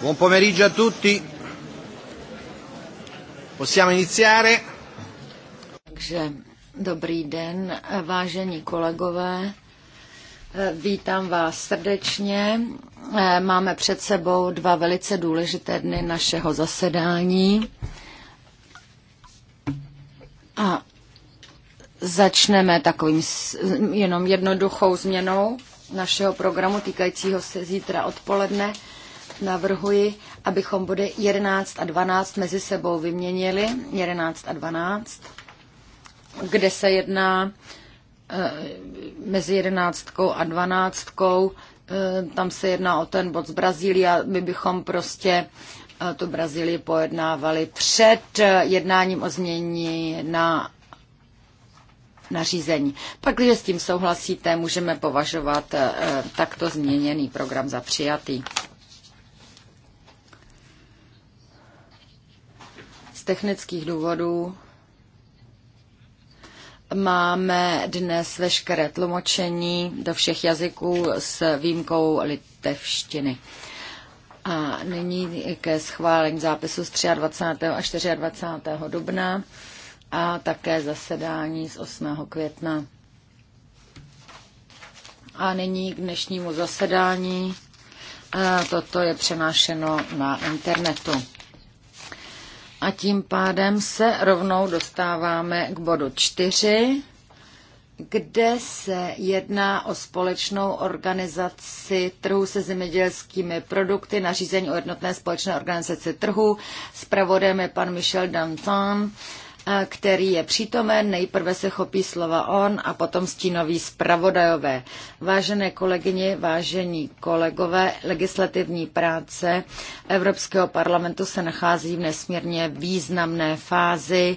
Buon pomeriggio a tutti. Possiamo iniziare. Takže dobrý den, vážení kolegové. Eh, vítám vás srdečně. Eh, máme před sebou dva velice důležité dny našeho zasedání. A začneme takovým jenom jednoduchou změnou našeho programu týkajícího se zítra odpoledne. Navrhuji, abychom body 11 a 12 mezi sebou vyměnili. 11 a 12, kde se jedná eh, mezi 11 a dvanáctkou. Eh, tam se jedná o ten bod z Brazílie a my bychom prostě eh, tu Brazílii pojednávali před jednáním o změní na nařízení. Pak, když s tím souhlasíte, můžeme považovat takto změněný program za přijatý. technických důvodů máme dnes veškeré tlumočení do všech jazyků s výjimkou litevštiny. A nyní ke schválení zápisu z 23. a 24. dubna a také zasedání z 8. května. A nyní k dnešnímu zasedání. Toto je přenášeno na internetu. A tím pádem se rovnou dostáváme k bodu čtyři, kde se jedná o společnou organizaci trhu se zemědělskými produkty, řízení o jednotné společné organizaci trhu. Spravodajem je pan Michel Danton který je přítomen. Nejprve se chopí slova on a potom stínoví zpravodajové. Vážené kolegyně, vážení kolegové, legislativní práce Evropského parlamentu se nachází v nesmírně významné fázi.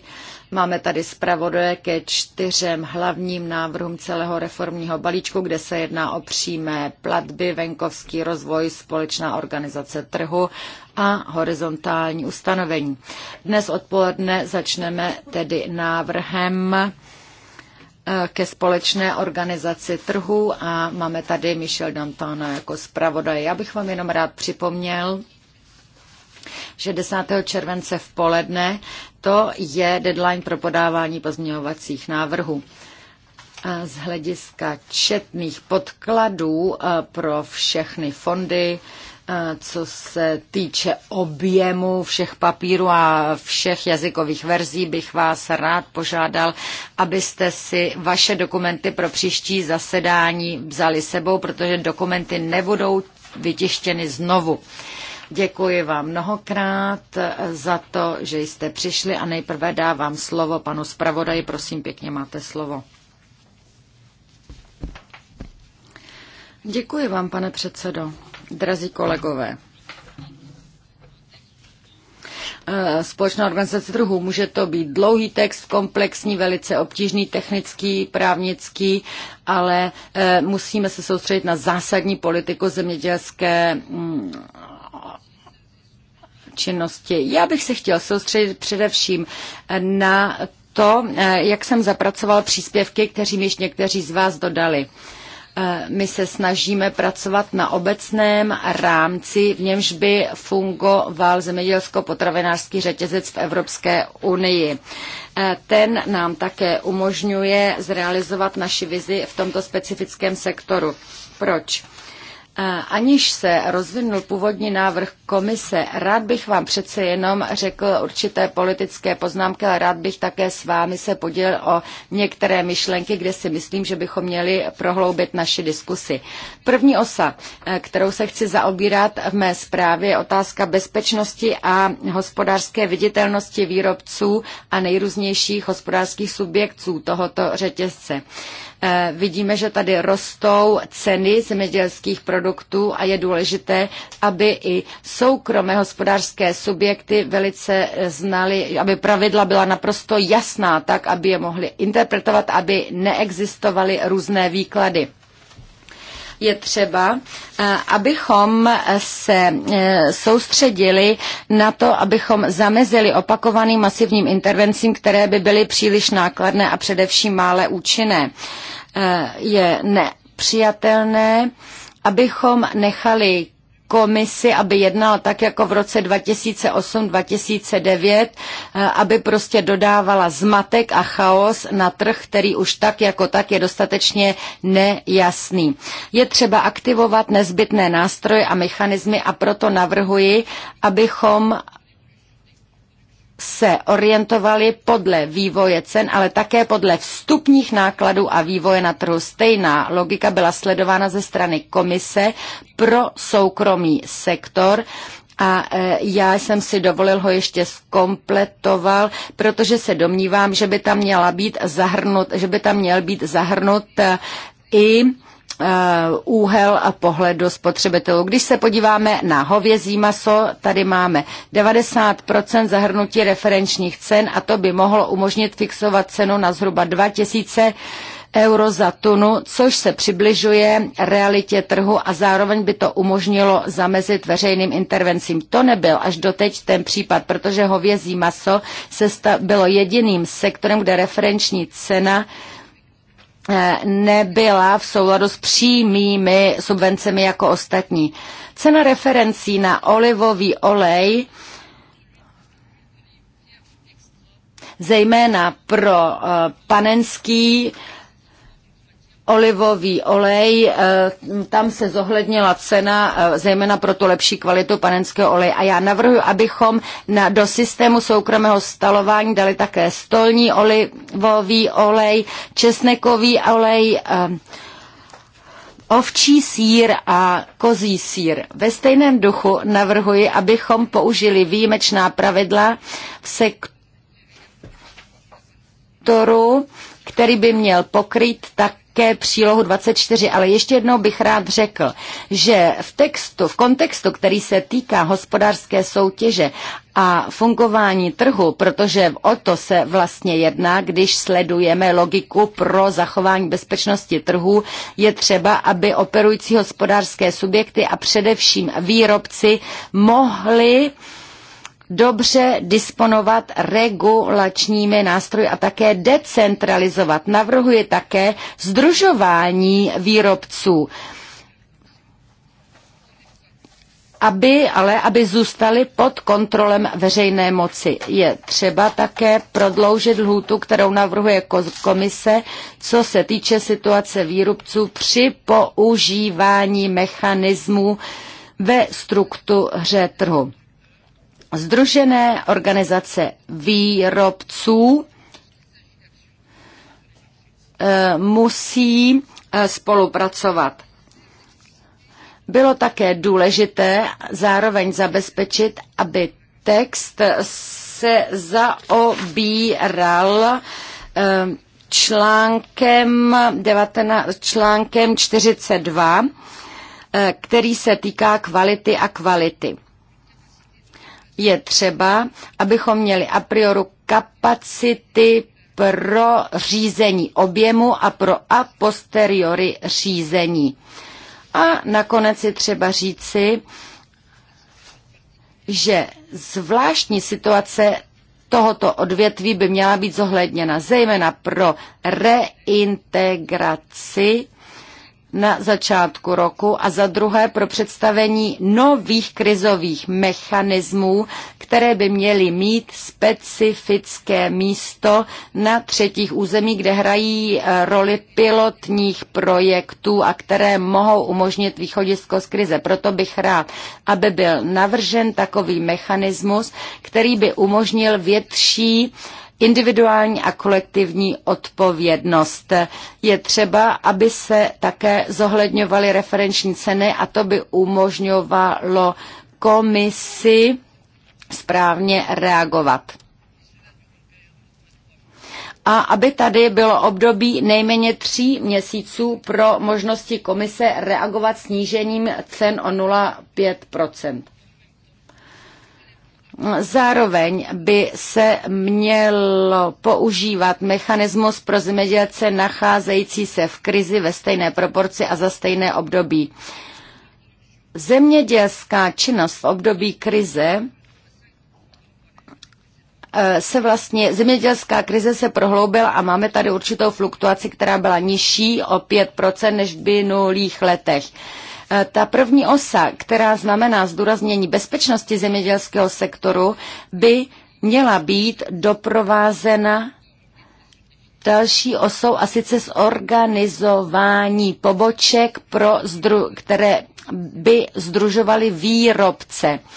Máme tady zpravodaje ke čtyřem hlavním návrhům celého reformního balíčku, kde se jedná o přímé platby, venkovský rozvoj, společná organizace trhu a horizontální ustanovení. Dnes odpoledne začneme tedy návrhem eh, ke společné organizaci trhu a máme tady Michel Dantana jako zpravodaj. Já bych vám jenom rád připomněl, že 10. července v poledne to je deadline pro podávání pozměňovacích návrhů. Z hlediska četných podkladů e, pro všechny fondy, e, co se týče objemu všech papírů a všech jazykových verzí, bych vás rád požádal, abyste si vaše dokumenty pro příští zasedání vzali sebou, protože dokumenty nebudou vytištěny znovu. Děkuji vám mnohokrát za to, že jste přišli a nejprve dávám slovo panu zpravodaji. Prosím, pěkně máte slovo. Děkuji vám, pane předsedo. Drazí kolegové, Společná organizace trhu Může to být dlouhý text, komplexní, velice obtížný, technický, právnický, ale eh, musíme se soustředit na zásadní politiku zemědělské mm, činnosti. Já bych se chtěl soustředit především na to, eh, jak jsem zapracoval příspěvky, kteří již někteří z vás dodali. Eh, my se snažíme pracovat na obecném rámci, v němž by fungoval zemědělsko-potravinářský řetězec v Evropské unii. Eh, ten nám také umožňuje zrealizovat naši vizi v tomto specifickém sektoru. Proč? Aniž se rozvinul původní návrh komise, rád bych vám přece jenom řekl určité politické poznámky, ale rád bych také s vámi se podělil o některé myšlenky, kde si myslím, že bychom měli prohloubit naši diskusi. První osa, eh, kterou se chci zaobírat v mé zprávě, je otázka bezpečnosti a hospodářské viditelnosti výrobců a nejrůznějších hospodářských subjektů tohoto řetězce. Eh, vidíme, že tady rostou ceny zemědělských produktů a je důležité, aby i soukromé hospodářské subjekty velice eh, znali, aby pravidla byla naprosto jasná, tak aby je mohli interpretovat, aby neexistovaly různé výklady je třeba, eh, abychom se eh, soustředili na to, abychom zamezili opakovaným masivním intervencím, které by byly příliš nákladné a především mále účinné. Eh, je nepřijatelné, abychom nechali komisi, aby jednala tak jako v roce 2008-2009, eh, aby prostě dodávala zmatek a chaos na trh, který už tak jako tak je dostatečně nejasný. Je třeba aktivovat nezbytné nástroje a mechanismy a proto navrhuji, abychom se orientovaly podle vývoje cen, ale také podle vstupních nákladů a vývoje na trhu. Stejná logika byla sledována ze strany komise pro soukromý sektor, a e, já jsem si dovolil ho ještě zkompletoval, protože se domnívám, že by tam měla být zahrnut, že by tam měl být zahrnut e, i Eh, úhel a pohled do spotřebitelů. Když se podíváme na hovězí maso, tady máme 90% zahrnutí referenčních cen a to by mohlo umožnit fixovat cenu na zhruba 2000 euro za tunu, což se přibližuje realitě trhu a zároveň by to umožnilo zamezit veřejným intervencím. To nebyl až doteď ten případ, protože hovězí maso se bylo jediným sektorem, kde referenční cena Eh, nebyla v souladu s přímými subvencemi jako ostatní. Cena referencí na olivový olej zejména pro eh, panenský olivový olej, eh, tam se zohlednila cena, eh, zejména pro tu lepší kvalitu panenského oleje. A já navrhuji, abychom na, do systému soukromého stalování dali také stolní olivový olej, česnekový olej, eh, ovčí sír a kozí sír. Ve stejném duchu navrhuji, abychom použili výjimečná pravidla v sektoru, který by měl pokryt tak také přílohu 24, ale ještě jednou bych rád řekl, že v textu, v kontextu, který se týká hospodářské soutěže a fungování trhu, protože o to se vlastně jedná, když sledujeme logiku pro zachování bezpečnosti trhu, je třeba, aby operující hospodářské subjekty a především výrobci mohli uh, dobře disponovat regulačními nástroji a také decentralizovat. Navrhuje také združování výrobců aby, ale aby zůstali pod kontrolem veřejné moci. Je třeba také prodloužit lhůtu, kterou navrhuje komise, co se týče situace výrobců při používání mechanismů ve struktuře trhu. Združené organizace výrobců eh, musí eh, spolupracovat. Bylo také důležité zároveň zabezpečit, aby text se zaobíral eh, článkem, 19, článkem 42, který se týká kvality a kvality je třeba, abychom měli a priori kapacity pro řízení objemu a pro a posteriori řízení. A nakonec je třeba říci, že zvláštní situace tohoto odvětví by měla být zohledněna zejména pro reintegraci na začátku roku a za druhé pro představení nových krizových mechanismů, které by měly mít specifické místo na třetích území, kde hrají eh, roli pilotních projektů a které mohou umožnit východisko z krize. Proto bych rád, aby byl navržen takový mechanismus, který by umožnil větší uh, individuální a kolektivní odpovědnost. Je třeba, aby se také zohledňovaly referenční ceny a to by umožňovalo komisi správně reagovat a aby tady bylo období nejméně tří měsíců pro možnosti komise reagovat snížením cen o 0,5 Zároveň by se mělo používat mechanismus pro zemědělce nacházející se v krizi ve stejné proporci a za stejné období. Zemědělská činnost v období krize eh, se vlastně zemědělská krize se prohloubila a máme tady určitou fluktuaci, která byla nižší o 5% než v minulých letech. Eh, ta první osa, která znamená zdůraznění bezpečnosti zemědělského sektoru, by měla být doprovázena další osou a sice zorganizování poboček, pro zdru, které by združovaly výrobce. Uh,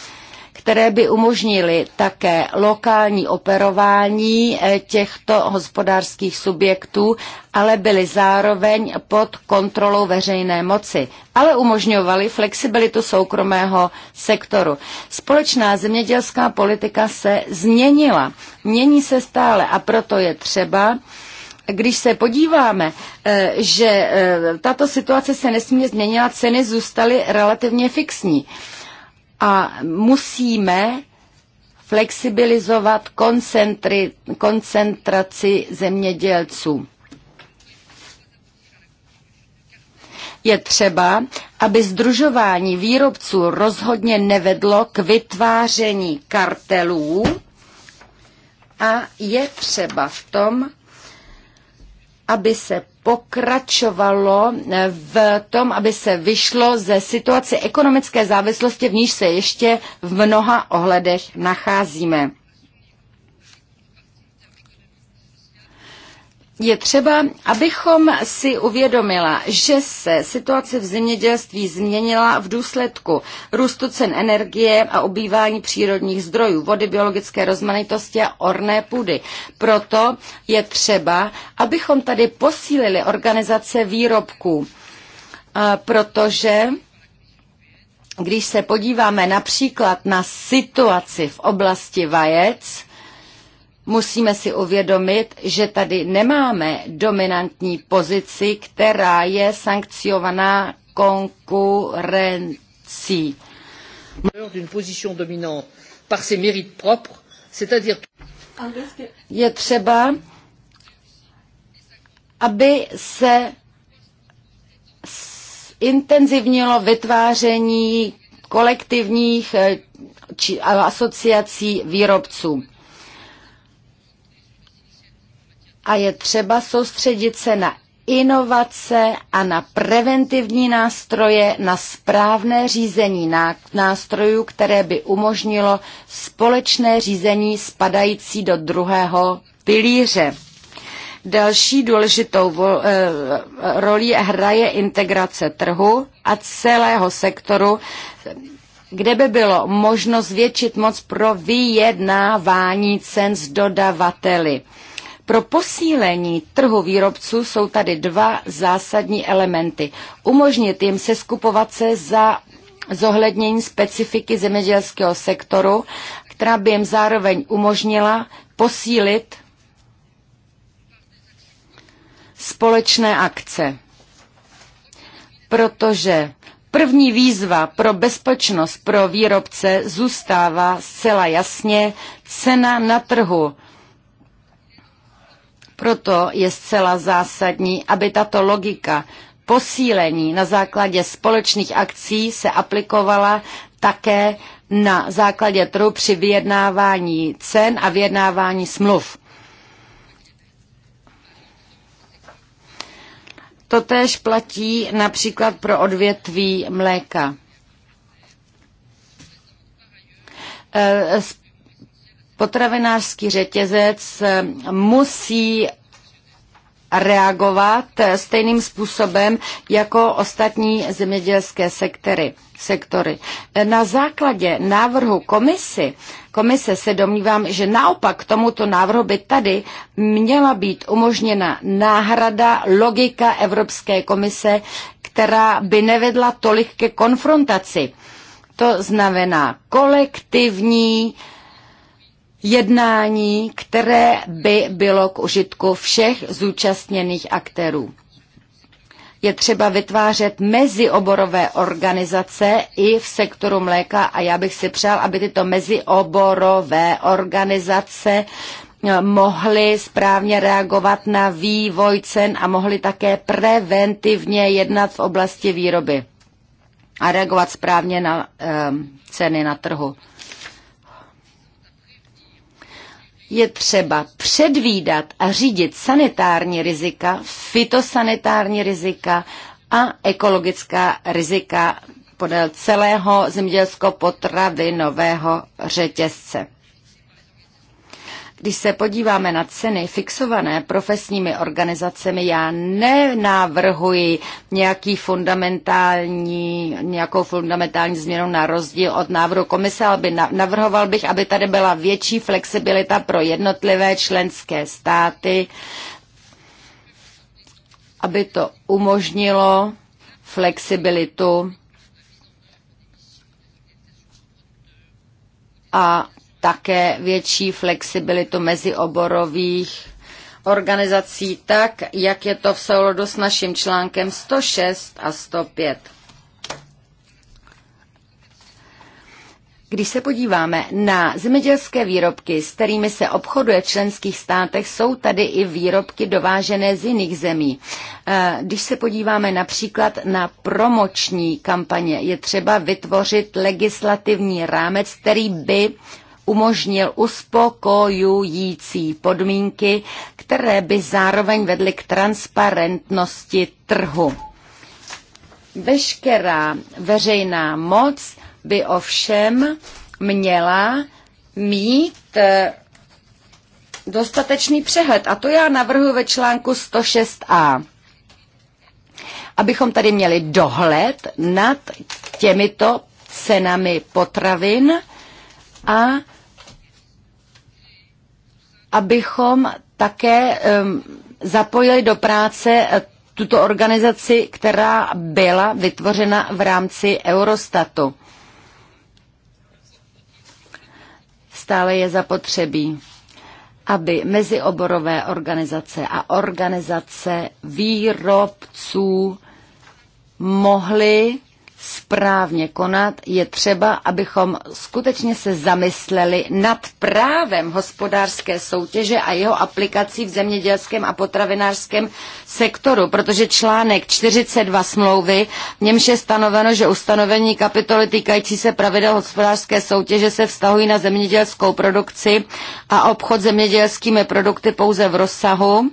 které by umožnily také lokální operování eh, těchto hospodářských subjektů, ale byly zároveň pod kontrolou veřejné moci, ale umožňovaly flexibilitu soukromého sektoru. Společná zemědělská politika se změnila, mění se stále a proto je třeba, když se podíváme, eh, že eh, tato situace se nesmírně změnila, ceny zůstaly relativně fixní a musíme flexibilizovat koncentraci zemědělců. Je třeba, aby združování výrobců rozhodně nevedlo k vytváření kartelů a je třeba v tom aby se pokračovalo eh, v tom, aby se vyšlo ze situace ekonomické závislosti, v níž se ještě v mnoha ohledech nacházíme. je třeba, abychom si uvědomila, že se situace v zemědělství změnila v důsledku růstu cen energie a obývání přírodních zdrojů, vody, biologické rozmanitosti a orné půdy. Proto je třeba, abychom tady posílili organizace výrobků, protože když se podíváme například na situaci v oblasti vajec, Musíme si uvědomit, že tady nemáme dominantní pozici, která je sankciovaná konkurencí. Je třeba, aby se intenzivnilo vytváření kolektivních eh, či asociací výrobců. a je třeba soustředit se na inovace a na preventivní nástroje, na správné řízení nástrojů, které by umožnilo společné řízení spadající do druhého pilíře. Další důležitou eh, roli hraje integrace trhu a celého sektoru, kde by bylo možno zvětšit moc pro vyjednávání cen s dodavateli. Pro posílení trhu výrobců jsou tady dva zásadní elementy. Umožnit jim se skupovat se za zohlednění specifiky zemědělského sektoru, která by jim zároveň umožnila posílit společné akce. Protože První výzva pro bezpečnost pro výrobce zůstává zcela jasně cena na trhu, proto je zcela zásadní, aby tato logika posílení na základě společných akcí se aplikovala také na základě trhu při vyjednávání cen a vyjednávání smluv. Totéž platí například pro odvětví mléka eh, Potravinářský řetězec eh, musí reagovat eh, stejným způsobem jako ostatní zemědělské sektory. sektory. Eh, na základě návrhu komisy, komise se domnívám, že naopak tomuto návrhu by tady měla být umožněna náhrada logika Evropské komise, která by nevedla tolik ke konfrontaci. To znamená kolektivní eh, jednání, které by bylo k užitku všech zúčastněných aktérů. Je třeba vytvářet mezioborové organizace i v sektoru mléka a já bych si přál, aby tyto mezioborové organizace eh, mohly správně reagovat na vývoj cen a mohly také preventivně jednat v oblasti výroby a reagovat správně na um, ceny na trhu. je třeba předvídat a řídit sanitární rizika, fitosanitární rizika a ekologická rizika podél celého zemědělsko-potravinového řetězce. Když se podíváme na ceny fixované profesními organizacemi, já nenávrhuji nějaký fundamentální, nějakou fundamentální změnu na rozdíl od návrhu komise, ale by navrhoval bych, aby tady byla větší flexibilita pro jednotlivé členské státy, aby to umožnilo flexibilitu a také větší flexibilitu mezioborových organizací tak, jak je to v souladu s naším článkem 106 a 105. Když se podíváme na zemědělské výrobky, s kterými se obchoduje v členských státech, jsou tady i výrobky dovážené z jiných zemí. Eh, když se podíváme například na promoční kampaně, je třeba vytvořit legislativní rámec, který by umožnil uspokojující podmínky, které by zároveň vedly k transparentnosti trhu. Veškerá veřejná moc by ovšem měla mít eh, dostatečný přehled. A to já navrhuji ve článku 106a. Abychom tady měli dohled nad těmito cenami potravin a abychom také zapojili do práce eh, tuto organizaci, která byla vytvořena v rámci Eurostatu. Stále je zapotřebí, aby mezioborové organizace a organizace výrobců mohly správně konat, je třeba, abychom skutečně se zamysleli nad právem hospodářské soutěže a jeho aplikací v zemědělském a potravinářském sektoru, protože článek 42 smlouvy, v němž je stanoveno, že ustanovení kapitoly týkající se pravidel hospodářské soutěže se vztahují na zemědělskou produkci a obchod zemědělskými produkty pouze v rozsahu,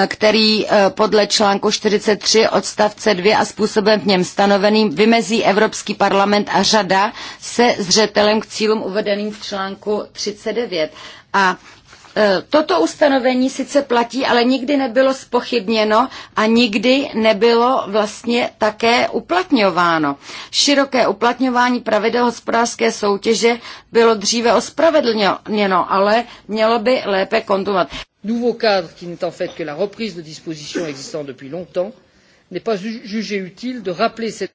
Eh, který eh, podle článku 43 odstavce 2 a způsobem v něm stanoveným vymezí Evropský parlament a řada se zřetelem k cílům uvedeným v článku 39. A eh, Toto ustanovení sice platí, ale nikdy nebylo spochybněno a nikdy nebylo vlastně také uplatňováno. Široké uplatňování pravidel hospodářské soutěže bylo dříve ospravedlněno, ale mělo by lépe kontovat nouveau cadre qui n'est en fait que la reprise de dispositions existant depuis longtemps, n'est pas jugé utile de rappeler cette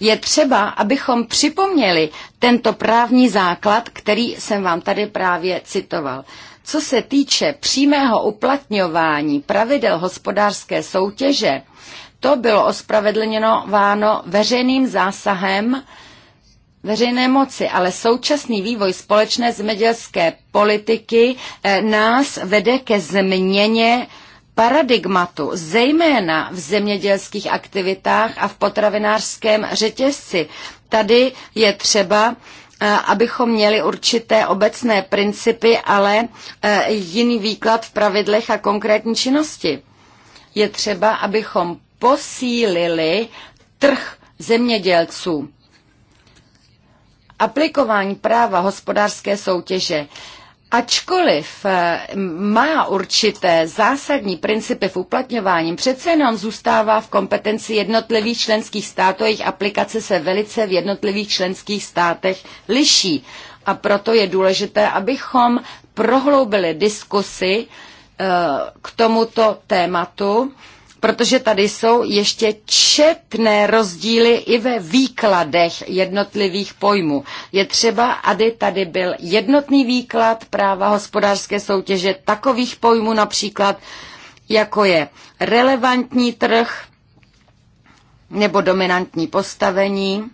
je třeba, abychom připomněli tento právní základ, který jsem vám tady právě citoval. Co se týče přímého uplatňování pravidel hospodářské soutěže, to bylo ospravedlněno váno veřejným zásahem veřejné moci, ale současný vývoj společné zemědělské politiky eh, nás vede ke změně paradigmatu, zejména v zemědělských aktivitách a v potravinářském řetězci. Tady je třeba eh, abychom měli určité obecné principy, ale eh, jiný výklad v pravidlech a konkrétní činnosti. Je třeba, abychom posílili trh zemědělců aplikování práva hospodářské soutěže Ačkoliv eh, má určité zásadní principy v uplatňování, přece jenom zůstává v kompetenci jednotlivých členských států, jejich aplikace se velice v jednotlivých členských státech liší. A proto je důležité, abychom prohloubili diskusy eh, k tomuto tématu protože tady jsou ještě četné rozdíly i ve výkladech jednotlivých pojmů. Je třeba, aby tady byl jednotný výklad práva hospodářské soutěže takových pojmů například, jako je relevantní trh nebo dominantní postavení,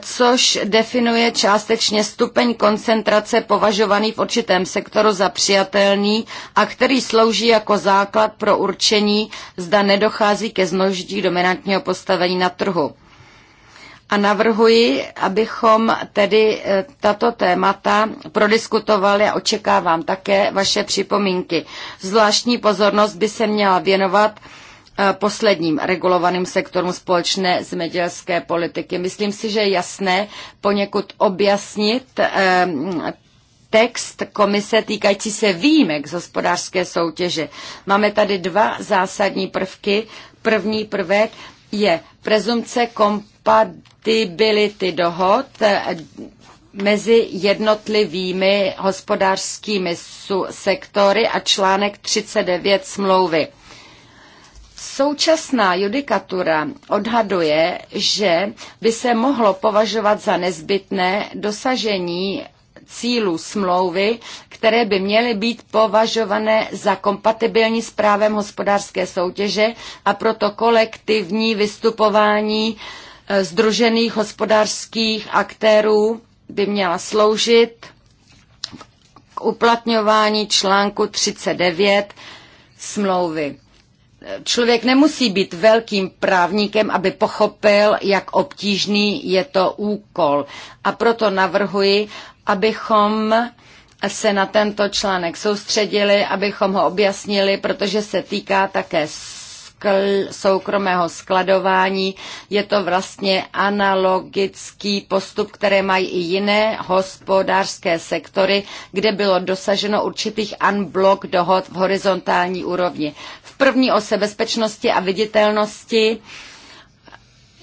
což definuje částečně stupeň koncentrace považovaný v určitém sektoru za přijatelný a který slouží jako základ pro určení, zda nedochází ke znožití dominantního postavení na trhu. A navrhuji, abychom tedy e, tato témata prodiskutovali a očekávám také vaše připomínky. Zvláštní pozornost by se měla věnovat Eh, posledním regulovaným sektorům společné zemědělské politiky. Myslím si, že je jasné poněkud objasnit eh, text komise týkající se výjimek z hospodářské soutěže. Máme tady dva zásadní prvky. První prvek je prezumce kompatibility dohod eh, mezi jednotlivými hospodářskými sektory a článek 39 smlouvy. Současná judikatura odhaduje, že by se mohlo považovat za nezbytné dosažení cílů smlouvy, které by měly být považované za kompatibilní s právem hospodářské soutěže a proto kolektivní vystupování eh, združených hospodářských aktérů by měla sloužit k uplatňování článku 39 smlouvy člověk nemusí být velkým právníkem, aby pochopil, jak obtížný je to úkol. A proto navrhuji, abychom se na tento článek soustředili, abychom ho objasnili, protože se týká také soukromého skladování. Je to vlastně analogický postup, které mají i jiné hospodářské sektory, kde bylo dosaženo určitých unblock dohod v horizontální úrovni. V první ose bezpečnosti a viditelnosti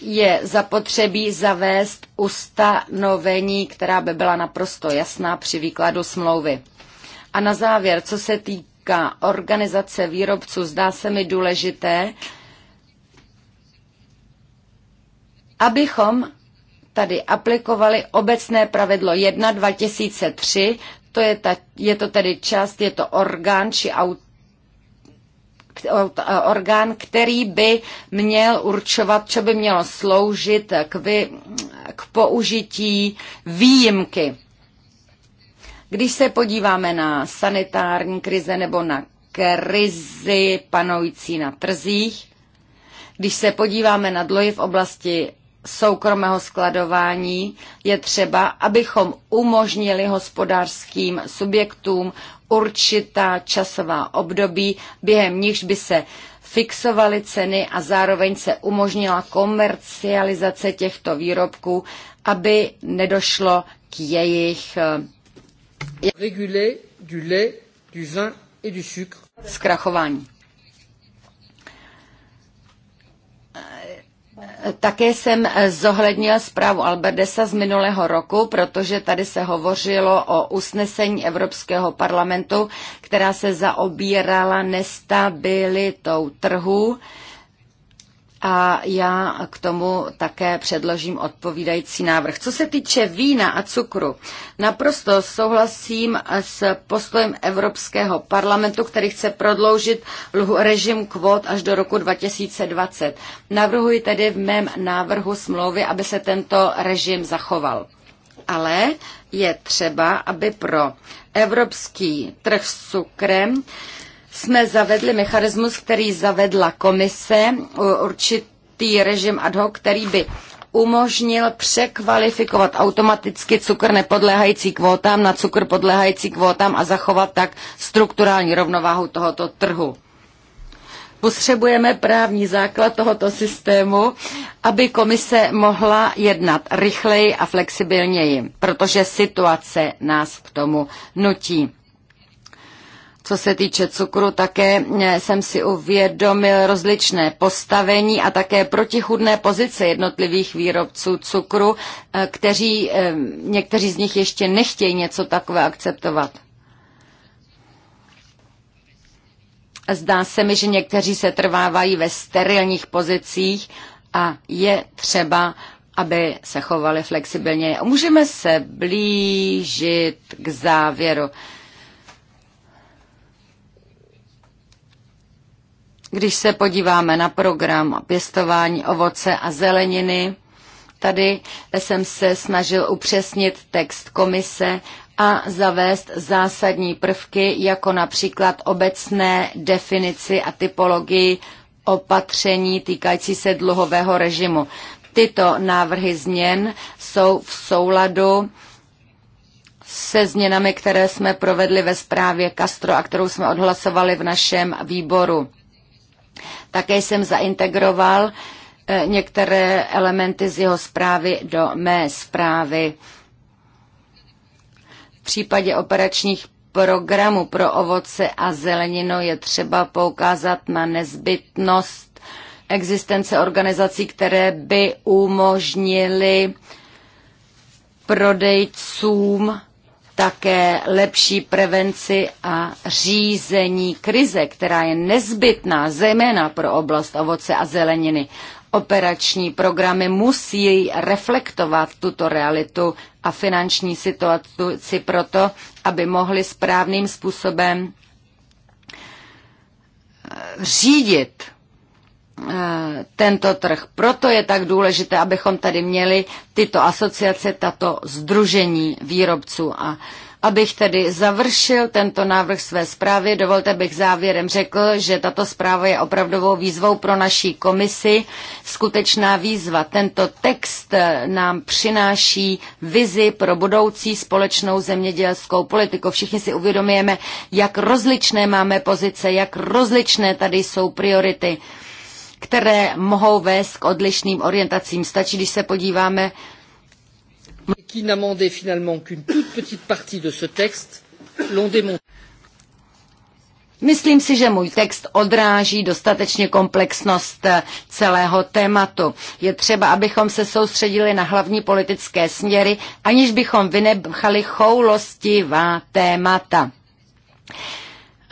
je zapotřebí zavést ustanovení, která by byla naprosto jasná při výkladu smlouvy. A na závěr, co se týká týká organizace výrobců, zdá se mi důležité, abychom tady aplikovali obecné pravidlo 1 2003, to je, ta, je to tedy část, je to orgán či aut, orgán, který by měl určovat, co by mělo sloužit k, vy, k použití výjimky. Když se podíváme na sanitární krize nebo na krizi panující na trzích, když se podíváme na dloji v oblasti soukromého skladování, je třeba, abychom umožnili hospodářským subjektům určitá časová období, během nichž by se fixovaly ceny a zároveň se umožnila komercializace těchto výrobků, aby nedošlo k jejich eh, Zkrachování. Také jsem zohlednil zprávu Albertesa z minulého roku, protože tady se hovořilo o usnesení Evropského parlamentu, která se zaobírala nestabilitou trhu a já k tomu také předložím odpovídající návrh. Co se týče vína a cukru, naprosto souhlasím s postojem Evropského parlamentu, který chce prodloužit režim kvót až do roku 2020. Navrhuji tedy v mém návrhu smlouvy, aby se tento režim zachoval. Ale je třeba, aby pro evropský trh s cukrem jsme zavedli mechanismus, který zavedla komise, určitý režim ad hoc, který by umožnil překvalifikovat automaticky cukr nepodléhající kvótám na cukr podléhající kvótám a zachovat tak strukturální rovnováhu tohoto trhu. Potřebujeme právní základ tohoto systému, aby komise mohla jednat rychleji a flexibilněji, protože situace nás k tomu nutí. Co se týče cukru, také eh, jsem si uvědomil rozličné postavení a také protichudné pozice jednotlivých výrobců cukru, eh, kteří, eh, někteří z nich ještě nechtějí něco takové akceptovat. Zdá se mi, že někteří se trvávají ve sterilních pozicích a je třeba, aby se chovali flexibilně. Můžeme se blížit k závěru. Když se podíváme na program pěstování ovoce a zeleniny, tady jsem se snažil upřesnit text komise a zavést zásadní prvky, jako například obecné definici a typologii opatření týkající se dluhového režimu. Tyto návrhy změn jsou v souladu se změnami, které jsme provedli ve zprávě Castro a kterou jsme odhlasovali v našem výboru. Také jsem zaintegroval eh, některé elementy z jeho zprávy do mé zprávy. V případě operačních programů pro ovoce a zeleninu je třeba poukázat na nezbytnost existence organizací, které by umožnily prodejcům také lepší prevenci a řízení krize, která je nezbytná zejména pro oblast ovoce a zeleniny. Operační programy musí reflektovat tuto realitu a finanční situaci proto, aby mohly správným způsobem eh, řídit tento trh. Proto je tak důležité, abychom tady měli tyto asociace, tato združení výrobců a Abych tedy završil tento návrh své zprávy, dovolte bych závěrem řekl, že tato zpráva je opravdovou výzvou pro naší komisi. Skutečná výzva. Tento text nám přináší vizi pro budoucí společnou zemědělskou politiku. Všichni si uvědomujeme, jak rozličné máme pozice, jak rozličné tady jsou priority které mohou vést k odlišným orientacím. Stačí, když se podíváme Myslím si, že můj text odráží dostatečně komplexnost eh, celého tématu. Je třeba, abychom se soustředili na hlavní politické směry, aniž bychom vynechali choulostivá témata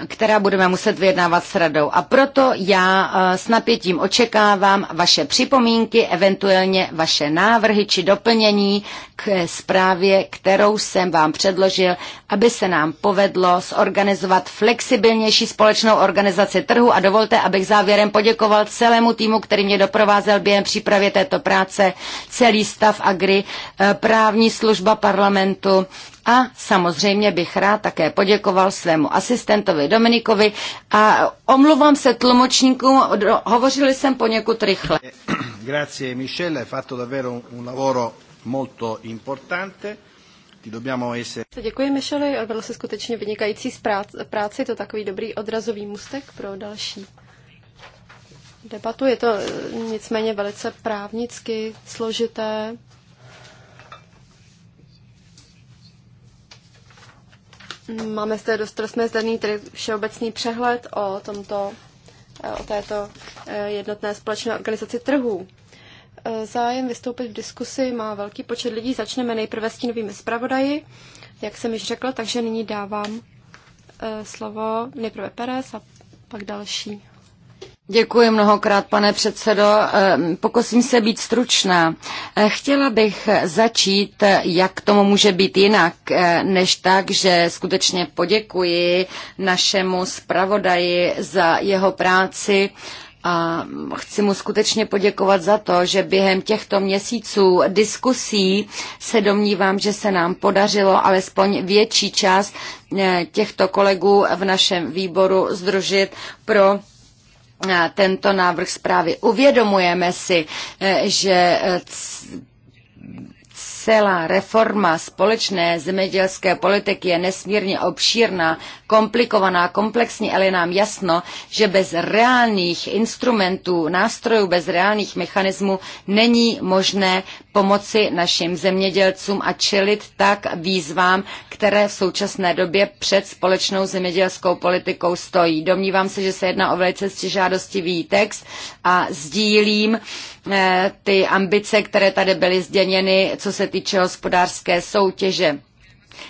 která budeme muset vyjednávat s radou. A proto já eh, s napětím očekávám vaše připomínky, eventuálně vaše návrhy či doplnění k zprávě, kterou jsem vám předložil, aby se nám povedlo zorganizovat flexibilnější společnou organizaci trhu a dovolte, abych závěrem poděkoval celému týmu, který mě doprovázel během přípravy této práce, celý stav Agri, eh, právní služba parlamentu, a samozřejmě bych rád také poděkoval svému asistentovi Dominikovi a omluvám se tlumočníkům, hovořili jsem poněkud rychle. Eh, grazie Michele, fatto davvero un lavoro molto importante. Děkuji, Michele, odvedl se skutečně vynikající práci, to takový dobrý odrazový mustek pro další debatu. Je to eh, nicméně velice právnicky složité Máme zde dost rozmezlený tedy všeobecný přehled o tomto, eh, o této eh, jednotné společné organizaci trhů. Eh, zájem vystoupit v diskusi má velký počet lidí. Začneme nejprve s tím zpravodaji, jak jsem již řekla, takže nyní dávám slovo nejprve Perez a pak další. Děkuji mnohokrát, pane předsedo. Eh, pokusím se být stručná. Eh, chtěla bych začít, eh, jak tomu může být jinak, než tak, že skutečně poděkuji našemu zpravodaji za jeho práci. A chci mu skutečně poděkovat za to, že během těchto měsíců diskusí se domnívám, že se nám podařilo alespoň větší část těchto kolegů v našem výboru združit pro tento návrh zprávy. Uvědomujeme si, eh, že eh, celá reforma společné zemědělské politiky je nesmírně obšírná, komplikovaná, komplexní, ale je nám jasno, že bez reálných instrumentů, nástrojů, bez reálných mechanismů není možné pomoci našim zemědělcům a čelit tak výzvám, které v současné době před společnou zemědělskou politikou stojí. Domnívám se, že se jedná o velice stěžádostivý text a sdílím eh, ty ambice, které tady byly zděněny, co se týče hospodářské soutěže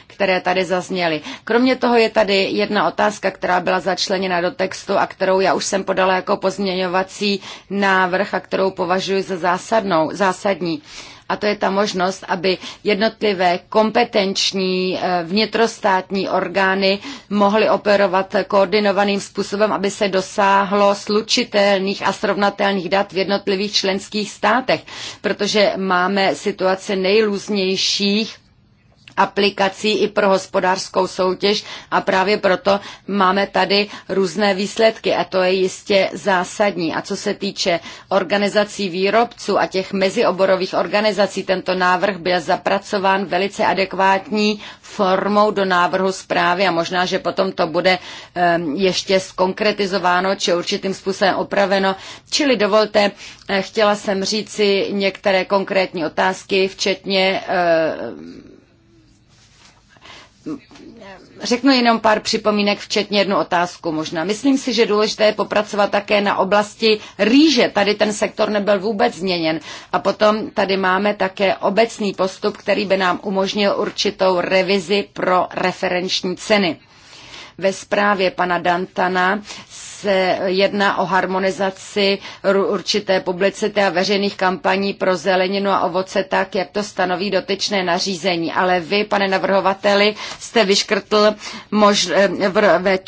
které tady zazněly. Kromě toho je tady jedna otázka, která byla začleněna do textu a kterou já už jsem podala jako pozměňovací návrh a kterou považuji za zásadnou, zásadní a to je ta možnost, aby jednotlivé kompetenční eh, vnitrostátní orgány mohly operovat koordinovaným způsobem, aby se dosáhlo slučitelných a srovnatelných dat v jednotlivých členských státech, protože máme situace nejrůznějších aplikací i pro hospodářskou soutěž a právě proto máme tady různé výsledky a to je jistě zásadní. A co se týče organizací výrobců a těch mezioborových organizací, tento návrh byl zapracován velice adekvátní formou do návrhu zprávy a možná, že potom to bude ehm, ještě skonkretizováno či určitým způsobem opraveno. Čili dovolte, eh, chtěla jsem říci některé konkrétní otázky, včetně ehm, Řeknu jenom pár připomínek, včetně jednu otázku možná. Myslím si, že důležité je popracovat také na oblasti rýže. Tady ten sektor nebyl vůbec změněn. A potom tady máme také obecný postup, který by nám umožnil určitou revizi pro referenční ceny. Ve zprávě pana Dantana se jedná o harmonizaci určité publicity a veřejných kampaní pro zeleninu a ovoce tak, jak to stanoví dotyčné nařízení. Ale vy, pane navrhovateli, jste vyškrtl mož, eh, v, ve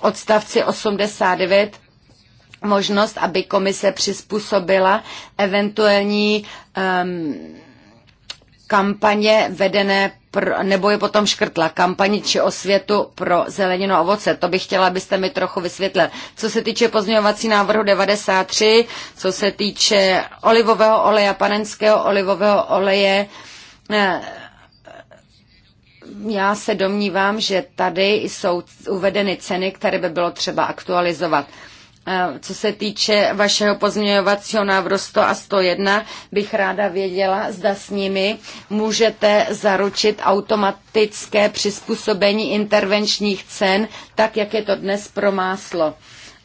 odstavci 89 možnost, aby komise přizpůsobila eventuální um, kampaně vedené pro, nebo je potom škrtla kampani či osvětu pro zeleninu a ovoce. To bych chtěla, abyste mi trochu vysvětlil. Co se týče pozměňovací návrhu 93, co se týče olivového oleje, panenského olivového oleje, eh, já se domnívám, že tady jsou uvedeny ceny, které by bylo třeba aktualizovat. Eh, co se týče vašeho pozměňovacího návrhu 100 a 101, bych ráda věděla, zda s nimi můžete zaručit automatické přizpůsobení intervenčních cen, tak jak je to dnes pro máslo.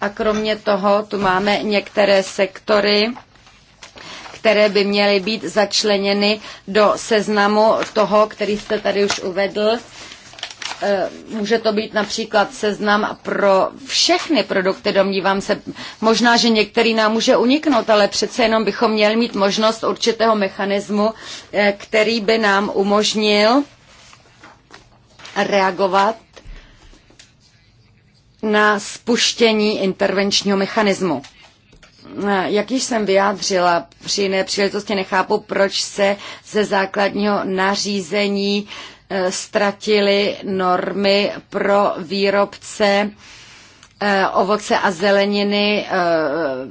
A kromě toho tu máme některé sektory, které by měly být začleněny do seznamu toho, který jste tady už uvedl Eh, může to být například seznam pro všechny produkty, domnívám se. Možná, že některý nám může uniknout, ale přece jenom bychom měli mít možnost určitého mechanismu, eh, který by nám umožnil reagovat na spuštění intervenčního mechanismu. Eh, jak již jsem vyjádřila, při jiné příležitosti nechápu, proč se ze základního nařízení Eh, ztratili normy pro výrobce eh, ovoce a zeleniny eh,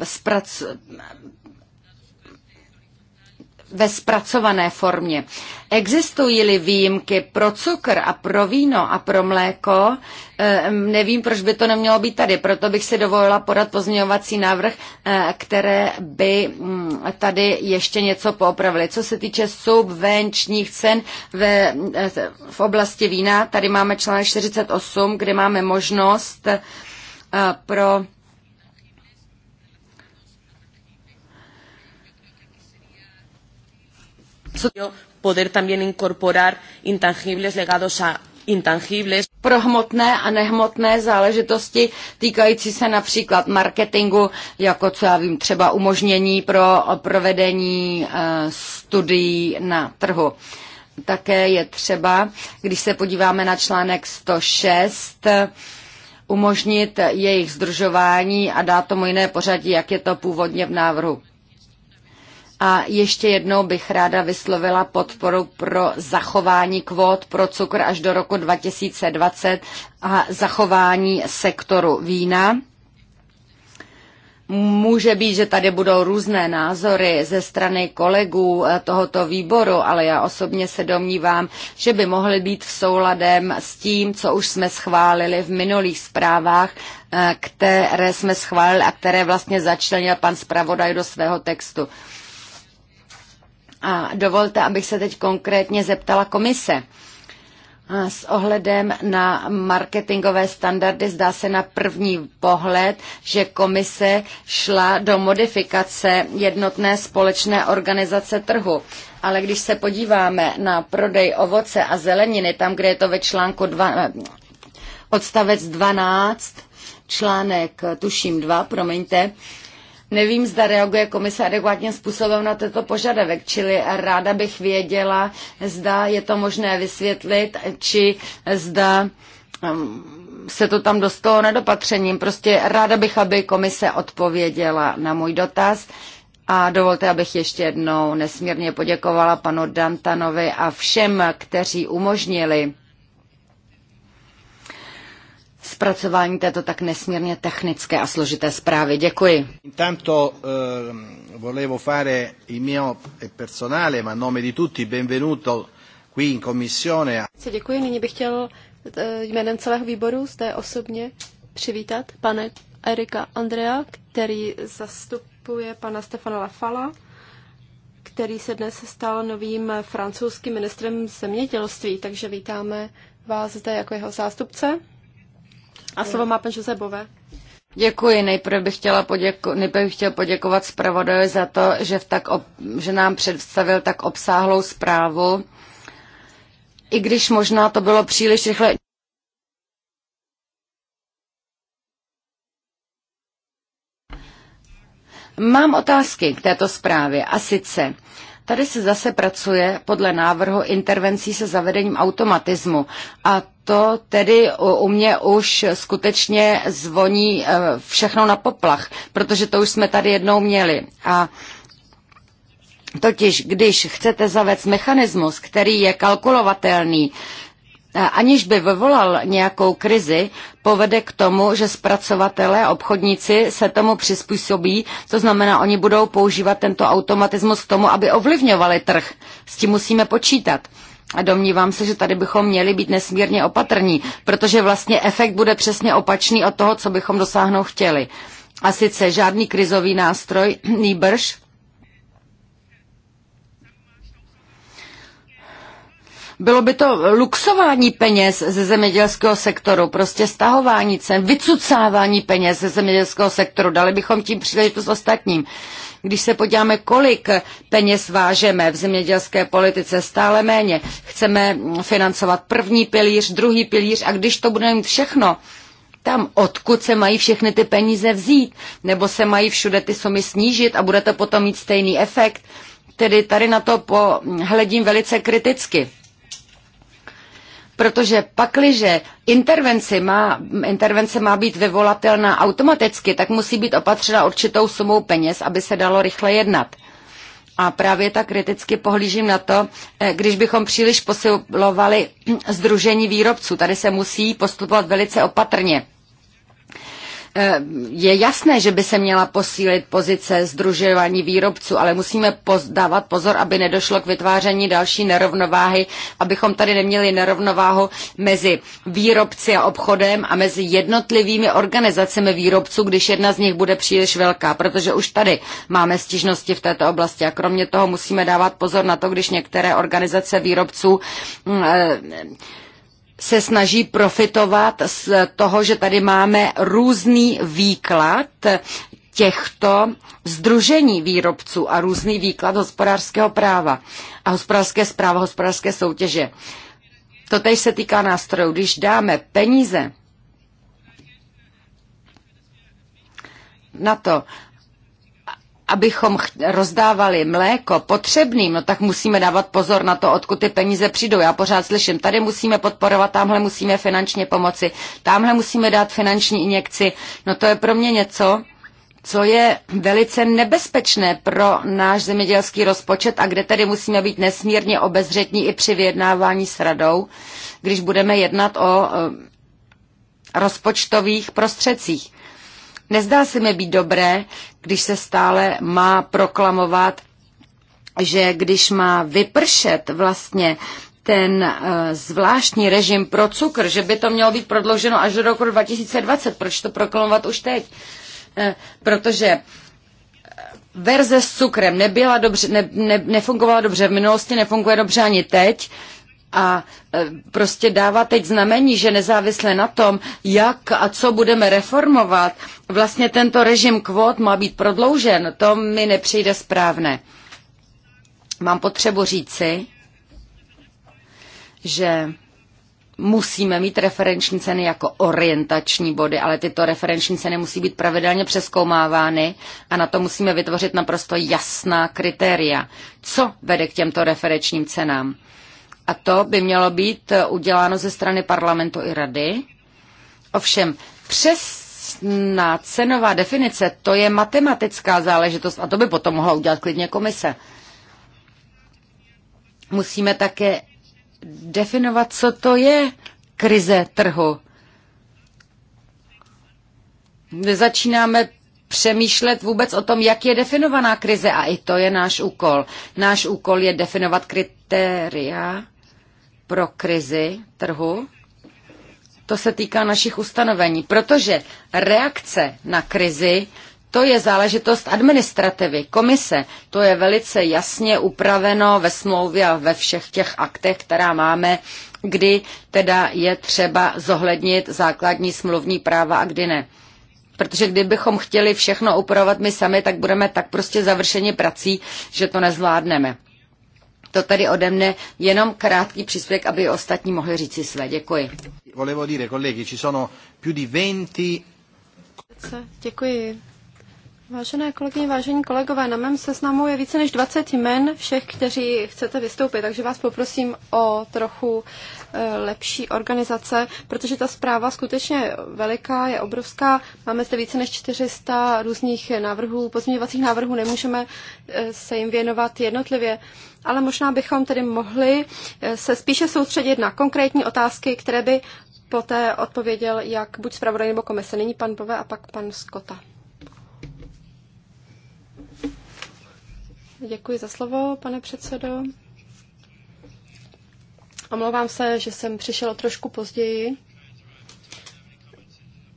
ve zpracované formě. Existují-li výjimky pro cukr a pro víno a pro mléko, ehm, nevím, proč by to nemělo být tady, proto bych si dovolila podat pozměňovací návrh, eh, které by mm, tady ještě něco poopravili. Co se týče subvenčních cen ve, eh, v oblasti vína, tady máme článek 48, kde máme možnost eh, pro poder también incorporar intangibles legados a intangibles. Pro hmotné a nehmotné záležitosti týkající se například marketingu, jako co já vím, třeba umožnění pro provedení eh, studií na trhu. Také je třeba, když se podíváme na článek 106, umožnit jejich združování a dát tomu jiné pořadí, jak je to původně v návrhu. A ještě jednou bych ráda vyslovila podporu pro zachování kvót pro cukr až do roku 2020 a zachování sektoru vína. Může být, že tady budou různé názory ze strany kolegů eh, tohoto výboru, ale já osobně se domnívám, že by mohly být v souladem s tím, co už jsme schválili v minulých zprávách, eh, které jsme schválili a které vlastně začlenil pan zpravodaj do svého textu. A dovolte, abych se teď konkrétně zeptala komise. S ohledem na marketingové standardy zdá se na první pohled, že komise šla do modifikace jednotné společné organizace trhu. Ale když se podíváme na prodej ovoce a zeleniny, tam, kde je to ve článku dva, odstavec 12, článek tuším 2, promiňte, Nevím, zda reaguje komise adekvátním způsobem na tento požadavek, čili ráda bych věděla, zda je to možné vysvětlit, či zda um, se to tam dostalo nedopatřením. Prostě ráda bych, aby komise odpověděla na můj dotaz. A dovolte, abych ještě jednou nesmírně poděkovala panu Dantanovi a všem, kteří umožnili zpracování této tak nesmírně technické a složité zprávy. Děkuji. Intanto eh, volevo fare il mio e personale, ma nome di tutti, benvenuto qui in commissione. Děkuji, nyní bych chtěl eh, jménem celého výboru zde osobně přivítat pane Erika Andrea, který zastupuje pana Stefana Lafala, který se dnes stal novým francouzským ministrem zemědělství, takže vítáme vás zde jako jeho zástupce. A slovo má pan Žozebové. Děkuji. Nejprve bych chtěla poděko- nejprve bych chtěl poděkovat zpravodaji za to, že, v tak ob- že nám představil tak obsáhlou zprávu. I když možná to bylo příliš rychle. Mám otázky k této zprávě a sice, Tady se zase pracuje podle návrhu intervencí se zavedením automatismu a to tedy u mě už skutečně zvoní eh, všechno na poplach, protože to už jsme tady jednou měli. A Totiž, když chcete zavést mechanismus, který je kalkulovatelný, Eh, aniž by vyvolal nějakou krizi, povede k tomu, že zpracovatelé a obchodníci se tomu přizpůsobí, to znamená, oni budou používat tento automatismus k tomu, aby ovlivňovali trh. S tím musíme počítat. A domnívám se, že tady bychom měli být nesmírně opatrní, protože vlastně efekt bude přesně opačný od toho, co bychom dosáhnout chtěli. A sice žádný krizový nástroj, nýbrž Bylo by to luxování peněz ze zemědělského sektoru, prostě stahování cen, vycucávání peněz ze zemědělského sektoru. Dali bychom tím příležitost ostatním. Když se podíváme, kolik peněz vážeme v zemědělské politice, stále méně. Chceme financovat první pilíř, druhý pilíř a když to budeme mít všechno, tam, odkud se mají všechny ty peníze vzít, nebo se mají všude ty sumy snížit a budete potom mít stejný efekt. Tedy tady na to pohledím velice kriticky protože pakliže intervence má, intervence má být vyvolatelná automaticky, tak musí být opatřena určitou sumou peněz, aby se dalo rychle jednat. A právě tak kriticky pohlížím na to, eh, když bychom příliš posilovali združení hm, výrobců. Tady se musí postupovat velice opatrně. Eh, je jasné, že by se měla posílit pozice združování výrobců, ale musíme dávat pozor, aby nedošlo k vytváření další nerovnováhy, abychom tady neměli nerovnováhu mezi výrobci a obchodem a mezi jednotlivými organizacemi výrobců, když jedna z nich bude příliš velká, protože už tady máme stížnosti v této oblasti a kromě toho musíme dávat pozor na to, když některé organizace výrobců mm, eh, se snaží profitovat z toho, že tady máme různý výklad těchto združení výrobců a různý výklad hospodářského práva a hospodářské zpráva, hospodářské soutěže. To tež se týká nástrojů. Když dáme peníze na to, abychom rozdávali mléko potřebným, no tak musíme dávat pozor na to, odkud ty peníze přijdou. Já pořád slyším, tady musíme podporovat, tamhle musíme finančně pomoci, tamhle musíme dát finanční injekci. No to je pro mě něco, co je velice nebezpečné pro náš zemědělský rozpočet a kde tedy musíme být nesmírně obezřetní i při vyjednávání s radou, když budeme jednat o eh, rozpočtových prostředcích. Nezdá se mi být dobré, když se stále má proklamovat, že když má vypršet vlastně ten eh, zvláštní režim pro cukr, že by to mělo být prodlouženo až do roku 2020. Proč to proklamovat už teď? Eh, protože eh, verze s cukrem nebyla dobře, ne, ne, nefungovala dobře v minulosti, nefunguje dobře ani teď a e, prostě dává teď znamení, že nezávisle na tom, jak a co budeme reformovat, vlastně tento režim kvót má být prodloužen, to mi nepřijde správné. Mám potřebu říci, že musíme mít referenční ceny jako orientační body, ale tyto referenční ceny musí být pravidelně přeskoumávány a na to musíme vytvořit naprosto jasná kritéria. Co vede k těmto referenčním cenám? A to by mělo být eh, uděláno ze strany parlamentu i rady. Ovšem, na cenová definice, to je matematická záležitost a to by potom mohla udělat klidně komise. Musíme také definovat, co to je krize trhu. Začínáme přemýšlet vůbec o tom, jak je definovaná krize a i to je náš úkol. Náš úkol je definovat kri- kritéria pro krizi trhu, to se týká našich ustanovení, protože reakce na krizi to je záležitost administrativy, komise. To je velice jasně upraveno ve smlouvě a ve všech těch aktech, která máme, kdy teda je třeba zohlednit základní smluvní práva a kdy ne. Protože kdybychom chtěli všechno upravovat my sami, tak budeme tak prostě završeni prací, že to nezvládneme. To tady ode mne jenom krátký příspěvek, aby ostatní mohli si své. Děkuji. Volevo dire, ci sono più di 20... Děkuji. Vážené kolegyně, vážení kolegové, na mém seznamu je více než 20 jmen všech, kteří chcete vystoupit, takže vás poprosím o trochu eh, lepší organizace, protože ta zpráva skutečně veliká, je obrovská. Máme zde více než 400 různých návrhů, pozměňovacích návrhů, nemůžeme eh, se jim věnovat jednotlivě ale možná bychom tedy mohli eh, se spíše soustředit na konkrétní otázky, které by poté odpověděl jak buď zpravodaj nebo komise. Nyní pan Bové a pak pan Skota. Děkuji za slovo, pane předsedo. Omlouvám se, že jsem přišel trošku později.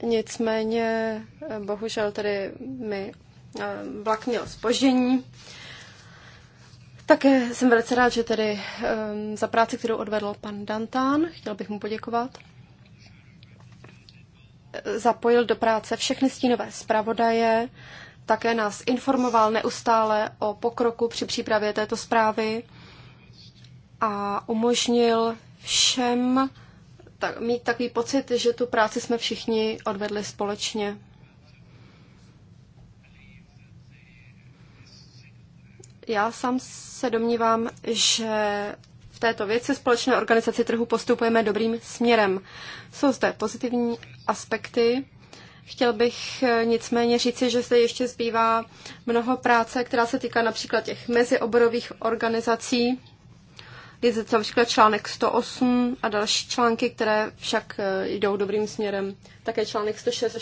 Nicméně, eh, bohužel tedy mi eh, vlak měl spoždění. Také jsem velice rád, že tedy eh, za práci, kterou odvedl pan Dantán, chtěl bych mu poděkovat, zapojil do práce všechny stínové zpravodaje, také nás informoval neustále o pokroku při přípravě této zprávy a umožnil všem tak, mít takový pocit, že tu práci jsme všichni odvedli společně. Já sám se domnívám, že v této věci společné organizaci trhu postupujeme dobrým směrem. Jsou zde pozitivní aspekty, Chtěl bych eh, nicméně říci, že zde ještě zbývá mnoho práce, která se týká například těch mezioborových organizací. Je zde například článek 108 a další články, které však eh, jdou dobrým směrem. Také článek 106 a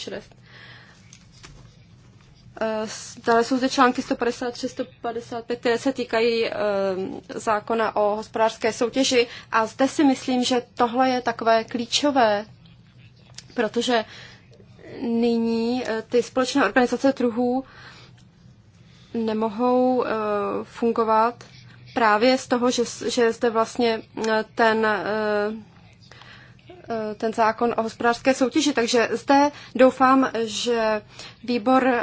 eh, Dále jsou zde články 153, 155, které se týkají zákona o hospodářské soutěži a zde si myslím, že tohle je takové klíčové, protože nyní eh, ty společné organizace trhů nemohou eh, fungovat právě z toho, že, že zde vlastně eh, ten, ten zákon o hospodářské soutěži. Takže zde doufám, že výbor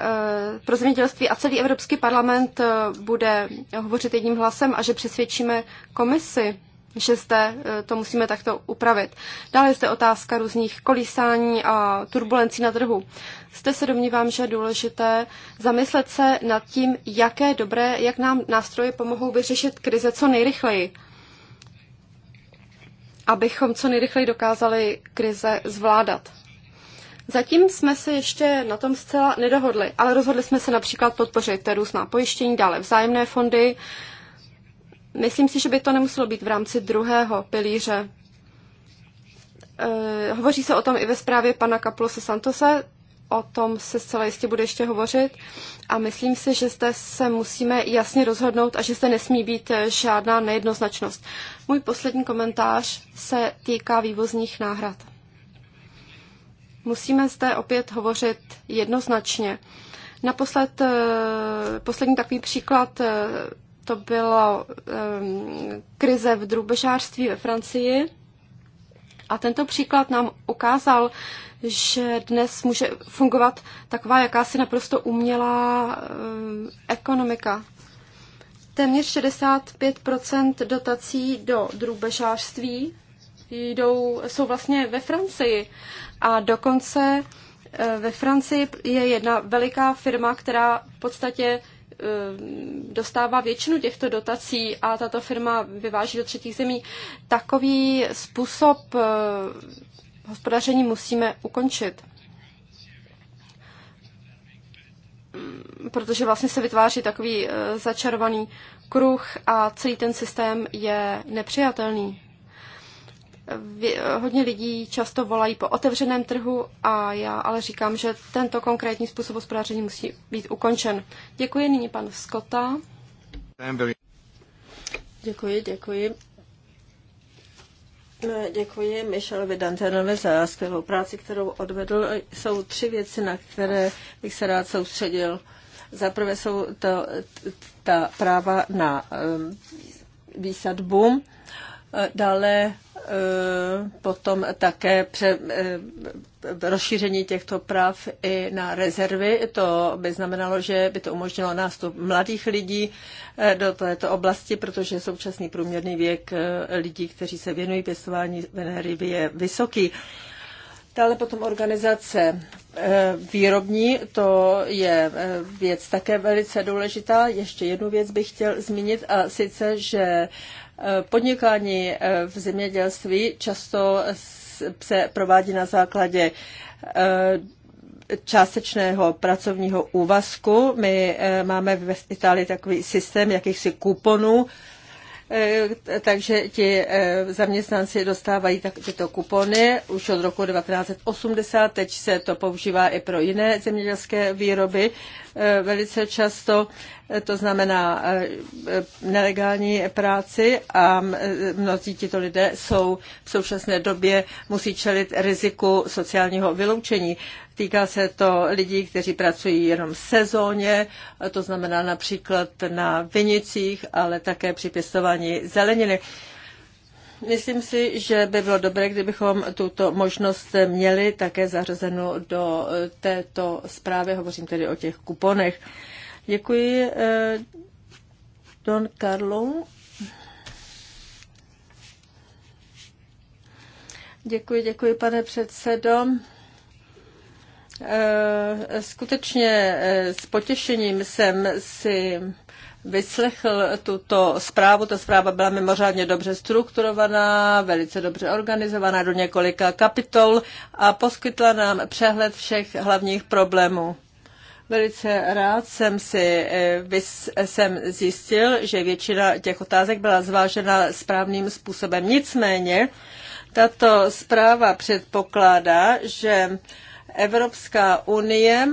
pro zemědělství a celý Evropský parlament bude hovořit jedním hlasem a že přesvědčíme komisi že jste eh, to musíme takto upravit. Dále je zde otázka různých kolísání a turbulencí na trhu. Zde se domnívám, že je důležité zamyslet se nad tím, jaké dobré, jak nám nástroje pomohou vyřešit krize co nejrychleji, abychom co nejrychleji dokázali krize zvládat. Zatím jsme se ještě na tom zcela nedohodli, ale rozhodli jsme se například podpořit různá pojištění, dále vzájemné fondy, Myslím si, že by to nemuselo být v rámci druhého pilíře. E, hovoří se o tom i ve zprávě pana Kaplose Santose, o tom se zcela jistě bude ještě hovořit a myslím si, že zde se musíme jasně rozhodnout a že zde nesmí být eh, žádná nejednoznačnost. Můj poslední komentář se týká vývozních náhrad. Musíme zde opět hovořit jednoznačně. Naposled eh, poslední takový příklad to bylo um, krize v drubežářství ve Francii. A tento příklad nám ukázal, že dnes může fungovat taková jakási naprosto umělá um, ekonomika. Téměř 65 dotací do drubežářství jdou, jsou vlastně ve Francii. A dokonce ve Francii je jedna veliká firma, která v podstatě Eh, dostává většinu těchto dotací a tato firma vyváží do třetích zemí, takový způsob eh, hospodaření musíme ukončit. Protože vlastně se vytváří takový eh, začarovaný kruh a celý ten systém je nepřijatelný hodně lidí často volají po otevřeném trhu a já ale říkám, že tento konkrétní způsob hospodaření musí být ukončen. Děkuji nyní pan Skota. Děkuji, děkuji. No, děkuji Michelovi Dantenovi za skvělou práci, kterou odvedl. Jsou tři věci, na které bych se rád soustředil. Za prvé jsou to ta práva na um, výsadbu, dále Eh, potom také pře, eh, rozšíření těchto práv i na rezervy. To by znamenalo, že by to umožnilo nástup mladých lidí eh, do této oblasti, protože současný průměrný věk lidí, kteří se věnují pěstování vené ryby, je vysoký. Dále potom organizace výrobní, to je věc také velice důležitá. Ještě jednu věc bych chtěl zmínit a sice, že Podnikání eh, v zemědělství často se provádí na základě eh, částečného pracovního úvazku. My eh, máme v Itálii takový systém jakýchsi kuponů, Eh, takže ti eh, zaměstnanci dostávají tak, tyto kupony už od roku 1980, teď se to používá i pro jiné zemědělské výroby eh, velice často, to znamená nelegální práci a mnozí tito lidé jsou v současné době musí čelit riziku sociálního vyloučení. Týká se to lidí, kteří pracují jenom sezóně, to znamená například na vinicích, ale také při pěstování zeleniny. Myslím si, že by bylo dobré, kdybychom tuto možnost měli také zařazenou do této zprávy. Hovořím tedy o těch kuponech. Děkuji, eh, Don Carlo. Děkuji, děkuji, pane předsedo. Eh, skutečně eh, s potěšením jsem si vyslechl tuto zprávu. Ta zpráva byla mimořádně dobře strukturovaná, velice dobře organizovaná do několika kapitol a poskytla nám přehled všech hlavních problémů. Velice rád jsem si eh, jsem zjistil, že většina těch otázek byla zvážena správným způsobem. Nicméně tato zpráva předpokládá, že Evropská unie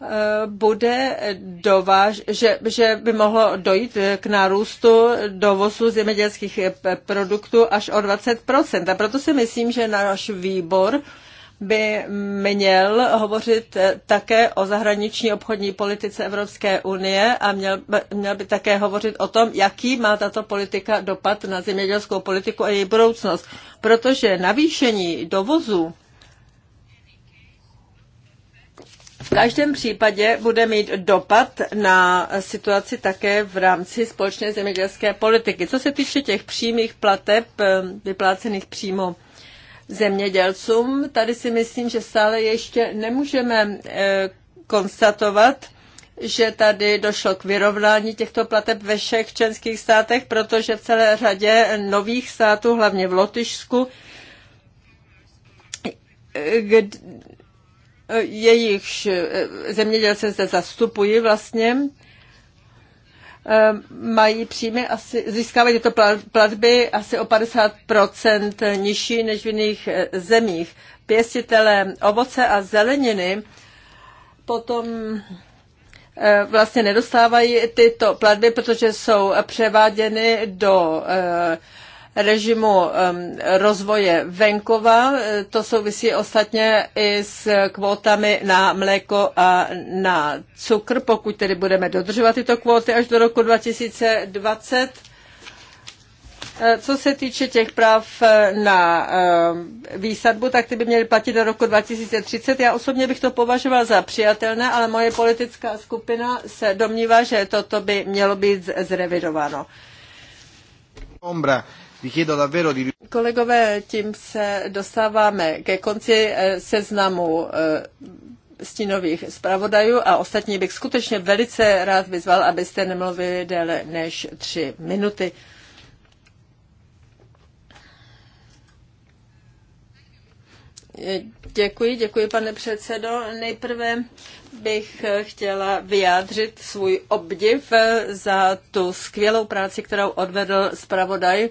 eh, bude dováž, že, že by mohlo dojít eh, k nárůstu dovozu zemědělských eh, produktů až o 20%. A proto si myslím, že náš výbor by měl hovořit také o zahraniční obchodní politice Evropské unie a měl, měl by také hovořit o tom, jaký má tato politika dopad na zemědělskou politiku a její budoucnost. Protože navýšení dovozu V každém případě bude mít dopad na situaci také v rámci společné zemědělské politiky. Co se týče těch přímých plateb eh, vyplácených přímo zemědělcům, tady si myslím, že stále ještě nemůžeme eh, konstatovat, že tady došlo k vyrovnání těchto plateb ve všech členských státech, protože v celé řadě nových států, hlavně v Lotyšsku, eh, Eh, jejich eh, zemědělce zde zastupuji vlastně, eh, mají příjmy asi, získávají tyto platby asi o 50% nižší než v jiných zemích. Pěstitele ovoce a zeleniny potom vlastně nedostávají tyto platby, protože jsou převáděny do režimu rozvoje venkova. To souvisí ostatně i s kvótami na mléko a na cukr, pokud tedy budeme dodržovat tyto kvóty až do roku 2020. Eh, co se týče těch práv eh, na eh, výsadbu, tak ty by měly platit do roku 2030. Já osobně bych to považoval za přijatelné, ale moje politická skupina se domnívá, že toto by mělo být zrevidováno. Ombra. Kolegové, tím se dostáváme ke konci eh, seznamu eh, stínových zpravodajů a ostatní bych skutečně velice rád vyzval, abyste nemluvili déle než tři minuty. Eh, děkuji, děkuji pane předsedo. Nejprve bych chtěla vyjádřit svůj obdiv za tu skvělou práci, kterou odvedl zpravodaj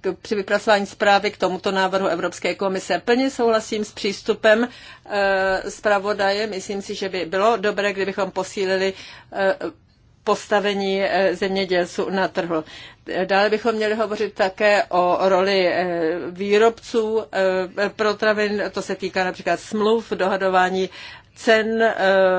k, při vypracování zprávy k tomuto návrhu Evropské komise. Plně souhlasím s přístupem e, zpravodaje. Myslím si, že by bylo dobré, kdybychom posílili e, postavení e, zemědělců na trhu. Dále bychom měli hovořit také o roli výrobců travin, to se týká například smluv, dohadování cen eh,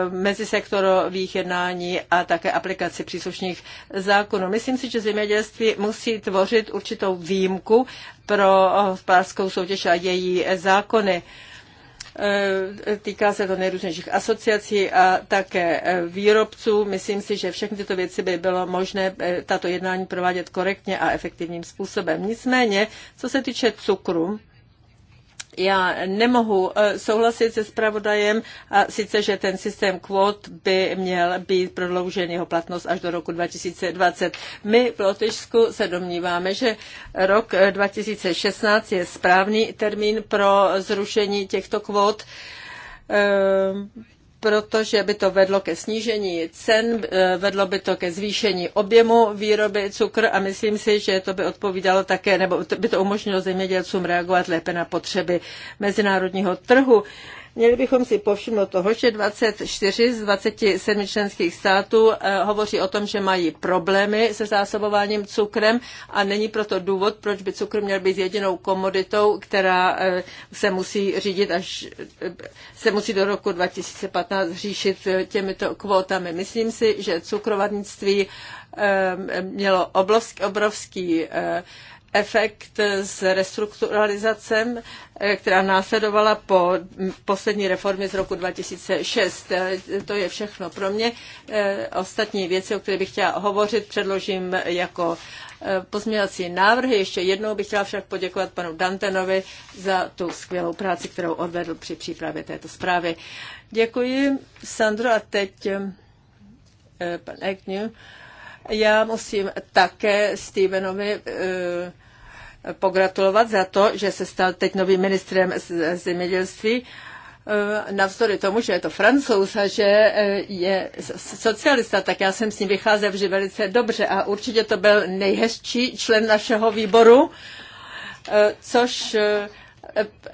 mezisektorových jednání a také aplikaci příslušných zákonů. Myslím si, že zemědělství musí tvořit určitou výjimku pro hospodářskou soutěž a její zákony. Eh, týká se to nejrůznějších asociací a také eh, výrobců. Myslím si, že všechny tyto věci by bylo možné tato jednání provádět korektně a efektivním způsobem. Nicméně, co se týče cukru, já nemohu eh, souhlasit se zpravodajem, a sice, že ten systém kvót by měl být prodloužen jeho platnost až do roku 2020. My v Lotyšsku se domníváme, že rok 2016 eh, je správný termín pro zrušení těchto kvót. Ehm protože by to vedlo ke snížení cen, eh, vedlo by to ke zvýšení objemu výroby cukr a myslím si, že to by odpovídalo také, nebo by to umožnilo zemědělcům reagovat lépe na potřeby mezinárodního trhu. Měli bychom si povšimnout toho, že 24 z 27 členských států eh, hovoří o tom, že mají problémy se zásobováním cukrem a není proto důvod, proč by cukr měl být jedinou komoditou, která eh, se musí řídit až eh, se musí do roku 2015 řešit těmito kvótami. Myslím si, že cukrovarnictví mělo obrovský, obrovský efekt s restrukturalizacem, eh, která následovala po poslední reformě z roku 2006. Eh, to je všechno pro mě. Eh, ostatní věci, o kterých bych chtěla hovořit, předložím jako pozměňovací návrhy. Ještě jednou bych chtěla však poděkovat panu Dantenovi za tu skvělou práci, kterou odvedl při přípravě této zprávy. Děkuji, Sandro, a teď pan Ekňu. Já musím také Stevenovi eh, pogratulovat za to, že se stal teď novým ministrem zemědělství. Eh, navzdory tomu, že je to francouz a že eh, je socialista, tak já jsem s ním vycházel vždy velice dobře a určitě to byl nejhezčí člen našeho výboru, což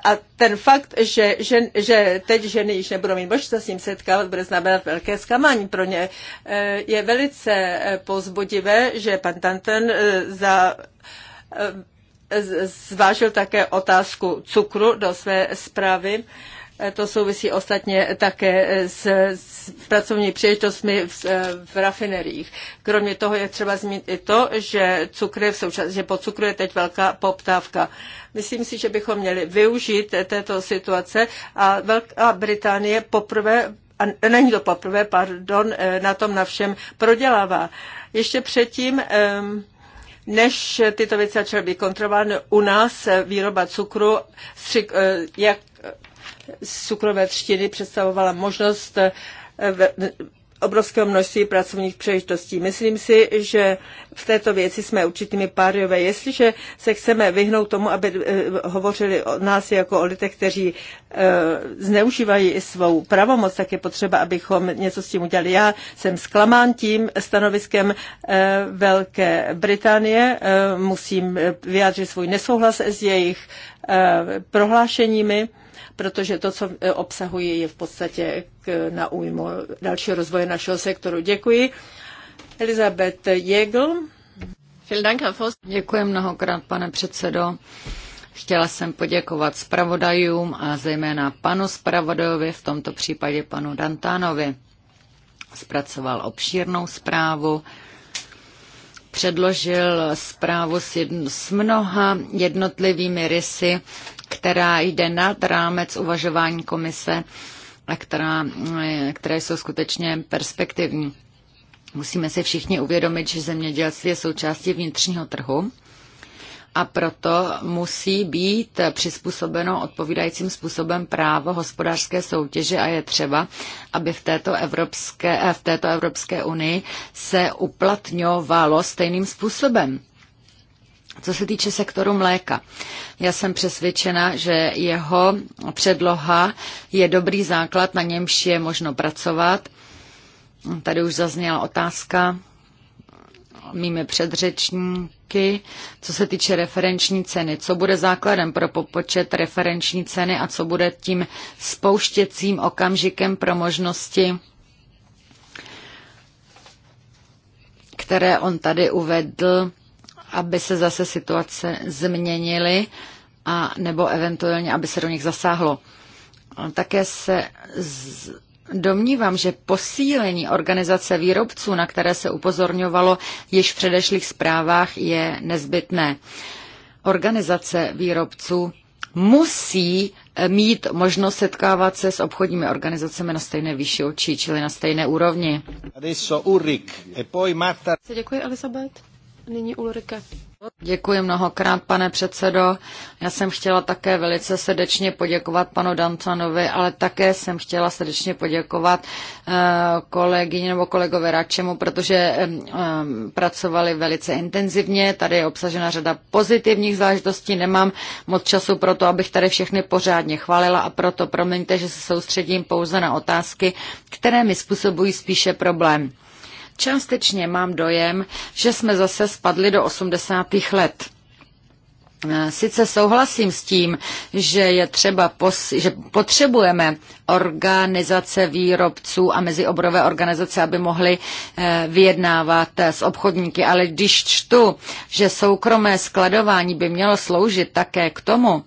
a ten fakt, že, že, že teď ženy již nebudou mít možnost se s ním setkávat, bude znamenat velké zklamání pro ně. Eh, je velice eh, pozbudivé, že pan Tanten eh, za zvážil také otázku cukru do své zprávy. Eh, to souvisí ostatně také eh, s, s pracovní příležitostmi v, eh, v rafineriích. Kromě toho je třeba zmínit i to, že, cukr je v součas, že po cukru je teď velká poptávka. Myslím si, že bychom měli využít této situace a Velká Británie poprvé a není to poprvé, pardon, na tom na všem prodělává. Ještě předtím, ehm, než tyto věci začaly být kontrolovány, u nás výroba cukru, jak cukrové třtiny představovala možnost eh, obrovského množství pracovních příležitostí. Myslím si, že v této věci jsme určitými párové. Jestliže se chceme vyhnout tomu, aby eh, hovořili o nás jako o lidech, kteří eh, zneužívají svou pravomoc, tak je potřeba, abychom něco s tím udělali. Já jsem zklamán tím stanoviskem Velké Británie. Musím vyjádřit svůj nesouhlas s jejich prohlášeními protože to, co eh, obsahuje, je v podstatě k, na újmu dalšího rozvoje našeho sektoru. Děkuji. Elizabeth Jägl. Děkuji mnohokrát, pane předsedo. Chtěla jsem poděkovat zpravodajům a zejména panu zpravodajovi, v tomto případě panu Dantánovi. Zpracoval obšírnou zprávu, předložil zprávu s, jedn- s mnoha jednotlivými rysy, která jde nad rámec uvažování komise a která, které jsou skutečně perspektivní. Musíme si všichni uvědomit, že zemědělství je součástí vnitřního trhu a proto musí být přizpůsobeno odpovídajícím způsobem právo hospodářské soutěže a je třeba, aby v této Evropské, v této Evropské unii se uplatňovalo stejným způsobem. Co se týče sektoru mléka, já jsem přesvědčena, že jeho předloha je dobrý základ, na němž je možno pracovat. Tady už zazněla otázka mými předřečníky, co se týče referenční ceny. Co bude základem pro popočet referenční ceny a co bude tím spouštěcím okamžikem pro možnosti, které on tady uvedl, aby se zase situace změnily a nebo eventuálně, aby se do nich zasáhlo. Také se z... Domnívám, že posílení organizace výrobců, na které se upozorňovalo již v předešlých zprávách, je nezbytné. Organizace výrobců musí eh, mít možnost setkávat se s obchodními organizacemi na stejné výši očí, čili na stejné úrovni. E Děkuji, Elizabeth. Nyní Ulrike. Děkuji mnohokrát, pane předsedo. Já jsem chtěla také velice srdečně poděkovat panu Dancanovi, ale také jsem chtěla srdečně poděkovat eh, kolegyni nebo kolegovi Račemu, protože eh, eh, pracovali velice intenzivně. Tady je obsažena řada pozitivních zážitostí. Nemám moc času pro to, abych tady všechny pořádně chválila a proto promiňte, že se soustředím pouze na otázky, které mi způsobují spíše problém. Částečně mám dojem, že jsme zase spadli do 80. let. E, sice souhlasím s tím, že je třeba, pos, že potřebujeme organizace výrobců a mezioborové organizace, aby mohly e, vyjednávat e, s obchodníky, ale když čtu, že soukromé skladování by mělo sloužit také k tomu,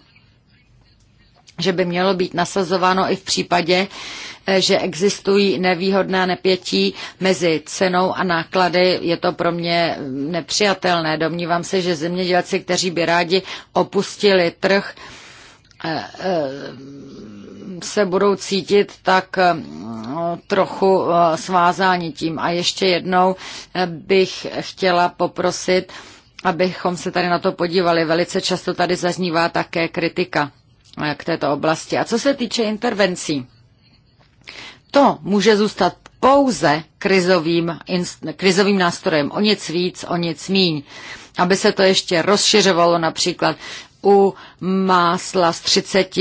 že by mělo být nasazováno i v případě, že existují nevýhodná nepětí mezi cenou a náklady. Je to pro mě nepřijatelné. Domnívám se, že zemědělci, kteří by rádi opustili trh, eh, eh, se budou cítit tak eh, trochu svázání tím. A ještě jednou bych chtěla poprosit, abychom se tady na to podívali. Velice často tady zaznívá také kritika k této oblasti. A co se týče intervencí, to může zůstat pouze krizovým, krizovým nástrojem. O nic víc, o nic míň. Aby se to ještě rozšiřovalo například u másla z 30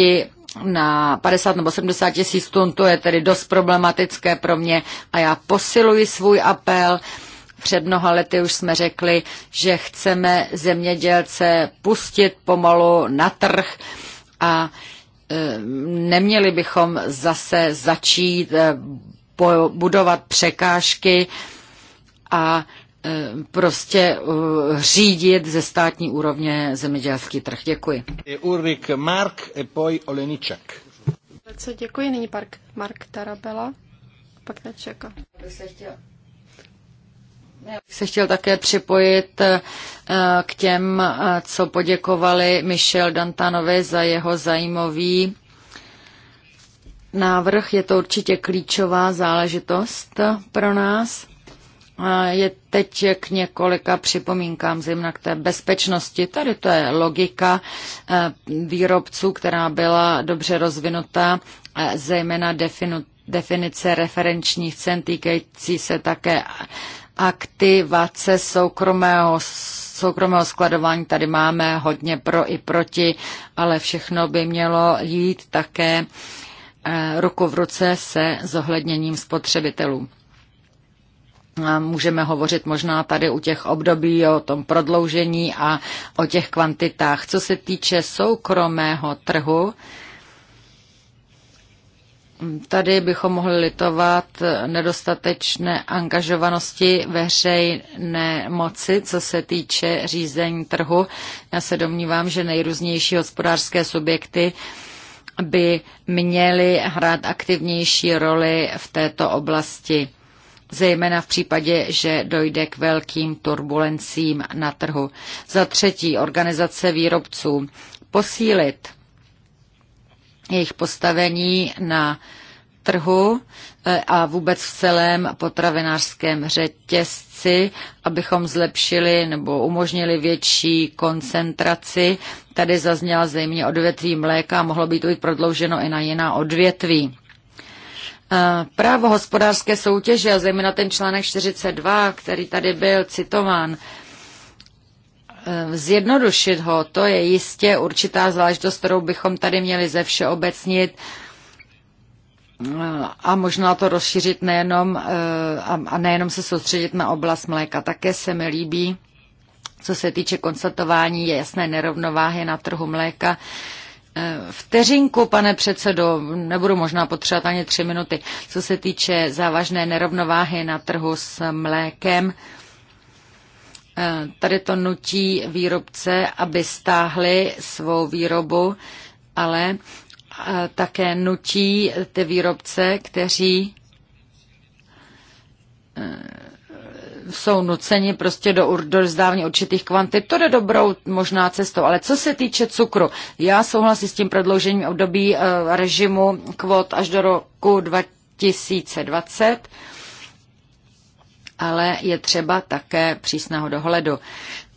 na 50 nebo 70 tisíc tun, to je tedy dost problematické pro mě a já posiluji svůj apel. Před mnoha lety už jsme řekli, že chceme zemědělce pustit pomalu na trh a Eh, neměli bychom zase začít eh, budovat překážky a eh, prostě řídit ze státní úrovně zemědělský trh. Děkuji. Ulrik Mark, a poj Oleniček. Děkuji, nyní Mark, Mark Tarabela, pak Nečeka. Chtěla bych se chtěl také připojit eh, k těm, eh, co poděkovali Michel Dantanovi za jeho zajímavý návrh. Je to určitě klíčová záležitost eh, pro nás. Je teď k několika připomínkám zejména k té bezpečnosti. Tady to je logika výrobců, která byla dobře rozvinutá, zejména definu, definice referenčních cen týkající se také aktivace soukromého soukromého skladování tady máme hodně pro i proti, ale všechno by mělo jít také eh, ruku v ruce se zohledněním spotřebitelů. A můžeme hovořit možná tady u těch období o tom prodloužení a o těch kvantitách. Co se týče soukromého trhu, Tady bychom mohli litovat nedostatečné angažovanosti veřejné moci, co se týče řízení trhu. Já se domnívám, že nejrůznější hospodářské subjekty by měly hrát aktivnější roli v této oblasti, zejména v případě, že dojde k velkým turbulencím na trhu. Za třetí, organizace výrobců posílit jejich postavení na trhu e, a vůbec v celém potravinářském řetězci, abychom zlepšili nebo umožnili větší koncentraci. Tady zazněla zejmě odvětví mléka, mohlo být to prodlouženo i na jiná odvětví. E, právo hospodářské soutěže a zejména ten článek 42, který tady byl citován, Eh, zjednodušit ho, to je jistě určitá záležitost, kterou bychom tady měli ze všeobecnit eh, a možná to rozšířit nejenom eh, a nejenom se soustředit na oblast mléka. Také se mi líbí, co se týče konstatování jasné nerovnováhy na trhu mléka, Vteřinku, pane předsedo, nebudu možná potřebovat ani tři minuty. Co se týče závažné nerovnováhy na trhu s mlékem, Eh, tady to nutí výrobce, aby stáhli svou výrobu, ale eh, také nutí ty výrobce, kteří eh, jsou nuceni prostě do, do zdávně určitých kvantit. To jde dobrou možná cestou, ale co se týče cukru, já souhlasím s tím prodloužením období režimu kvot až do roku 2020 ale je třeba také přísného dohledu.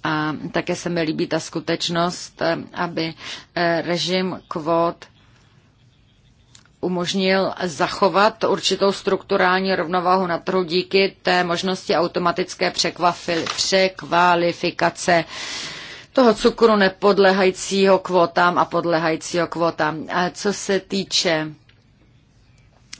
A také se mi líbí ta skutečnost, aby eh, režim kvót umožnil zachovat určitou strukturální rovnováhu na trhu díky té možnosti automatické překvalifikace toho cukru nepodlehajícího kvotám a podlehajícího kvotám. Co se týče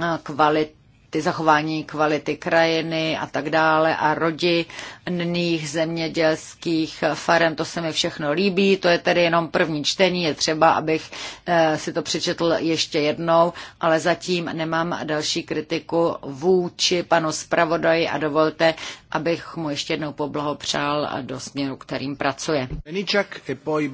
eh, kvalit ty zachování kvality krajiny a tak dále a rodinných zemědělských farem, to se mi všechno líbí, to je tedy jenom první čtení, je třeba, abych eh, si to přečetl ještě jednou, ale zatím nemám další kritiku vůči panu zpravodaji a dovolte, abych mu ještě jednou poblahopřál do směru, kterým pracuje. e poi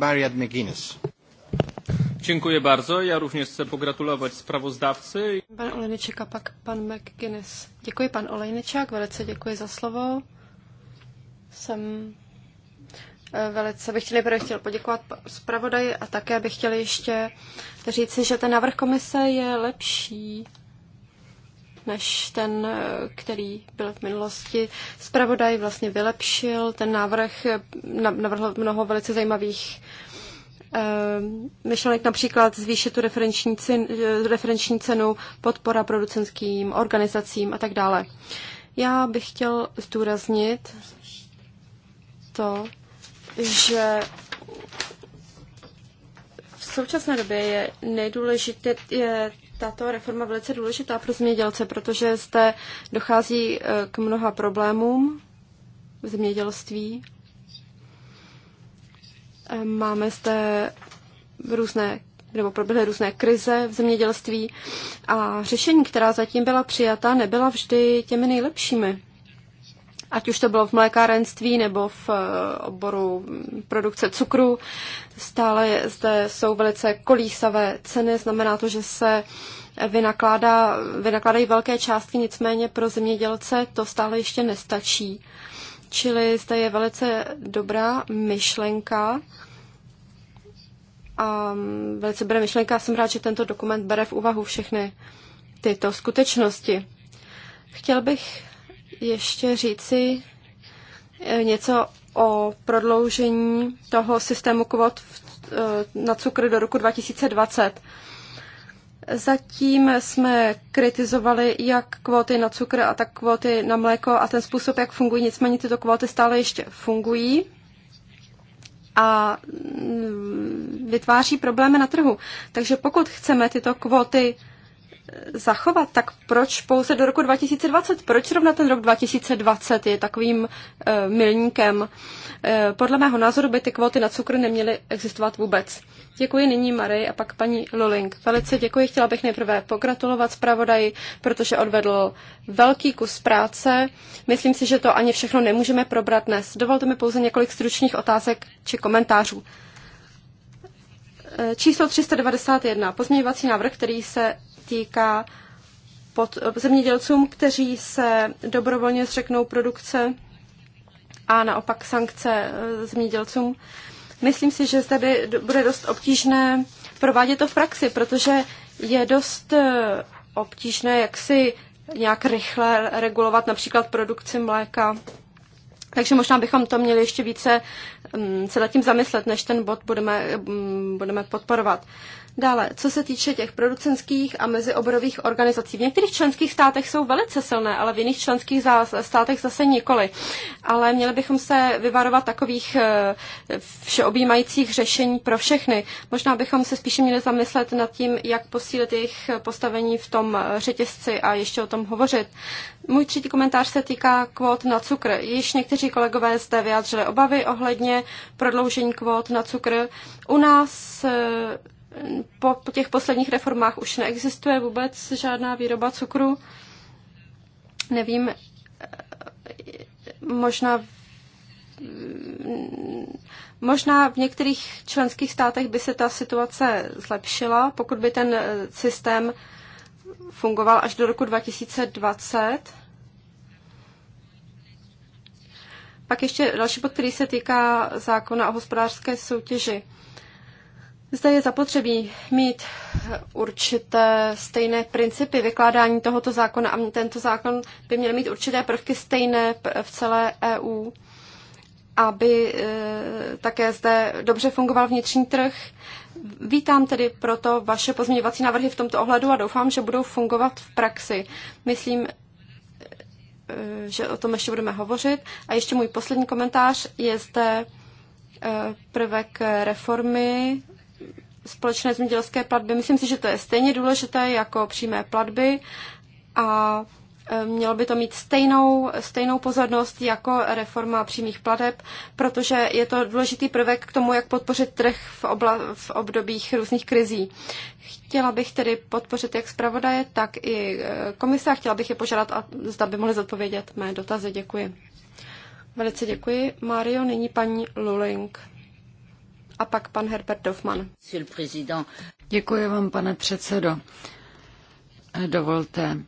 Dziękuję bardzo. Já również chci pogratulować sprawozdawcy. Pan Olejniczak, a pak pan McGuinness. Děkuji, pan Olejniczak, velice děkuji za slovo. Jsem eh, velice, bych chtěl nejprve chtěl poděkovat zpravodaji a také bych chtěl ještě říci, že ten návrh komise je lepší než ten, eh, který byl v minulosti. Spravodaj vlastně vylepšil ten návrh, eh, navrhl mnoho velice zajímavých Ehm, myšlenek například zvýšit tu referenční, cen, eh, referenční cenu, podpora producentským organizacím a tak dále. Já bych chtěl zdůraznit to, že v současné době je nejdůležité, je tato reforma velice důležitá pro zemědělce, protože zde dochází eh, k mnoha problémům v zemědělství Máme zde různé nebo proběhly různé krize v zemědělství a řešení, která zatím byla přijata, nebyla vždy těmi nejlepšími. Ať už to bylo v mlékárenství nebo v eh, oboru produkce cukru, stále zde jsou velice kolísavé ceny, znamená to, že se vynakládá, vynakládají velké částky, nicméně pro zemědělce to stále ještě nestačí. Čili zde je velice dobrá myšlenka a velice dobrá myšlenka. Jsem rád, že tento dokument bere v úvahu všechny tyto skutečnosti. Chtěl bych ještě říci eh, něco o prodloužení toho systému kvot eh, na cukr do roku 2020. Zatím jsme kritizovali jak kvóty na cukr a tak kvóty na mléko a ten způsob, jak fungují. Nicméně tyto kvóty stále ještě fungují a mm, vytváří problémy na trhu. Takže pokud chceme tyto kvóty zachovat, tak proč pouze do roku 2020? Proč zrovna ten rok 2020 je takovým e, milníkem? E, podle mého názoru by ty kvóty na cukr neměly existovat vůbec. Děkuji nyní Marie a pak paní Luling. Velice děkuji, chtěla bych nejprve pogratulovat zpravodaji, protože odvedl velký kus práce. Myslím si, že to ani všechno nemůžeme probrat dnes. Dovolte mi pouze několik stručných otázek či komentářů. Eh, číslo 391. Pozměňovací návrh, který se týká pod, zemědělcům, kteří se dobrovolně zřeknou produkce a naopak sankce e, zemědělcům. Myslím si, že zde by, bude dost obtížné provádět to v praxi, protože je dost e, obtížné, jak si nějak rychle regulovat například produkci mléka. Takže možná bychom to měli ještě více mm, se nad tím zamyslet, než ten bod budeme, mm, budeme podporovat. Dále, co se týče těch producenských a mezioborových organizací, v některých členských státech jsou velice silné, ale v jiných členských státech zase nikoli. Ale měli bychom se vyvarovat takových eh, všeobjímajících řešení pro všechny. Možná bychom se spíše měli zamyslet nad tím, jak posílit jejich postavení v tom eh, řetězci a ještě o tom hovořit. Můj třetí komentář se týká kvót na cukr. Již někteří kolegové zde vyjádřili obavy ohledně prodloužení kvót na cukr. U nás eh, po těch posledních reformách už neexistuje vůbec žádná výroba cukru. Nevím, eh, možná možná v některých členských státech by se ta situace zlepšila, pokud by ten eh, systém fungoval až do roku 2020. Pak ještě další bod, který se týká zákona o hospodářské soutěži. Zde je zapotřebí mít určité stejné principy vykládání tohoto zákona a tento zákon by měl mít určité prvky stejné v celé EU, aby e, také zde dobře fungoval vnitřní trh. Vítám tedy proto vaše pozměňovací návrhy v tomto ohledu a doufám, že budou fungovat v praxi. Myslím, e, že o tom ještě budeme hovořit. A ještě můj poslední komentář je zde e, prvek reformy společné zemědělské platby. Myslím si, že to je stejně důležité jako přímé platby a e, mělo by to mít stejnou, stejnou pozornost jako reforma přímých plateb, protože je to důležitý prvek k tomu, jak podpořit trh v, obla, v obdobích různých krizí. Chtěla bych tedy podpořit jak zpravodaje, tak i e, komise a chtěla bych je požádat, a zda by mohli zodpovědět mé dotazy. Děkuji. Velice děkuji. Mario, nyní paní Luling. A pak pan Herbert Dofman. Děkuji vám, pane předsedo. Dovolte,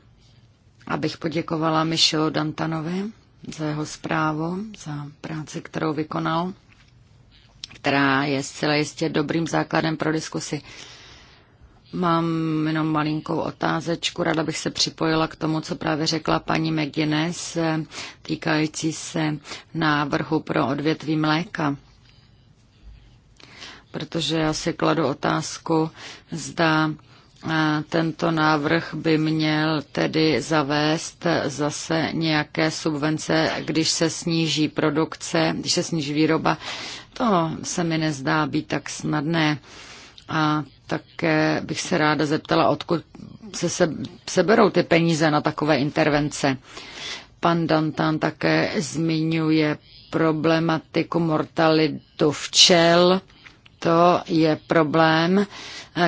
abych poděkovala Michelu Dantanovi za jeho zprávu, za práci, kterou vykonal, která je zcela jistě dobrým základem pro diskusi. Mám jenom malinkou otázečku. Rada bych se připojila k tomu, co právě řekla paní McGuinness, týkající se návrhu pro odvětví mléka protože já si kladu otázku, zda tento návrh by měl tedy zavést zase nějaké subvence, když se sníží produkce, když se sníží výroba. To se mi nezdá být tak snadné. A také bych se ráda zeptala, odkud se, se seberou ty peníze na takové intervence. Pan Dantan také zmiňuje problematiku mortalitu včel to je problém,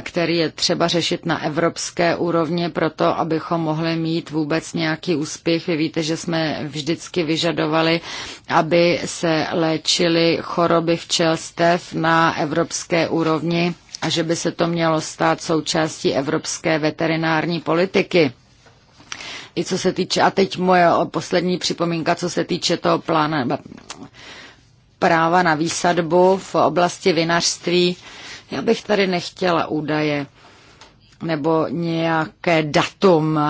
který je třeba řešit na evropské úrovni proto, abychom mohli mít vůbec nějaký úspěch. Vy víte, že jsme vždycky vyžadovali, aby se léčily choroby včelstev na evropské úrovni a že by se to mělo stát součástí evropské veterinární politiky. I co se týče, a teď moje poslední připomínka, co se týče toho plánu, práva na výsadbu v oblasti vinařství. Já bych tady nechtěla údaje nebo nějaké datum.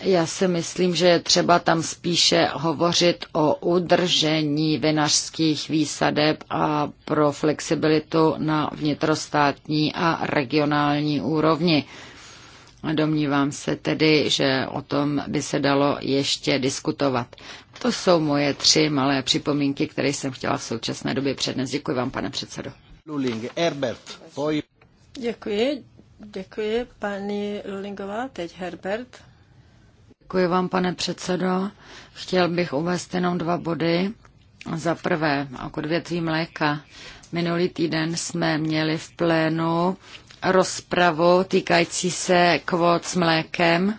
Já si myslím, že je třeba tam spíše hovořit o udržení vinařských výsadeb a pro flexibilitu na vnitrostátní a regionální úrovni. Domnívám se tedy, že o tom by se dalo ještě diskutovat. To jsou moje tři malé připomínky, které jsem chtěla v současné době přednes. Děkuji vám, pane předsedo. Luling, Herbert, poj... Děkuji, děkuji paní Lulingová, teď Herbert. Děkuji vám, pane předsedo. Chtěl bych uvést jenom dva body. Za prvé, jako odvětví mléka. Minulý týden jsme měli v plénu rozpravu týkající se kvot s mlékem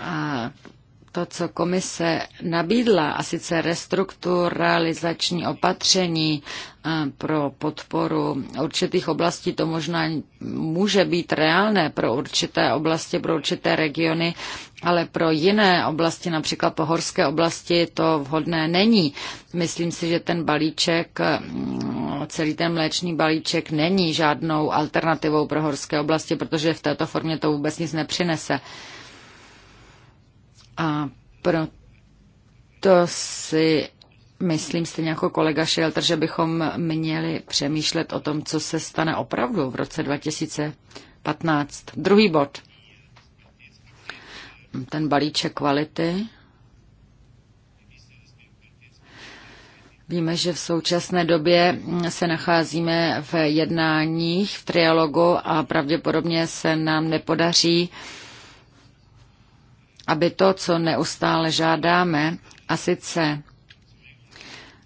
A to, co komise nabídla, a sice restrukturalizační opatření pro podporu určitých oblastí, to možná může být reálné pro určité oblasti, pro určité regiony, ale pro jiné oblasti, například po horské oblasti, to vhodné není. Myslím si, že ten balíček, mm, celý ten mléčný balíček není žádnou alternativou pro horské oblasti, protože v této formě to vůbec nic nepřinese. A proto si myslím stejně jako kolega Šelter, že bychom měli přemýšlet o tom, co se stane opravdu v roce 2015. Druhý bod. Ten balíček kvality. Víme, že v současné době se nacházíme v jednáních, v trialogu a pravděpodobně se nám nepodaří uh, aby to, co neustále žádáme, a sice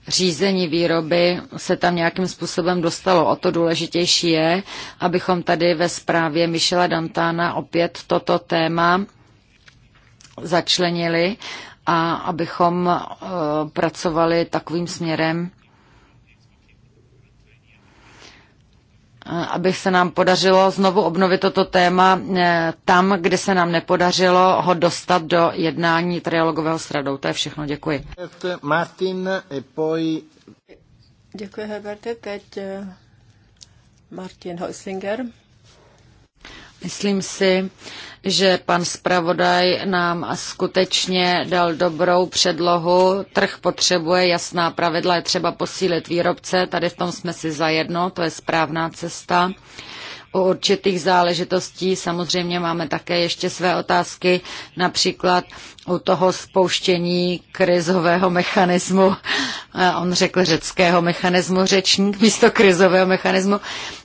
řízení výroby se tam nějakým způsobem dostalo. O to důležitější je, abychom tady ve zprávě Michela Dantána opět toto téma začlenili a abychom eh, pracovali takovým směrem, Eh, abych se nám podařilo znovu obnovit toto téma eh, tam, kde se nám nepodařilo ho dostat do jednání trialogového s radou. To je všechno, děkuji. Martin, e poi... Děkuji, Heberte. Teď eh, Martin Heuslinger. Myslím si, že pan zpravodaj nám skutečně dal dobrou předlohu. Trh potřebuje jasná pravidla, je třeba posílit výrobce, tady v tom jsme si zajedno, to je správná cesta. U určitých záležitostí samozřejmě máme také ještě své otázky, například u toho spouštění krizového mechanismu, eh, on řekl řeckého mechanismu, řečník místo krizového mechanismu,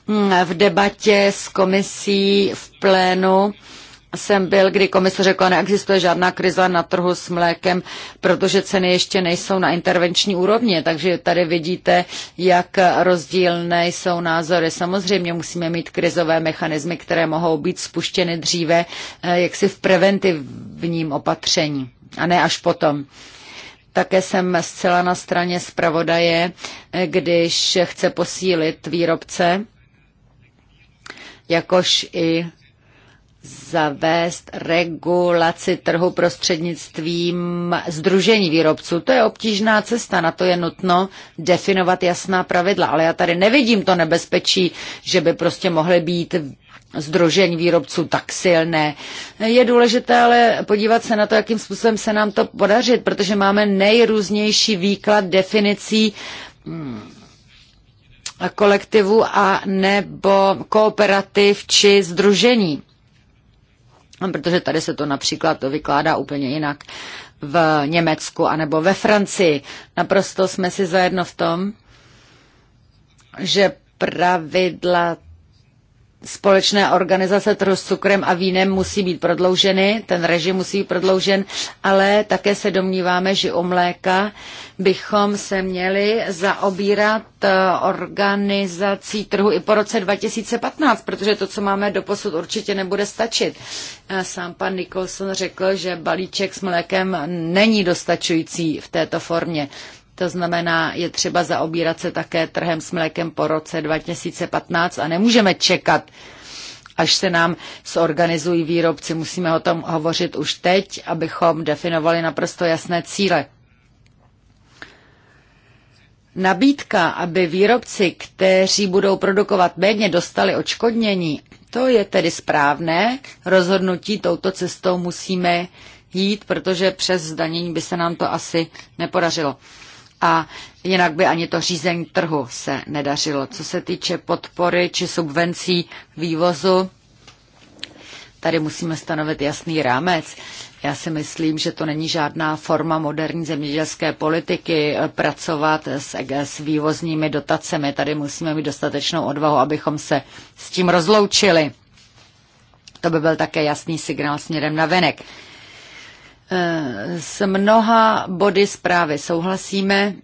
hmm, v debatě s komisí v plénu jsem byl, kdy komise řekla, neexistuje žádná krize na trhu s mlékem, protože ceny ještě nejsou na intervenční úrovni. Takže tady vidíte, jak rozdílné jsou názory. Samozřejmě musíme mít krizové mechanismy, které mohou být spuštěny dříve, eh, jaksi v preventivním opatření a ne až potom. Také jsem zcela na straně zpravodaje, eh, když chce posílit výrobce, jakož i zavést regulaci trhu prostřednictvím združení výrobců. To je obtížná cesta, na to je nutno definovat jasná pravidla, ale já tady nevidím to nebezpečí, že by prostě mohly být združení výrobců tak silné. Je důležité ale podívat se na to, jakým způsobem se nám to podařit, protože máme nejrůznější výklad definicí hmm, kolektivu a nebo kooperativ či združení protože tady se to například to vykládá úplně jinak v Německu anebo ve Francii. Naprosto jsme si zajedno v tom, že pravidla společné organizace trhu s cukrem a vínem musí být prodlouženy, ten režim musí být prodloužen, ale také se domníváme, že u mléka bychom se měli zaobírat eh, organizací trhu i po roce 2015, protože to, co máme doposud, určitě nebude stačit. Eh, sám pan Nicholson řekl, že balíček s mlékem není dostačující v této formě. To znamená, je třeba zaobírat se také trhem s mlékem po roce 2015 a nemůžeme čekat, až se nám zorganizují výrobci. Musíme o tom hovořit už teď, abychom definovali naprosto jasné cíle. Nabídka, aby výrobci, kteří budou produkovat méně, dostali očkodnění, to je tedy správné. Rozhodnutí touto cestou musíme jít, protože přes zdanění by se nám to asi nepodařilo a jinak by ani to řízení trhu se nedařilo. Co se týče podpory či subvencí vývozu, tady musíme stanovit jasný rámec. Já si myslím, že to není žádná forma moderní zemědělské politiky eh, pracovat s, e s vývozními dotacemi. Tady musíme mít dostatečnou odvahu, abychom se s tím rozloučili. To by byl také jasný signál směrem na venek. S mnoha body zprávy souhlasíme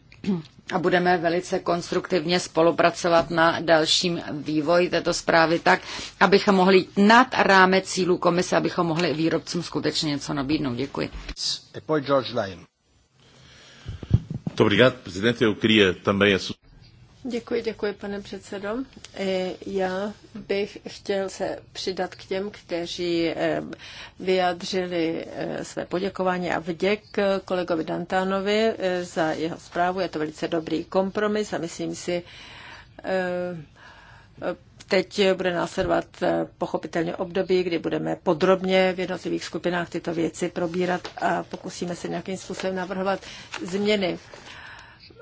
a budeme velice konstruktivně spolupracovat na dalším vývoji této zprávy tak, abychom mohli jít nad rámec cílů komise, abychom mohli výrobcům skutečně něco nabídnout. Děkuji. Dobrý den, Obrigado, presidente. Eu queria Děkuji, děkuji, pane předsedo. E, já bych chtěl se přidat k těm, kteří e, vyjádřili e, své poděkování a vděk kolegovi Dantánovi za jeho zprávu. Je to velice dobrý kompromis a myslím si, Teď bude následovat pochopitelně období, kdy budeme podrobně v jednotlivých skupinách tyto věci probírat a pokusíme se nějakým způsobem navrhovat změny.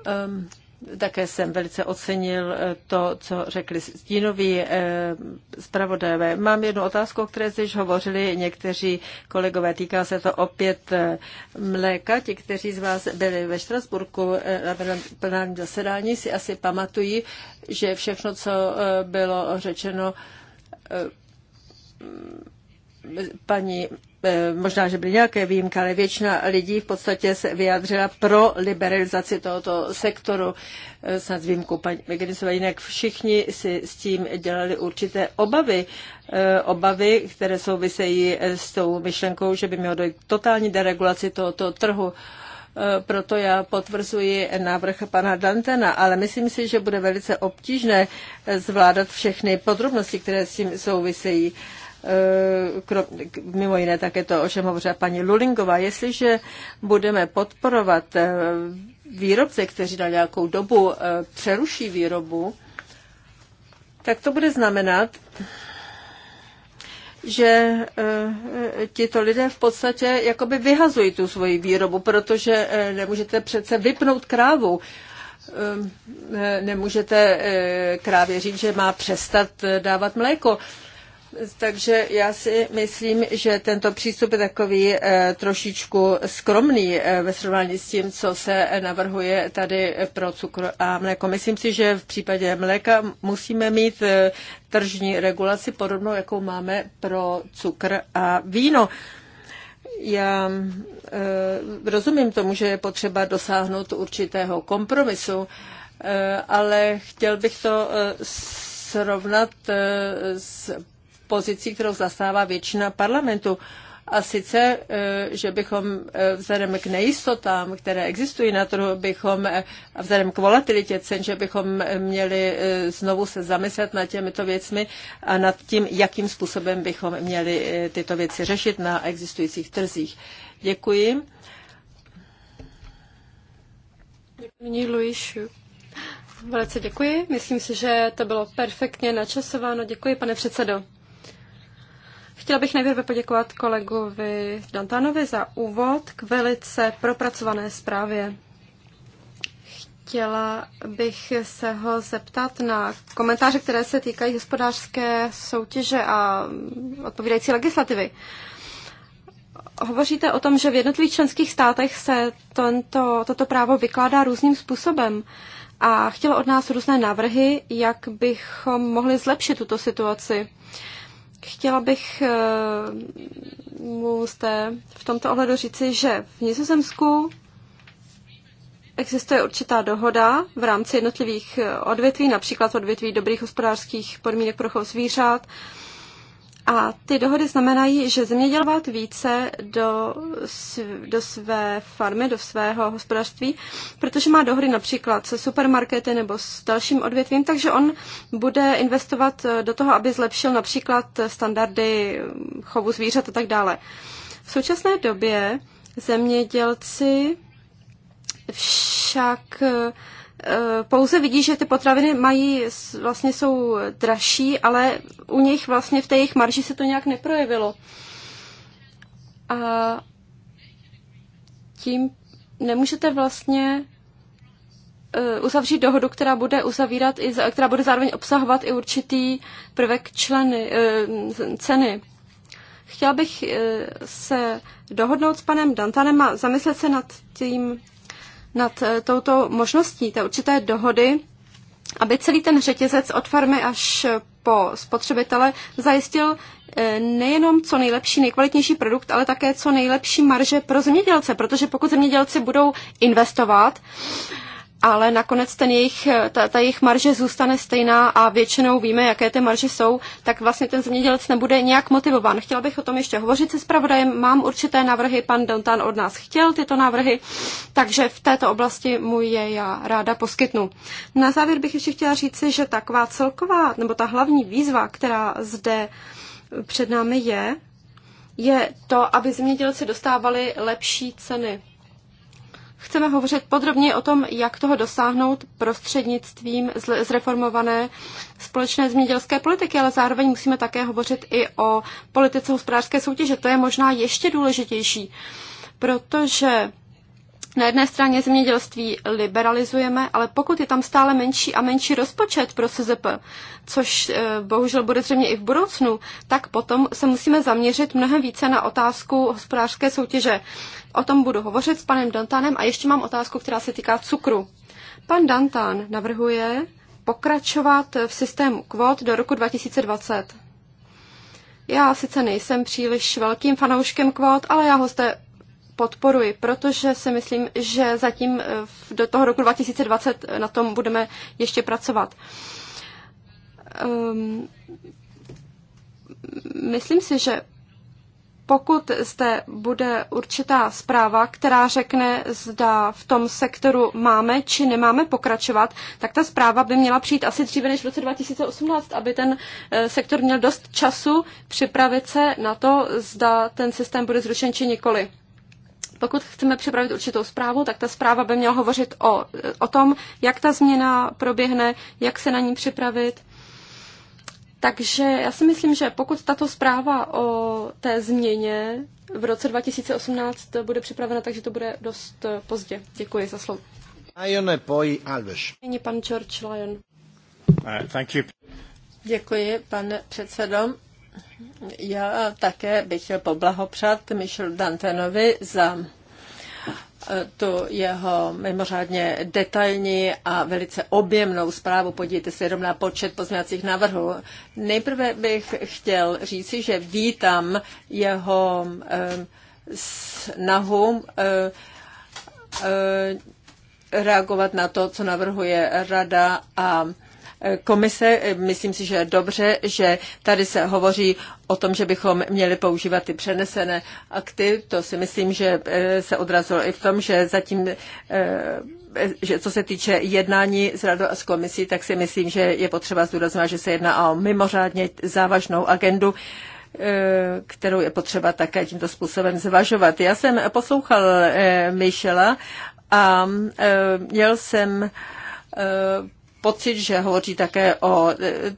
Ehm, také jsem velice ocenil eh, to, co řekli stínoví eh, zpravodajové. Mám jednu otázku, o které jste již hovořili někteří kolegové. Týká se to opět eh, mléka. Ti, kteří z vás byli ve Štrasburku na plnárním zasedání, si asi pamatují, že všechno, co bylo řečeno, paní, eh, možná, že byly nějaké výjimky, ale většina lidí v podstatě se vyjádřila pro liberalizaci tohoto sektoru, eh, snad s výjimkou paní Meginisové. Jinak všichni si s tím dělali určité obavy, eh, obavy, které souvisejí s tou myšlenkou, že by mělo dojít k totální deregulaci tohoto trhu proto já potvrzuji návrh pana Dantena, ale myslím si, že bude velice obtížné zvládat všechny podrobnosti, které s tím souvisejí. Eh, krom, mimo jiné také to, o čem hovořila paní Lulingová, jestliže budeme podporovat eh, výrobce, kteří na nějakou dobu eh, přeruší výrobu, tak to bude znamenat, že tito lidé v podstatě jakoby vyhazují tu svoji výrobu, protože nemůžete přece vypnout krávu. Nemůžete krávě říct, že má přestat dávat mléko. Takže já si myslím, že tento přístup je takový eh, trošičku skromný eh, ve srovnání s tím, co se navrhuje tady pro cukr a mléko. Myslím si, že v případě mléka musíme mít eh, tržní regulaci podobnou, jakou máme pro cukr a víno. Já rozumím tomu, že je potřeba dosáhnout určitého kompromisu, ale chtěl bych to srovnat s pozicí, kterou zastává většina parlamentu. A sice, eh, že bychom eh, vzhledem k nejistotám, které existují na trhu, bychom eh, a vzhledem k volatilitě cen, že bychom měli znovu se zamyslet nad těmito věcmi a nad tím, jakým způsobem bychom měli tyto věci řešit na existujících trzích. Děkuji. Nyní Luíš. Velice děkuji. Myslím si, že to bylo perfektně načasováno. Děkuji, pane předsedo. Chtěla bych nejprve poděkovat kolegovi Dantanovi za úvod k velice propracované zprávě. Chtěla bych se ho zeptat na komentáře, které se týkají hospodářské soutěže a odpovídající legislativy. Hovoříte o tom, že v jednotlivých členských státech se tento, toto právo vykládá různým způsobem a chtělo od nás různé návrhy, jak bychom mohli zlepšit tuto situaci. Chtěla bych eh, mu zde v tomto ohledu říci, že v Nizozemsku existuje určitá dohoda v rámci jednotlivých eh, odvětví, například odvětví dobrých hospodářských podmínek pro chov zvířat, a ty dohody znamenají, že zemědělovat více do, do své farmy, do svého hospodářství, protože má dohody například se supermarkety nebo s dalším odvětvím, takže on bude investovat eh, do toho, aby zlepšil například standardy chovu zvířat a tak dále. V současné době zemědělci však uh, Eh, pouze vidí, že ty potraviny mají, vlastně jsou dražší, ale u nich vlastně v té jejich marži se to nějak neprojevilo. A tím nemůžete vlastně eh, uzavřít dohodu, která bude uzavírat i, která bude zároveň obsahovat i určitý prvek členy, eh, ceny. Chtěla bych se dohodnout s panem Dantanem a zamyslet se nad tím nad eh, touto možností té určité dohody, aby celý ten řetězec od farmy až po spotřebitele zajistil eh, nejenom co nejlepší, nejkvalitnější produkt, ale také co nejlepší marže pro zemědělce, protože pokud zemědělci budou investovat, ale nakonec ten jejich, ta, ta jejich marže zůstane stejná a většinou víme, jaké ty marže jsou, tak vlastně ten zemědělec nebude nějak motivován. Chtěla bych o tom ještě hovořit se zpravodajem, mám určité návrhy, pan Dontan od nás chtěl tyto návrhy, takže v této oblasti mu je já ráda poskytnu. Na závěr bych ještě chtěla říci, že taková celková, nebo ta hlavní výzva, která zde před námi je, je to, aby zemědělci dostávali lepší ceny Chceme hovořit podrobně o tom, jak toho dosáhnout prostřednictvím zreformované společné zemědělské politiky, ale zároveň musíme také hovořit i o politice hospodářské soutěže. To je možná ještě důležitější, protože na jedné straně zemědělství liberalizujeme, ale pokud je tam stále menší a menší rozpočet pro SZP, což eh, bohužel bude zřejmě i v budoucnu, tak potom se musíme zaměřit mnohem více na otázku hospodářské soutěže. O tom budu hovořit s panem Dantanem a ještě mám otázku, která se týká cukru. Pan Dantan navrhuje pokračovat v systému kvot do roku 2020. Já sice nejsem příliš velkým fanouškem kvot, ale já ho zde podporuji, protože si myslím, že zatím eh, do toho roku 2020 na tom budeme ještě pracovat. Um, myslím si, že pokud zde bude určitá zpráva, která řekne, zda v tom sektoru máme či nemáme pokračovat, tak ta zpráva by měla přijít asi dříve než v roce 2018, aby ten eh, sektor měl dost času připravit se na to, zda ten systém bude zrušen či nikoli. Pokud chceme připravit určitou zprávu, tak ta zpráva by měla hovořit o, o tom, jak ta změna proběhne, jak se na ní připravit takže já si myslím, že pokud tato zpráva o té změně v roce 2018 bude připravena, takže to bude dost pozdě. Děkuji za slovo. Lione Poi Alves. Není pan George Lyon. Uh, thank you. Děkuji, pane předsedo. Já také bych chtěl poblahopřát Michel Dantenovi za E, tu jeho mimořádně detailní a velice objemnou zprávu. Podívejte se jenom na počet pozměňovacích návrhů. Nejprve bych chtěl říci, že vítám jeho e, snahu e, reagovat na to, co navrhuje Rada a komise. Myslím si, že je dobře, že tady se hovoří o tom, že bychom měli používat ty přenesené akty. To si myslím, že eh, se odrazilo i v tom, že zatím eh, eh, že co se týče jednání s radou a s komisí, tak si myslím, že je potřeba zdůraznit, že se jedná o mimořádně závažnou agendu, kterou je potřeba také tímto způsobem zvažovat. Já jsem poslouchal Michela a měl jsem pocit, že hovoří také o e,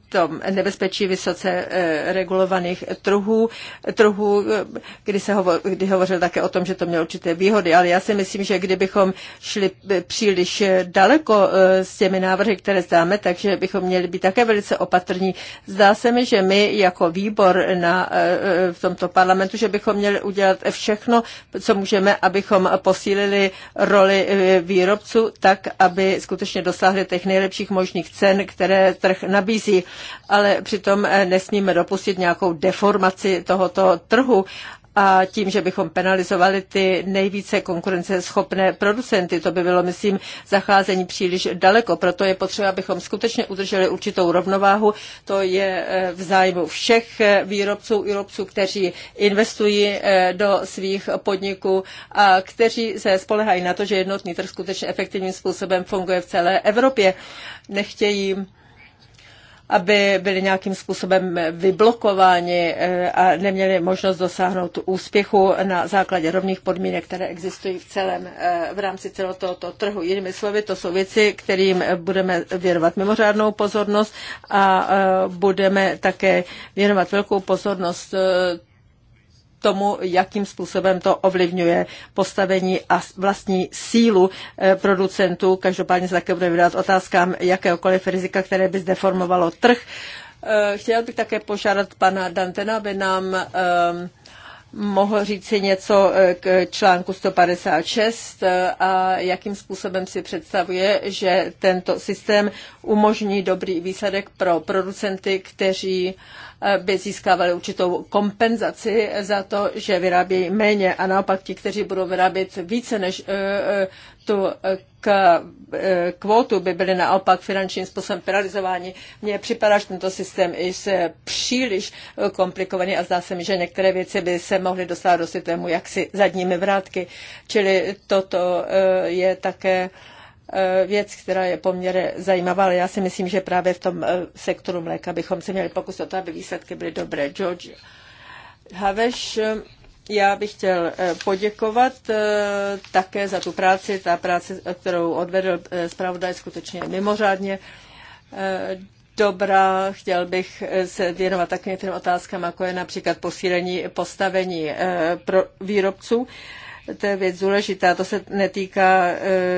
tom nebezpečí vysoce e, regulovaných trhů, trhů e, kdy, se hovo, kdy hovořil také o tom, že to mělo určité výhody, ale já si myslím, že kdybychom šli příliš daleko s těmi návrhy, které zdáme, takže bychom měli být také velice opatrní. Zdá se mi, že my jako výbor na, v tomto parlamentu, že bychom měli udělat všechno, co můžeme, abychom posílili roli výrobců tak, aby skutečně dosáhli těch nejlepších možných cen, které trh nabízí, ale přitom nesmíme dopustit nějakou deformaci tohoto trhu a tím, že bychom penalizovali ty nejvíce konkurenceschopné producenty. To by bylo, myslím, zacházení příliš daleko. Proto je potřeba, abychom skutečně udrželi určitou rovnováhu. To je eh, v zájmu všech eh, výrobců, výrobců, kteří investují eh, do svých podniků a kteří se spolehají na to, že jednotný trh skutečně efektivním způsobem funguje v celé Evropě. Nechtějí aby byli nějakým způsobem vyblokováni eh, a neměli možnost dosáhnout úspěchu na základě rovných podmínek, které existují v, celém, eh, v rámci celého tohoto trhu. Jinými slovy, to jsou věci, kterým budeme věnovat mimořádnou pozornost a eh, budeme také věnovat velkou pozornost tomu, jakým způsobem to ovlivňuje postavení a vlastní sílu eh, producentů. Každopádně se také bude vydat otázkám jakéhokoliv rizika, které by zdeformovalo trh. Eh, chtěl bych také požádat pana Dantena, aby nám ehm, mohl říci něco eh, k článku 156 eh, a jakým způsobem si představuje, že tento systém umožní dobrý výsledek pro producenty, kteří eh, by získávali určitou kompenzaci za to, že vyrábějí méně a naopak ti, kteří budou vyrábět více, než tu eh, k eh, kvótu by byly naopak finančním způsobem penalizováni. Mně připadá, že tento systém je příliš eh, komplikovaný a zdá se mi, že některé věci by se mohly dostat do systému jaksi zadními vrátky. Čili toto je také věc, která je poměrně zajímavá, ale já si myslím, že právě v tom sektoru mléka bychom se měli pokusit o to, aby výsledky byly dobré. George Haveš já bych chtěl eh, poděkovat eh, také za tu práci. Ta práce, kterou odvedl eh, zpravodaj, skutečně mimořádně dobrá. Chtěl bych se věnovat také některým otázkám, jako je například posílení postavení pro výrobců. To je věc důležitá. To se netýká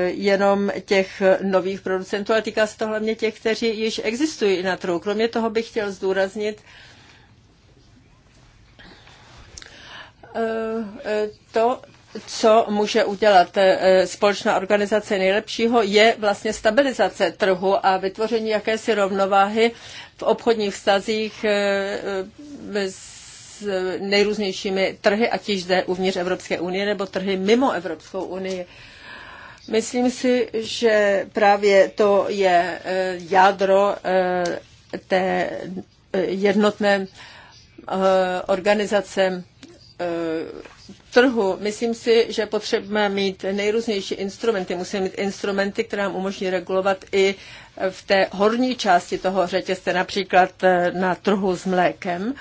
jenom těch nových producentů, ale týká se to hlavně těch, kteří již existují na trhu. Kromě toho bych chtěl zdůraznit, Eh, to, co může udělat eh, společná organizace nejlepšího, je vlastně stabilizace trhu a vytvoření jakési rovnováhy v obchodních vztazích eh, s nejrůznějšími trhy, ať již zde uvnitř Evropské unie nebo trhy mimo Evropskou unii. Myslím si, že právě to je jádro té jednotné organizace Eh, trhu. Myslím si, že potřebujeme mít nejrůznější instrumenty. Musíme mít instrumenty, které nám umožní regulovat i v té horní části toho řetězce, například eh, na trhu s mlékem.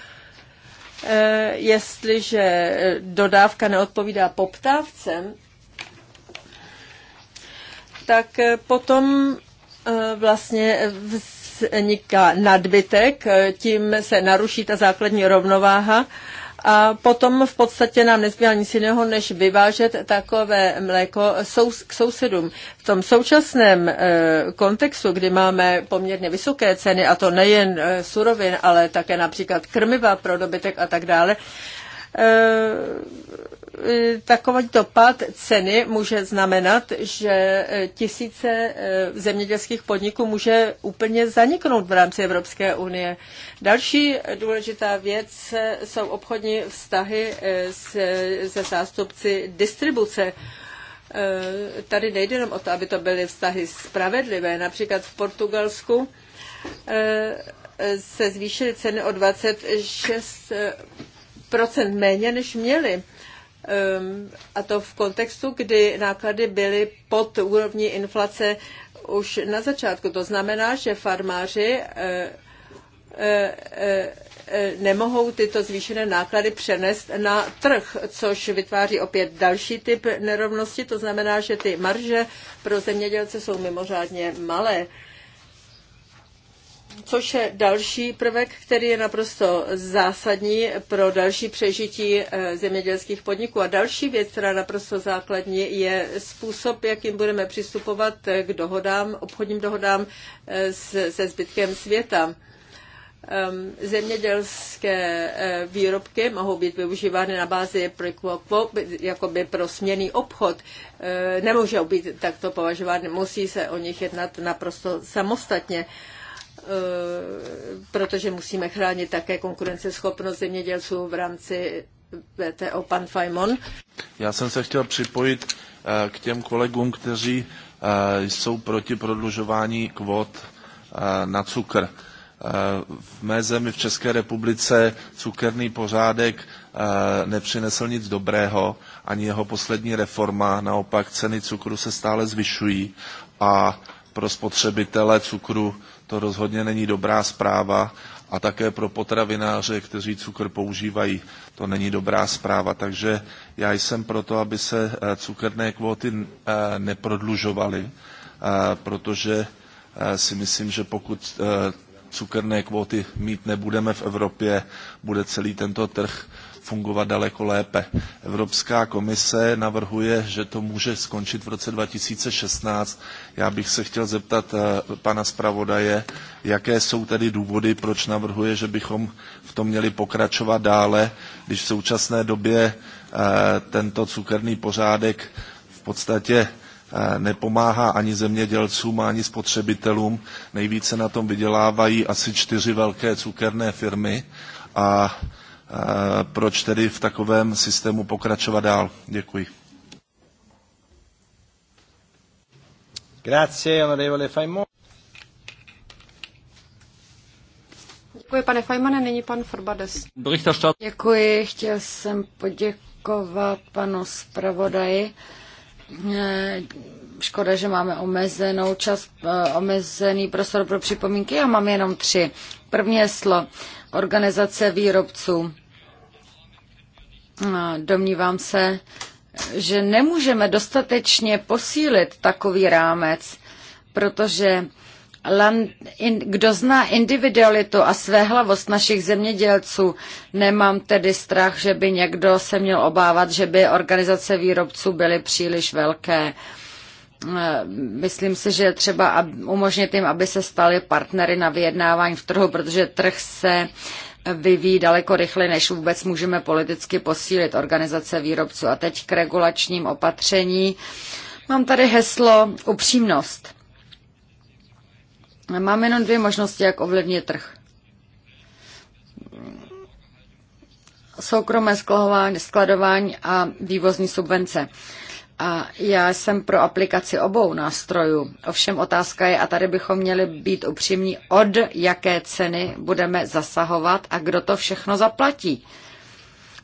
Eh, jestliže dodávka neodpovídá poptávce, tak potom vlastně vzniká nadbytek, tím se naruší ta základní rovnováha a potom v podstatě nám nezbývá nic jiného, než vyvážet takové mléko k sousedům. V tom současném eh, kontextu, kdy máme poměrně vysoké ceny, a to nejen eh, surovin, ale také například krmiva pro dobytek a tak dále, Eh, takový dopad ceny může znamenat, že eh, tisíce eh, zemědělských podniků může úplně zaniknout v rámci Evropské unie. Další důležitá věc jsou obchodní vztahy se zástupci distribuce tady nejde jenom o to, aby to byly vztahy spravedlivé. Například v Portugalsku se zvýšily ceny o 26 10% méně, než měli. Ehm, a to v kontextu, kdy náklady byly pod úrovní inflace už na začátku. To znamená, že farmáři eh, eh, eh, nemohou tyto zvýšené náklady přenést na trh, což vytváří opět další typ nerovnosti. To znamená, že ty marže pro zemědělce jsou mimořádně malé což je další prvek, který je naprosto zásadní pro další přežití eh, zemědělských podniků. A další věc, která je naprosto základní, je způsob, jakým budeme přistupovat k dohodám, obchodním dohodám eh, se zbytkem světa. Ehm, zemědělské eh, výrobky mohou být využívány na bázi jakoby pro směný obchod. Nemůžou být takto považovány, musí se o nich jednat naprosto samostatně. Eh, protože musíme chránit také konkurenceschopnost zemědělců v rámci VTO. Pan Fajmon. Já jsem se chtěl připojit eh, k těm kolegům, kteří eh, jsou proti prodlužování kvot na cukr. V mé zemi v České republice cukerný pořádek nepřinesl nic dobrého, ani jeho poslední reforma, naopak ceny cukru se stále zvyšují a pro spotřebitele cukru to rozhodně není dobrá zpráva a také pro potravináře, kteří cukr používají, to není dobrá zpráva. Takže já jsem pro to, aby se eh, cukerné kvóty eh, neprodlužovaly, eh, protože si myslím, že pokud cukerné kvóty mít nebudeme v Evropě, bude celý tento trh fungovat daleko lépe. Evropská komise navrhuje, že to může skončit v roce 2016. Já bych se chtěl zeptat eh, pana zpravodaje, jaké jsou tedy důvody, proč navrhuje, že bychom v tom měli pokračovat dále, když v současné době eh, tento cukerný pořádek v podstatě eh, nepomáhá ani zemědělcům, ani spotřebitelům. Nejvíce na tom vydělávají asi čtyři velké cukerné firmy a Eh, proč tedy v takovém systému pokračovat dál. Děkuji. Grazie, onorevole Fajmon. Děkuji, pane Fajmane, nyní pan Forbades. Děkuji, chtěl jsem poděkovat panu zpravodaji. Eh, škoda, že máme omezenou čas, eh, omezený prostor pro připomínky. Já mám jenom tři. První je slo organizace výrobců. Domnívám se, že nemůžeme dostatečně posílit takový rámec, protože kdo zná individualitu a svéhlavost našich zemědělců, nemám tedy strach, že by někdo se měl obávat, že by organizace výrobců byly příliš velké. Uh, Eh, myslím si, že třeba umožnit jim, aby se stali partnery na vyjednávání v trhu, protože trh se vyvíjí daleko rychleji, než vůbec můžeme politicky posílit organizace výrobců. A teď k regulačním opatření. Mám tady heslo upřímnost. Mám jenom dvě možnosti, jak ovlivnit trh. Soukromé skladování a vývozní subvence. Uh, a já jsem pro aplikaci obou nástrojů. Ovšem otázka je, a tady bychom měli být upřímní, od jaké ceny budeme zasahovat a kdo to všechno zaplatí.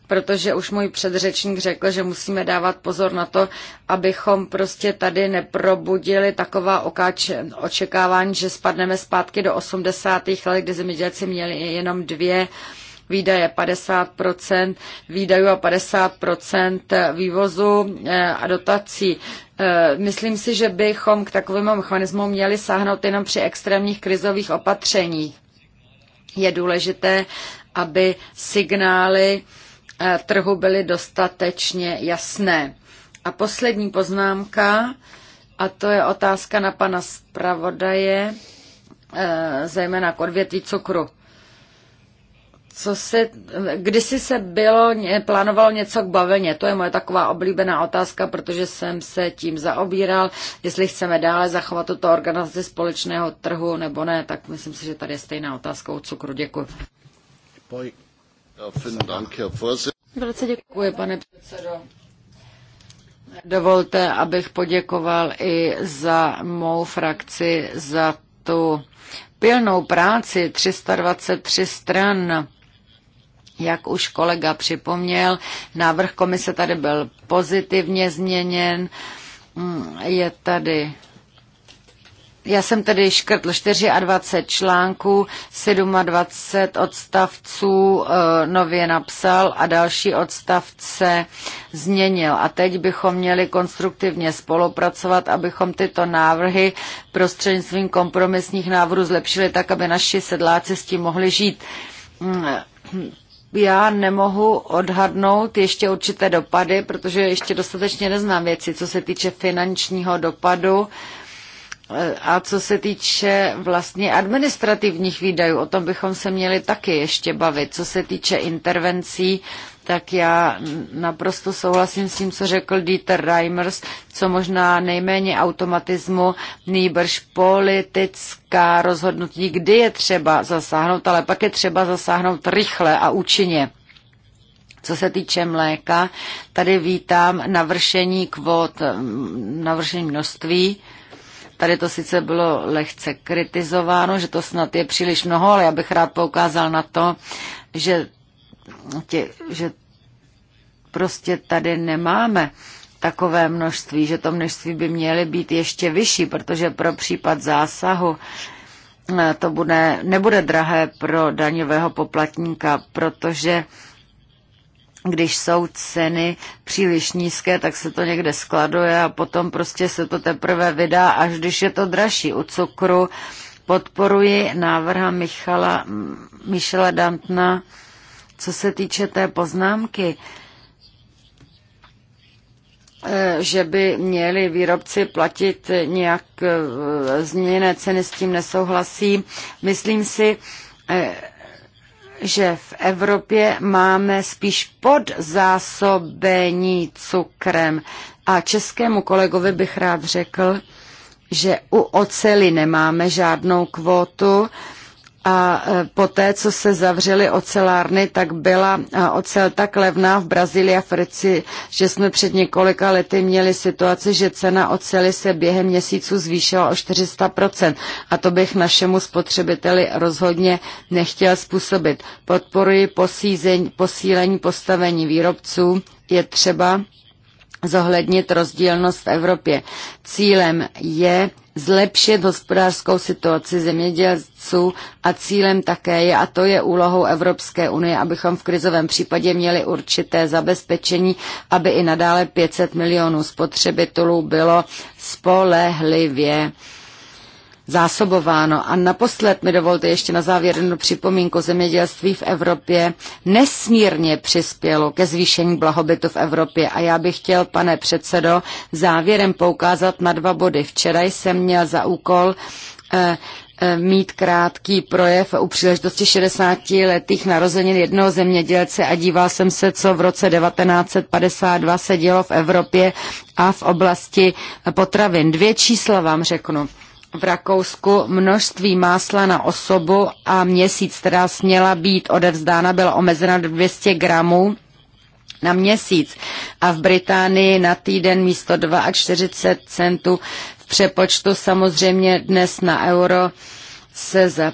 Protože už můj předřečník řekl, že musíme dávat pozor na to, abychom prostě tady neprobudili taková okáč, očekávání, že spadneme zpátky do 80. let, kdy zemědělci měli jenom dvě uh, výdaje 50 výdajů a 50 vývozu eh, a dotací. Eh, myslím si, že bychom k takovému mechanismu měli sáhnout jenom při extrémních krizových opatřeních. Je důležité, aby signály eh, trhu byly dostatečně jasné. A poslední poznámka, a to je otázka na pana zpravodaje, zejména k odvětví cukru co se, kdysi se bylo, plánovalo něco k bavlně, to je moje taková oblíbená otázka, protože jsem se tím zaobíral, jestli chceme dále zachovat tuto organizaci společného trhu nebo ne, tak myslím si, že tady je stejná otázka o cukru. Děkuji. Velice děkuji, pane předsedo. Dovolte, abych poděkoval i za mou frakci za tu pilnou práci 323 stran jak už kolega připomněl, návrh komise tady byl pozitivně změněn. Mm, je tady já jsem tedy škrtl 24 článků, 27 odstavců e, nově napsal a další odstavce změnil. A teď bychom měli konstruktivně spolupracovat, abychom tyto návrhy prostřednictvím kompromisních návrhů zlepšili tak, aby naši sedláci s tím mohli žít mm, já nemohu odhadnout ještě určité dopady, protože ještě dostatečně neznám věci, co se týče finančního dopadu eh, a co se týče vlastně administrativních výdajů. O tom bychom se měli taky ještě bavit. Co se týče intervencí, tak já naprosto souhlasím s tím, co řekl Dieter Reimers, co možná nejméně automatismu, nýbrž politická rozhodnutí, kdy je třeba zasáhnout, ale pak je třeba zasáhnout rychle a účinně. Co se týče mléka, tady vítám navršení kvot, mm, navršení množství. Tady to sice bylo lehce kritizováno, že to snad je příliš mnoho, ale já bych rád poukázal na to, že, tě, že prostě tady nemáme takové množství, že to množství by měly být ještě vyšší, protože pro případ zásahu eh, to bude, nebude drahé pro daňového poplatníka, protože když jsou ceny příliš nízké, tak se to někde skladuje a potom prostě se to teprve vydá, až když je to dražší. U cukru podporuji návrha Michala, Michela Dantna, co se týče té poznámky. Uh, Eh, že by měli výrobci platit nějak eh, změněné ceny, s tím nesouhlasím. Myslím si, eh, že v Evropě máme spíš podzásobení cukrem. A českému kolegovi bych rád řekl, že u oceli nemáme žádnou kvótu, a e, poté, co se zavřely ocelárny, tak byla e, ocel tak levná v Brazílii a Frici, že jsme před několika lety měli situaci, že cena oceli se během měsíců zvýšila o 400%. A to bych našemu spotřebiteli rozhodně nechtěl způsobit. Podporuji posílení postavení výrobců. Je třeba zohlednit rozdílnost v Evropě. Cílem je zlepšit hospodářskou situaci zemědělců a cílem také je, a to je úlohou Evropské unie, abychom v krizovém případě měli určité zabezpečení, aby i nadále 500 milionů spotřebitelů bylo spolehlivě zásobováno. A naposled mi dovolte ještě na závěr jednu připomínku. Zemědělství v Evropě nesmírně přispělo ke zvýšení blahobytu v Evropě. A já bych chtěl, pane předsedo, závěrem poukázat na dva body. Včera jsem měl za úkol eh, eh mít krátký projev u příležitosti 60 letých narozenin jednoho zemědělce a díval jsem se, co v roce 1952 se dělo v Evropě a v oblasti potravin. Dvě čísla vám řeknu v Rakousku množství másla na osobu a měsíc, která směla být odevzdána, byla omezena 200 gramů na měsíc a v Británii na týden místo 42 centů v přepočtu samozřejmě dnes na euro se za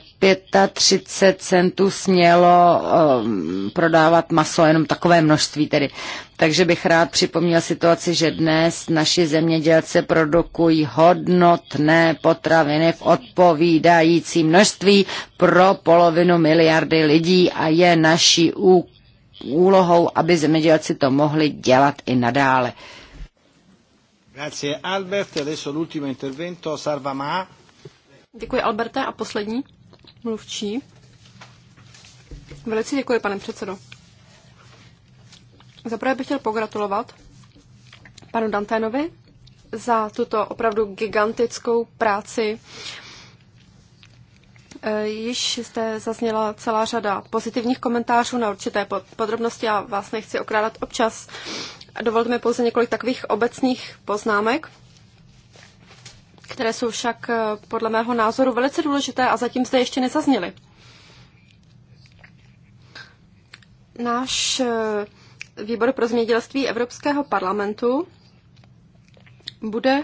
35 centů smělo um, prodávat maso, jenom takové množství tedy. Takže bych rád připomněl situaci, že dnes naši zemědělce produkují hodnotné potraviny v odpovídající množství pro polovinu miliardy lidí a je naší úlohou, aby zemědělci to mohli dělat i nadále. Grazie Albert, e adesso l'ultimo intervento, Ma. Děkuji, Alberte. A poslední mluvčí. Velice děkuji, pane předsedo. Zaprvé bych chtěl pogratulovat panu Danténovi za tuto opravdu gigantickou práci. E, již jste zazněla celá řada pozitivních komentářů na určité podrobnosti, já vás nechci okrádat občas. Dovolte mi pouze několik takových obecných poznámek které jsou však eh, podle mého názoru velice důležité a zatím zde ještě nezazněly. Náš eh, výbor pro zemědělství Evropského parlamentu bude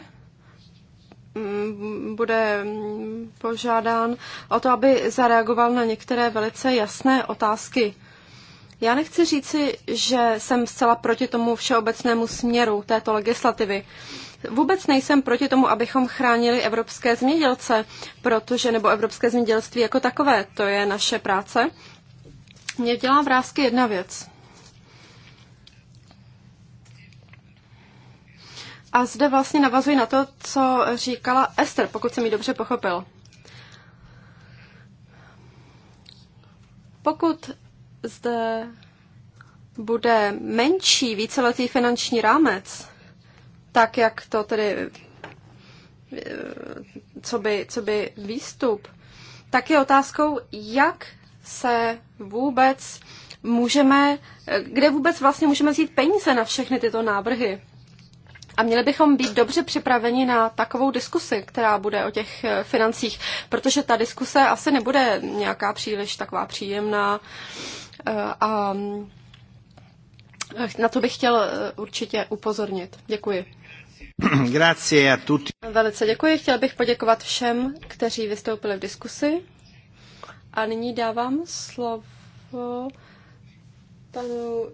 mm, bude mm, požádán o to, aby zareagoval na některé velice jasné otázky. Já nechci říci, že jsem zcela proti tomu všeobecnému směru této legislativy. Uh, Vůbec nejsem proti tomu, abychom chránili evropské zemědělce, protože nebo evropské zemědělství jako takové, to je naše práce. Mě dělá vrázky jedna věc. A zde vlastně navazuji na to, co říkala Ester, pokud jsem ji dobře pochopil. Pokud zde bude menší víceletý finanční rámec, tak, jak to tedy, eh, co by, co by výstup, tak je otázkou, jak se vůbec můžeme, kde vůbec vlastně můžeme vzít peníze na všechny tyto návrhy. A měli bychom být dobře připraveni na takovou diskusi, která bude o těch eh, financích, protože ta diskuse asi nebude nějaká příliš taková příjemná. Eh, a hm, na to bych chtěl určitě upozornit. Děkuji. Velice děkuji. Chtěl bych poděkovat všem, kteří vystoupili v diskusi. A nyní dávám slovo panu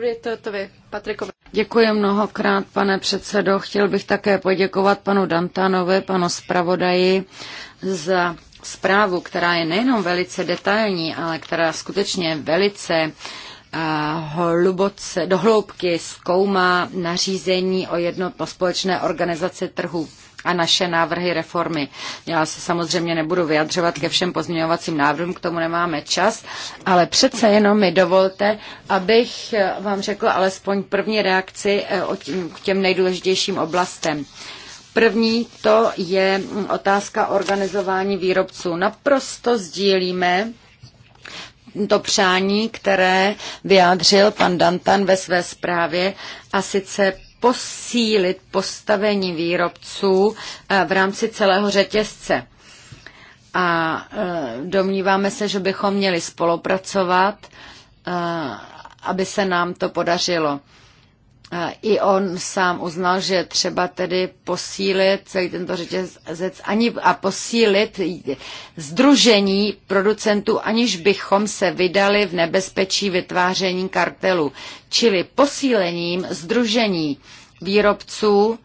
Rietovi Patrikovi. Děkuji mnohokrát, pane předsedo. Chtěl bych také poděkovat panu Dantanovi, panu zpravodaji za zprávu, která je nejenom velice detailní, ale která skutečně velice uh, hluboce, dohloubky zkoumá nařízení o jednotno společné organizaci trhu a naše návrhy reformy. Já se samozřejmě nebudu vyjadřovat ke všem pozměňovacím návrhům, k tomu nemáme čas, ale přece jenom mi dovolte, abych vám řekla alespoň první reakci eh, k těm nejdůležitějším oblastem. První to je mm, otázka organizování výrobců. Naprosto sdílíme to přání, které vyjádřil pan Dantan ve své zprávě, a sice posílit postavení výrobců eh, v rámci celého řetězce. A eh, domníváme se, že bychom měli spolupracovat, eh, aby se nám to podařilo. I on sám uznal, že třeba tedy posílit celý tento řetězec ani, a posílit združení producentů, aniž bychom se vydali v nebezpečí vytváření kartelu. Čili posílením združení výrobců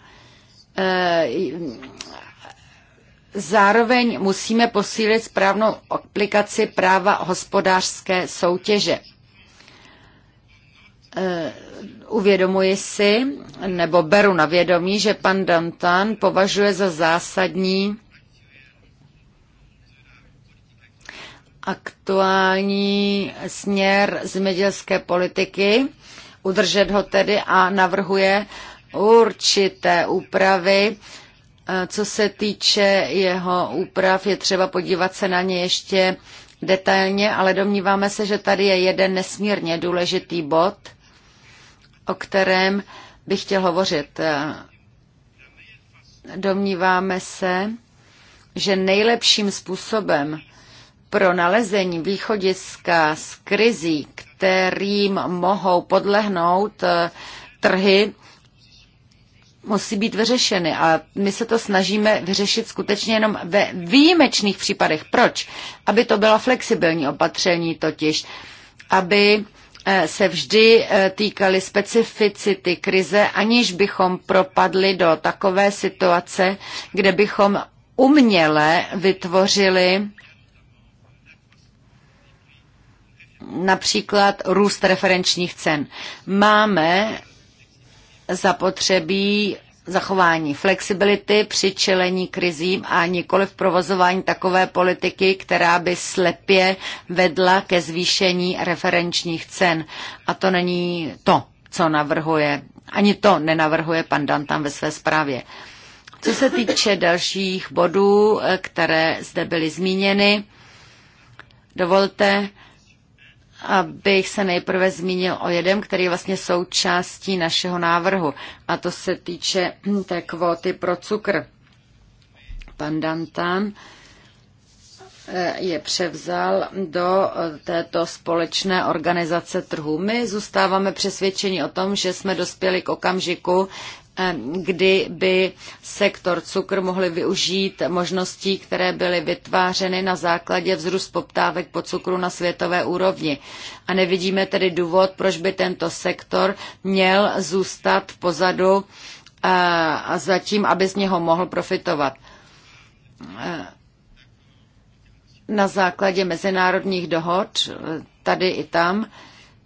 eh, zároveň musíme posílit správnou aplikaci práva hospodářské soutěže. Eh, uvědomuji si, nebo beru na vědomí, že pan Dantan považuje za zásadní aktuální směr zemědělské politiky, udržet ho tedy a navrhuje určité úpravy. Eh, co se týče jeho úprav, je třeba podívat se na ně ještě detailně, ale domníváme se, že tady je jeden nesmírně důležitý bod – o kterém bych chtěl hovořit. Domníváme se, že nejlepším způsobem pro nalezení východiska z krizí, kterým mohou podlehnout eh, trhy, musí být vyřešeny. A my se to snažíme vyřešit skutečně jenom ve výjimečných případech. Proč? Aby to byla flexibilní opatření totiž, aby Eh, se vždy eh, týkaly specificity krize, aniž bychom propadli do takové situace, kde bychom uměle vytvořili například růst referenčních cen. Máme zapotřebí zachování flexibility při čelení krizím a nikoli v provozování takové politiky, která by slepě vedla ke zvýšení referenčních cen. A to není to, co navrhuje, ani to nenavrhuje pan Dantan ve své zprávě. Co se týče dalších bodů, eh, které zde byly zmíněny, dovolte, abych se nejprve zmínil o jedem, který je vlastně součástí našeho návrhu. A to se týče hm, té kvóty pro cukr. Pan Dantan eh, je převzal do eh, této společné organizace trhu. My zůstáváme přesvědčeni o tom, že jsme dospěli k okamžiku, Eh, kdyby sektor cukr mohli využít možností, které byly vytvářeny na základě vzrůst poptávek po cukru na světové úrovni. A nevidíme tedy důvod, proč by tento sektor měl zůstat pozadu eh, a zatím, aby z něho mohl profitovat. Eh, na základě mezinárodních dohod, tady i tam,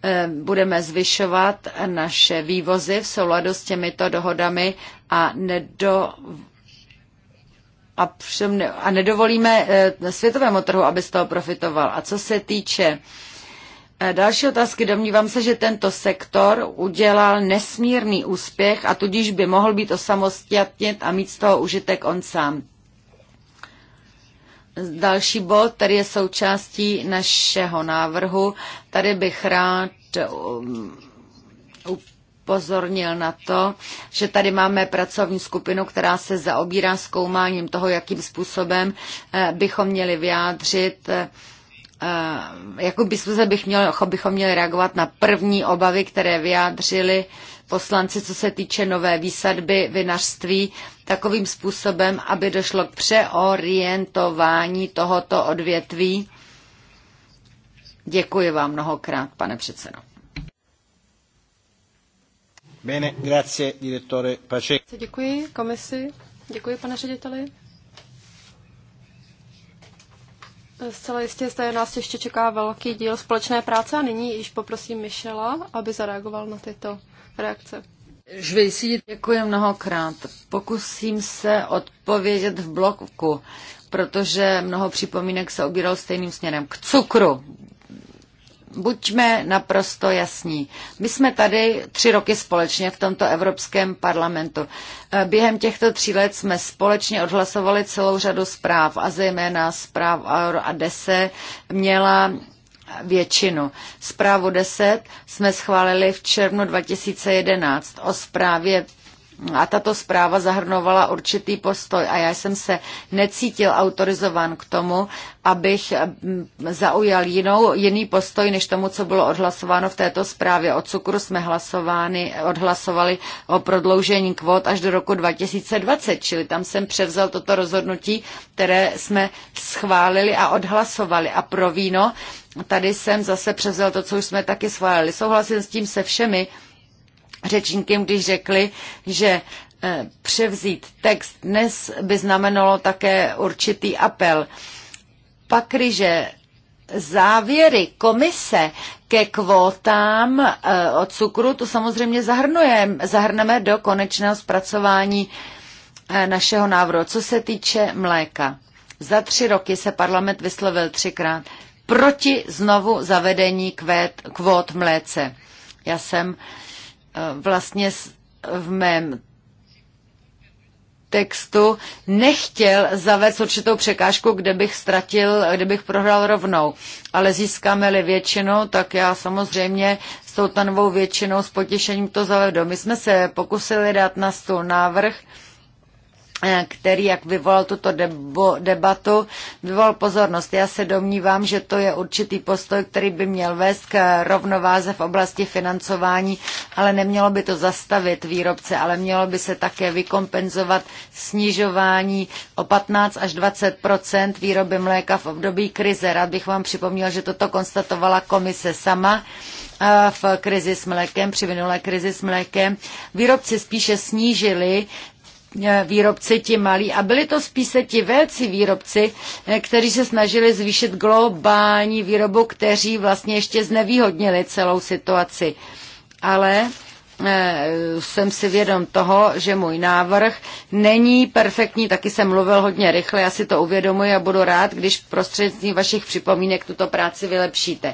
Eh, budeme zvyšovat naše vývozy v souladu s těmito dohodami a nedo a nedovolíme eh, světovému trhu, aby z toho profitoval. A co se týče eh, Další otázky. Domnívám se, že tento sektor udělal nesmírný úspěch a tudíž by mohl být osamostatnit a mít z toho užitek on sám. Další bod, který je součástí našeho návrhu, tady bych rád um, upozornil na to, že tady máme pracovní skupinu, která se zaobírá zkoumáním toho, jakým způsobem eh, bychom měli vyjádřit eh, eh, jakou diskuze bychom měli, bychom měli reagovat na první obavy, které vyjádřili uh, poslanci, co se týče nové výsadby vinařství, takovým způsobem, aby došlo k přeorientování tohoto odvětví. Děkuji vám mnohokrát, pane předsedo. Bene, grazie, direttore Pacheco. Děkuji komisi, děkuji pane řediteli. Zcela jistě zde nás ještě čeká velký díl společné práce a nyní již poprosím Michela, aby zareagoval na tyto reakce. Žvejsí, děkuji mnohokrát. Pokusím se odpovědět v bloku, protože mnoho připomínek se obíral stejným směrem. K cukru. Buďme naprosto jasní. My jsme tady tři roky společně v tomto Evropském parlamentu. Eh, Během těchto tří let jsme společně odhlasovali celou řadu zpráv a zejména zpráv Aero a Dese měla většinu. Zprávu 10 jsme schválili v červnu 2011 o zprávě a tato zpráva zahrnovala určitý postoj a já jsem se necítil autorizován k tomu, abych mm, zaujal jinou, jiný postoj než tomu, co bylo odhlasováno v této zprávě. O cukru jsme hlasovány, odhlasovali o prodloužení kvót až do roku 2020, čili tam jsem převzal toto rozhodnutí, které jsme schválili a odhlasovali. A pro víno tady jsem zase převzal to, co už jsme taky schválili. Souhlasím s tím se všemi řečníky, když řekli, že eh, převzít text dnes by znamenalo také určitý apel. Pakliže eh, závěry komise ke kvótám eh, od cukru, to samozřejmě zahrneme do konečného zpracování našeho návrhu. Co se týče mléka, za tři roky se parlament vyslovil třikrát proti znovu zavedení kvét, kvót mléce. Já jsem eh, vlastně v mém textu nechtěl zavést určitou překážku, kde bych ztratil, kde bych prohrál rovnou. Ale získáme-li většinu, tak já samozřejmě s tou tanovou většinou s potěšením to zavedu. My jsme se pokusili dát na stůl návrh, Eh, který, jak vyvolal tuto debo, debatu, vyvolal pozornost. Já se domnívám, že to je určitý postoj, který by měl vést k rovnováze v oblasti financování, ale nemělo by to zastavit výrobce, ale mělo by se také vykompenzovat snižování o 15 až 20 výroby mléka v období krize. Rád bych vám připomněl, že toto konstatovala komise sama eh, v krizi s mlékem, při minulé krizi s mlékem. Výrobci spíše snížili E, výrobci, ti malí. A byli to spíše ti velcí výrobci, e, kteří se snažili zvýšit globální výrobu, kteří vlastně ještě znevýhodnili celou situaci. Ale e, jsem si vědom toho, že můj návrh není perfektní, taky jsem mluvil hodně rychle, já si to uvědomuji a budu rád, když prostřednictvím vašich připomínek tuto práci vylepšíte.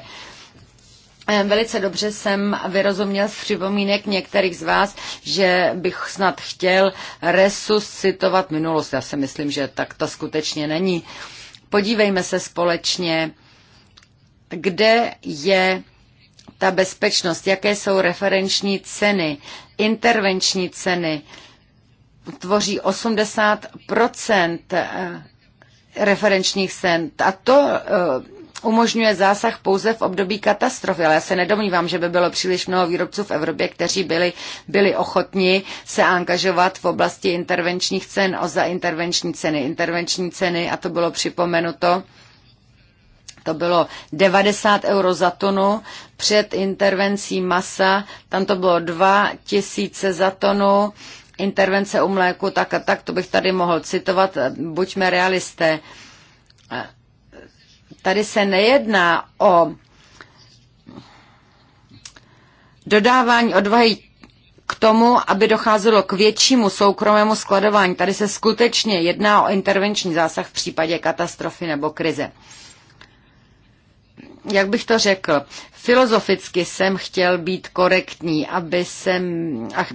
Eh, velice dobře jsem vyrozuměl z připomínek některých z vás, že bych snad chtěl resuscitovat minulost. Já si myslím, že tak to skutečně není. Podívejme se společně, kde je ta bezpečnost, jaké jsou referenční ceny, intervenční ceny. Tvoří 80 eh, referenčních cen. A to eh, umožňuje zásah pouze v období katastrofy, ale já se nedomnívám, že by bylo příliš mnoho výrobců v Evropě, kteří byli, byli ochotni se angažovat v oblasti intervenčních cen o za intervenční ceny. Intervenční ceny, a to bylo připomenuto, to bylo 90 euro za tonu, před intervencí masa, tam to bylo 2 tisíce za tonu, intervence u mléku, tak a tak, to bych tady mohl citovat, buďme realisté Tady se nejedná o dodávání odvahy k tomu, aby docházelo k většímu soukromému skladování. Tady se skutečně jedná o intervenční zásah v případě katastrofy nebo krize. Jak bych to řekl? Filozoficky jsem chtěl být korektní, aby jsem,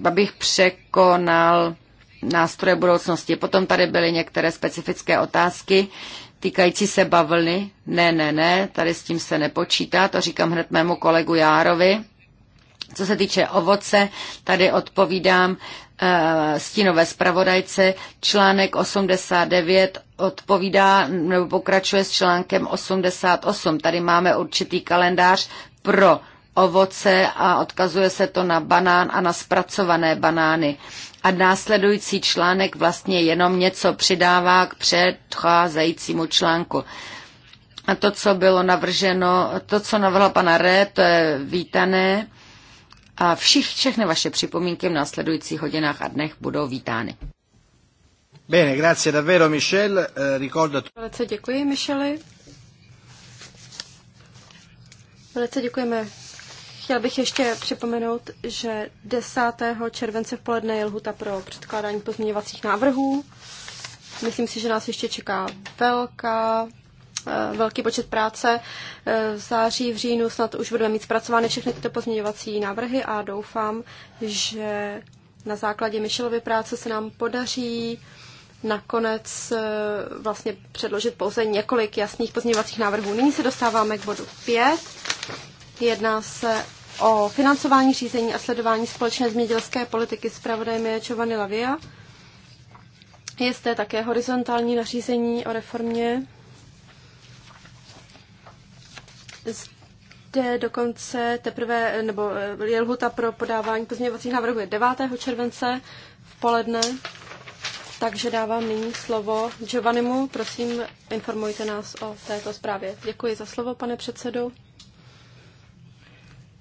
abych překonal nástroje budoucnosti. Potom tady byly některé specifické otázky. Uh, týkající se bavlny. Ne, ne, ne, tady s tím se nepočítá, to říkám hned mému kolegu Járovi. Co se týče ovoce, tady odpovídám uh, stínové zpravodajce. Článek 89 odpovídá nebo pokračuje s článkem 88. Tady máme určitý kalendář pro ovoce a odkazuje se to na banán a na zpracované banány a následující článek vlastně jenom něco přidává k předcházejícímu článku. A to, co bylo navrženo, to, co navrhl pana Ré, to je vítané a všich, všechny vaše připomínky v následujících hodinách a dnech budou vítány. Bene, grazie davvero Michel. Eh, ricordo... Velice děkuji, Michele. Velice děkujeme Chtěl bych ještě připomenout, že 10. července v poledne je lhuta pro předkládání pozměňovacích návrhů. Myslím si, že nás ještě čeká velká, eh, velký počet práce. Eh, v září, v říjnu snad už budeme mít zpracovány všechny tyto pozměňovací návrhy a doufám, že na základě Michelovy práce se nám podaří nakonec eh, vlastně předložit pouze několik jasných pozměňovacích návrhů. Nyní se dostáváme k bodu 5 Jedná se o financování řízení a sledování společné zemědělské politiky s pravodajem je čovany Lavia. Je zde také horizontální nařízení o reformě. Zde dokonce teprve, nebo eh, je lhuta pro podávání pozměňovacích návrhů je 9. července v poledne. Takže dávám nyní slovo Giovannimu. Prosím, informujte nás o této zprávě. Děkuji za slovo, pane předsedu.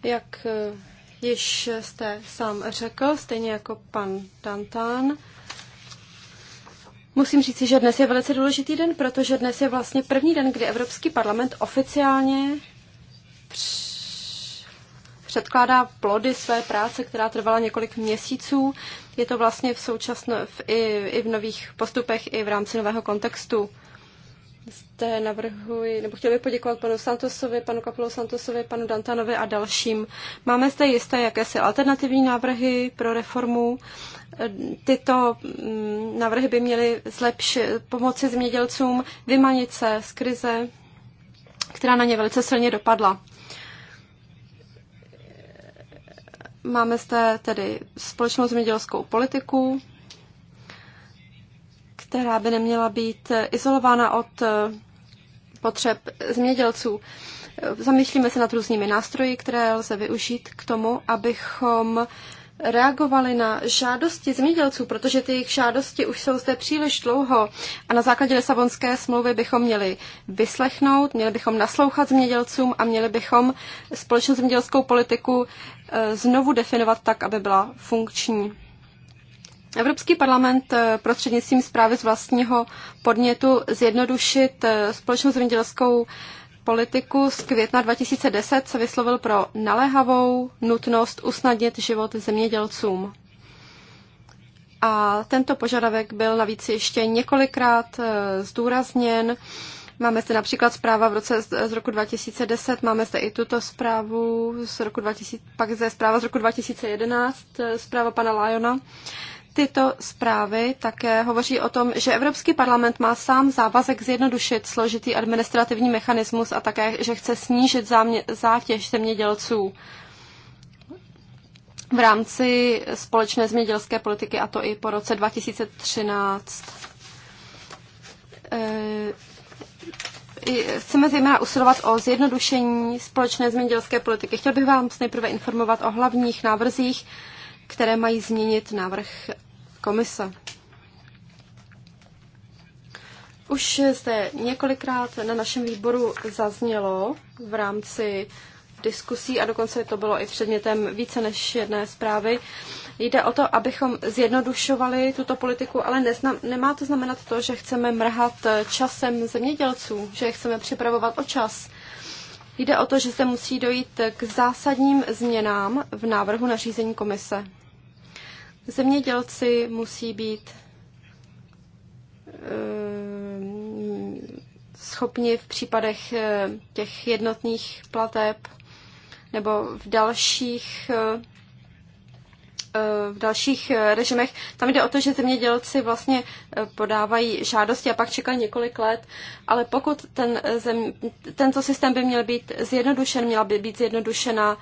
Jak eh, již jste sám řekl, stejně jako pan Dantan, Musím říci, že dnes je velice důležitý den, protože dnes je vlastně první den, kdy Evropský parlament oficiálně předkládá plody své práce, která trvala několik měsíců. Je to vlastně v současno, v, i, i v nových postupech, i v rámci nového kontextu zde navrhuji, nebo chtěl bych poděkovat panu Santosovi, panu Kapelu Santosovi, panu Dantanovi a dalším. Máme zde jisté jakési alternativní návrhy pro reformu. Tyto mm, návrhy by měly zlepšit, pomoci zemědělcům vymanit se z krize, která na ně velice silně dopadla. Máme zde tedy společnou zemědělskou politiku, která by neměla být izolována od eh, potřeb zemědělců. Zamýšlíme se nad různými nástroji, které lze využít k tomu, abychom reagovali na žádosti zemědělců, protože ty jejich žádosti už jsou zde příliš dlouho a na základě Lisabonské smlouvy bychom měli vyslechnout, měli bychom naslouchat zemědělcům a měli bychom společnou zemědělskou politiku eh, znovu definovat tak, aby byla funkční. Evropský parlament eh, prostřednictvím zprávy z vlastního podnětu zjednodušit eh, společnou zemědělskou politiku z května 2010 se vyslovil pro naléhavou nutnost usnadnit život zemědělcům. A tento požadavek byl navíc ještě několikrát eh, zdůrazněn. Máme zde například zpráva v roce z roku 2010, máme zde i tuto zprávu z roku 2000, pak zde zpráva z roku 2011, zpráva pana Lajona. Tyto zprávy také hovoří o tom, že Evropský parlament má sám závazek zjednodušit složitý administrativní mechanismus a také, že chce snížit zátěž zemědělců v rámci společné zemědělské politiky, a to i po roce 2013. E, chceme zejména usilovat o zjednodušení společné zemědělské politiky. Chtěl bych vám nejprve informovat o hlavních návrzích, které mají změnit návrh komise. Už zde několikrát na našem výboru zaznělo v rámci diskusí a dokonce to bylo i předmětem více než jedné zprávy. Jde o to, abychom zjednodušovali tuto politiku, ale nemá to znamenat to, že chceme mrhat časem zemědělců, že je chceme připravovat o čas. Jde o to, že se musí dojít k zásadním změnám v návrhu nařízení komise. Zemědělci musí být eh, schopni v případech eh, těch jednotných plateb nebo v dalších eh, v dalších režimech. Tam jde o to, že zemědělci vlastně podávají žádosti a pak čekají několik let, ale pokud ten zem, tento systém by měl být zjednodušen, měla by být zjednodušena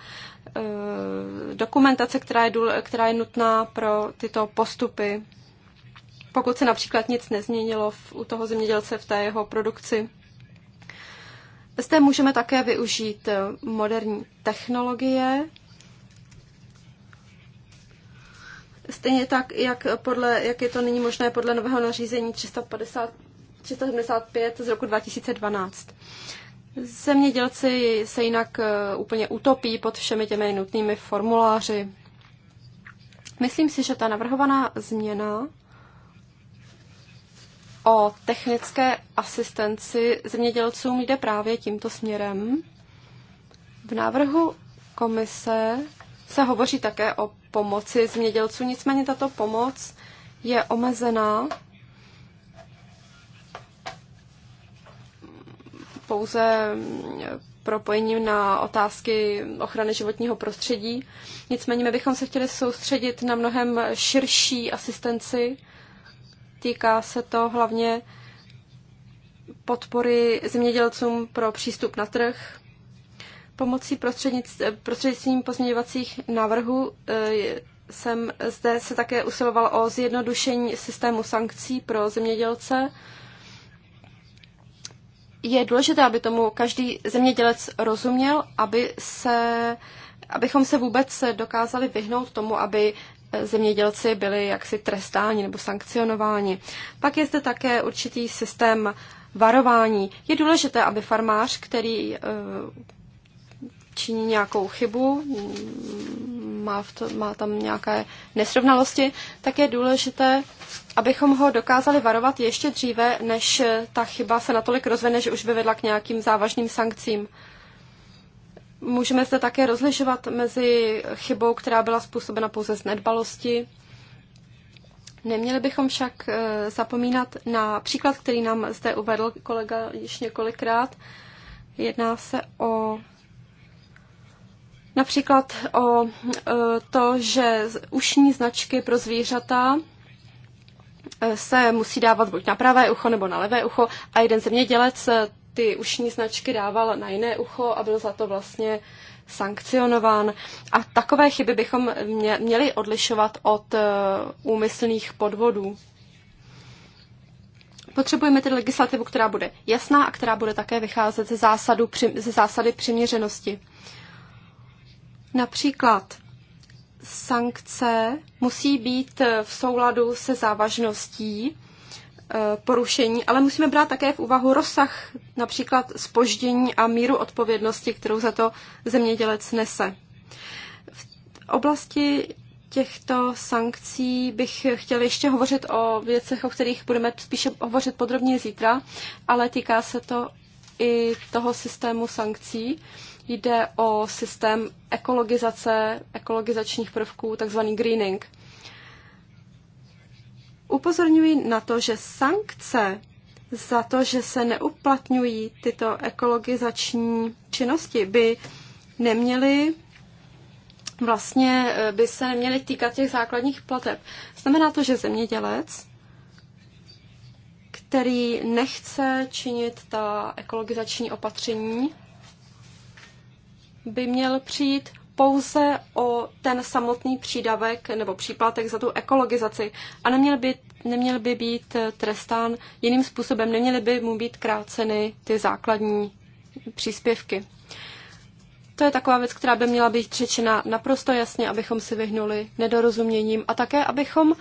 Eh, dokumentace, která je, důle, která je nutná pro tyto postupy. Pokud se například nic nezměnilo v, u toho zemědělce v té jeho produkci. Zde můžeme také využít eh, moderní technologie, Stejně tak, jak, podle, jak je to nyní možné podle nového nařízení 350, 375 z roku 2012. Zemědělci se jinak eh, úplně utopí pod všemi těmi nutnými formuláři. Myslím si, že ta navrhovaná změna o technické asistenci zemědělcům jde právě tímto směrem. V návrhu komise se hovoří také o pomoci zemědělců, nicméně tato pomoc je omezená pouze propojením na otázky ochrany životního prostředí. Nicméně my bychom se chtěli soustředit na mnohem širší asistenci. Týká se to hlavně podpory zemědělcům pro přístup na trh. Pomocí prostřednictvím pozměňovacích návrhů eh, jsem zde se také usiloval o zjednodušení systému sankcí pro zemědělce je důležité, aby tomu každý zemědělec rozuměl, aby se, abychom se vůbec dokázali vyhnout tomu, aby zemědělci byli jaksi trestáni nebo sankcionováni. Pak je zde také určitý systém varování. Je důležité, aby farmář, který eh, činí nějakou chybu, má, v to, má tam nějaké nesrovnalosti, tak je důležité, abychom ho dokázali varovat ještě dříve, než ta chyba se natolik rozvene, že už by vedla k nějakým závažným sankcím. Můžeme zde také rozlišovat mezi chybou, která byla způsobena pouze z nedbalosti. Neměli bychom však eh, zapomínat na příklad, který nám zde uvedl kolega již několikrát. Jedná se o Například o e, to, že ušní značky pro zvířata e, se musí dávat buď na pravé ucho nebo na levé ucho a jeden zemědělec e, ty ušní značky dával na jiné ucho a byl za to vlastně sankcionován. A takové chyby bychom měli odlišovat od úmyslných podvodů. Potřebujeme tedy legislativu, která bude jasná a která bude také vycházet ze, zásadu, ze zásady přiměřenosti. Například sankce musí být v souladu se závažností e, porušení, ale musíme brát také v úvahu rozsah například spoždění a míru odpovědnosti, kterou za to zemědělec nese. V oblasti těchto sankcí bych chtěla ještě hovořit o věcech, o kterých budeme spíše hovořit podrobně zítra, ale týká se to i toho systému sankcí. Jde o systém ekologizace, ekologizačních prvků, takzvaný greening. Upozorňuji na to, že sankce za to, že se neuplatňují tyto ekologizační činnosti, by neměly vlastně eh, by se neměly týkat těch základních plateb. Znamená to, že zemědělec, který nechce činit ta ekologizační opatření, by měl přijít pouze o ten samotný přídavek nebo příplatek za tu ekologizaci a neměl by, neměl by být trestán jiným způsobem, neměly by mu být kráceny ty základní příspěvky. To je taková věc, která by měla být řečena naprosto jasně, abychom si vyhnuli nedorozuměním a také, abychom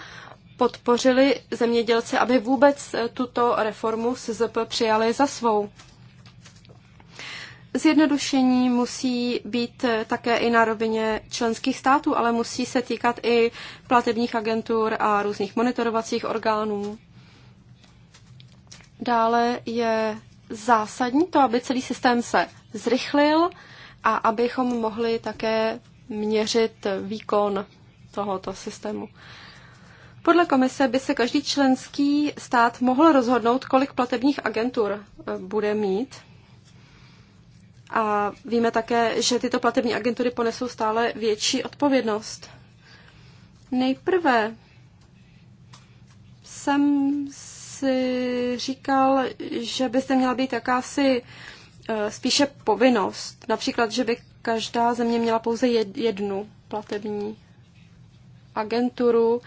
podpořili zemědělce, aby vůbec tuto reformu SZP přijali za svou. Zjednodušení musí být také i na rovině členských států, ale musí se týkat i platebních agentur a různých monitorovacích orgánů. Dále je zásadní to, aby celý systém se zrychlil a abychom mohli také měřit výkon tohoto systému. Podle komise by se každý členský stát mohl rozhodnout, kolik platebních agentur eh, bude mít a víme také, že tyto platební agentury ponesou stále větší odpovědnost. Nejprve jsem si říkal, že by se měla být jakási e, spíše povinnost. Například, že by každá země měla pouze jednu platební agenturu,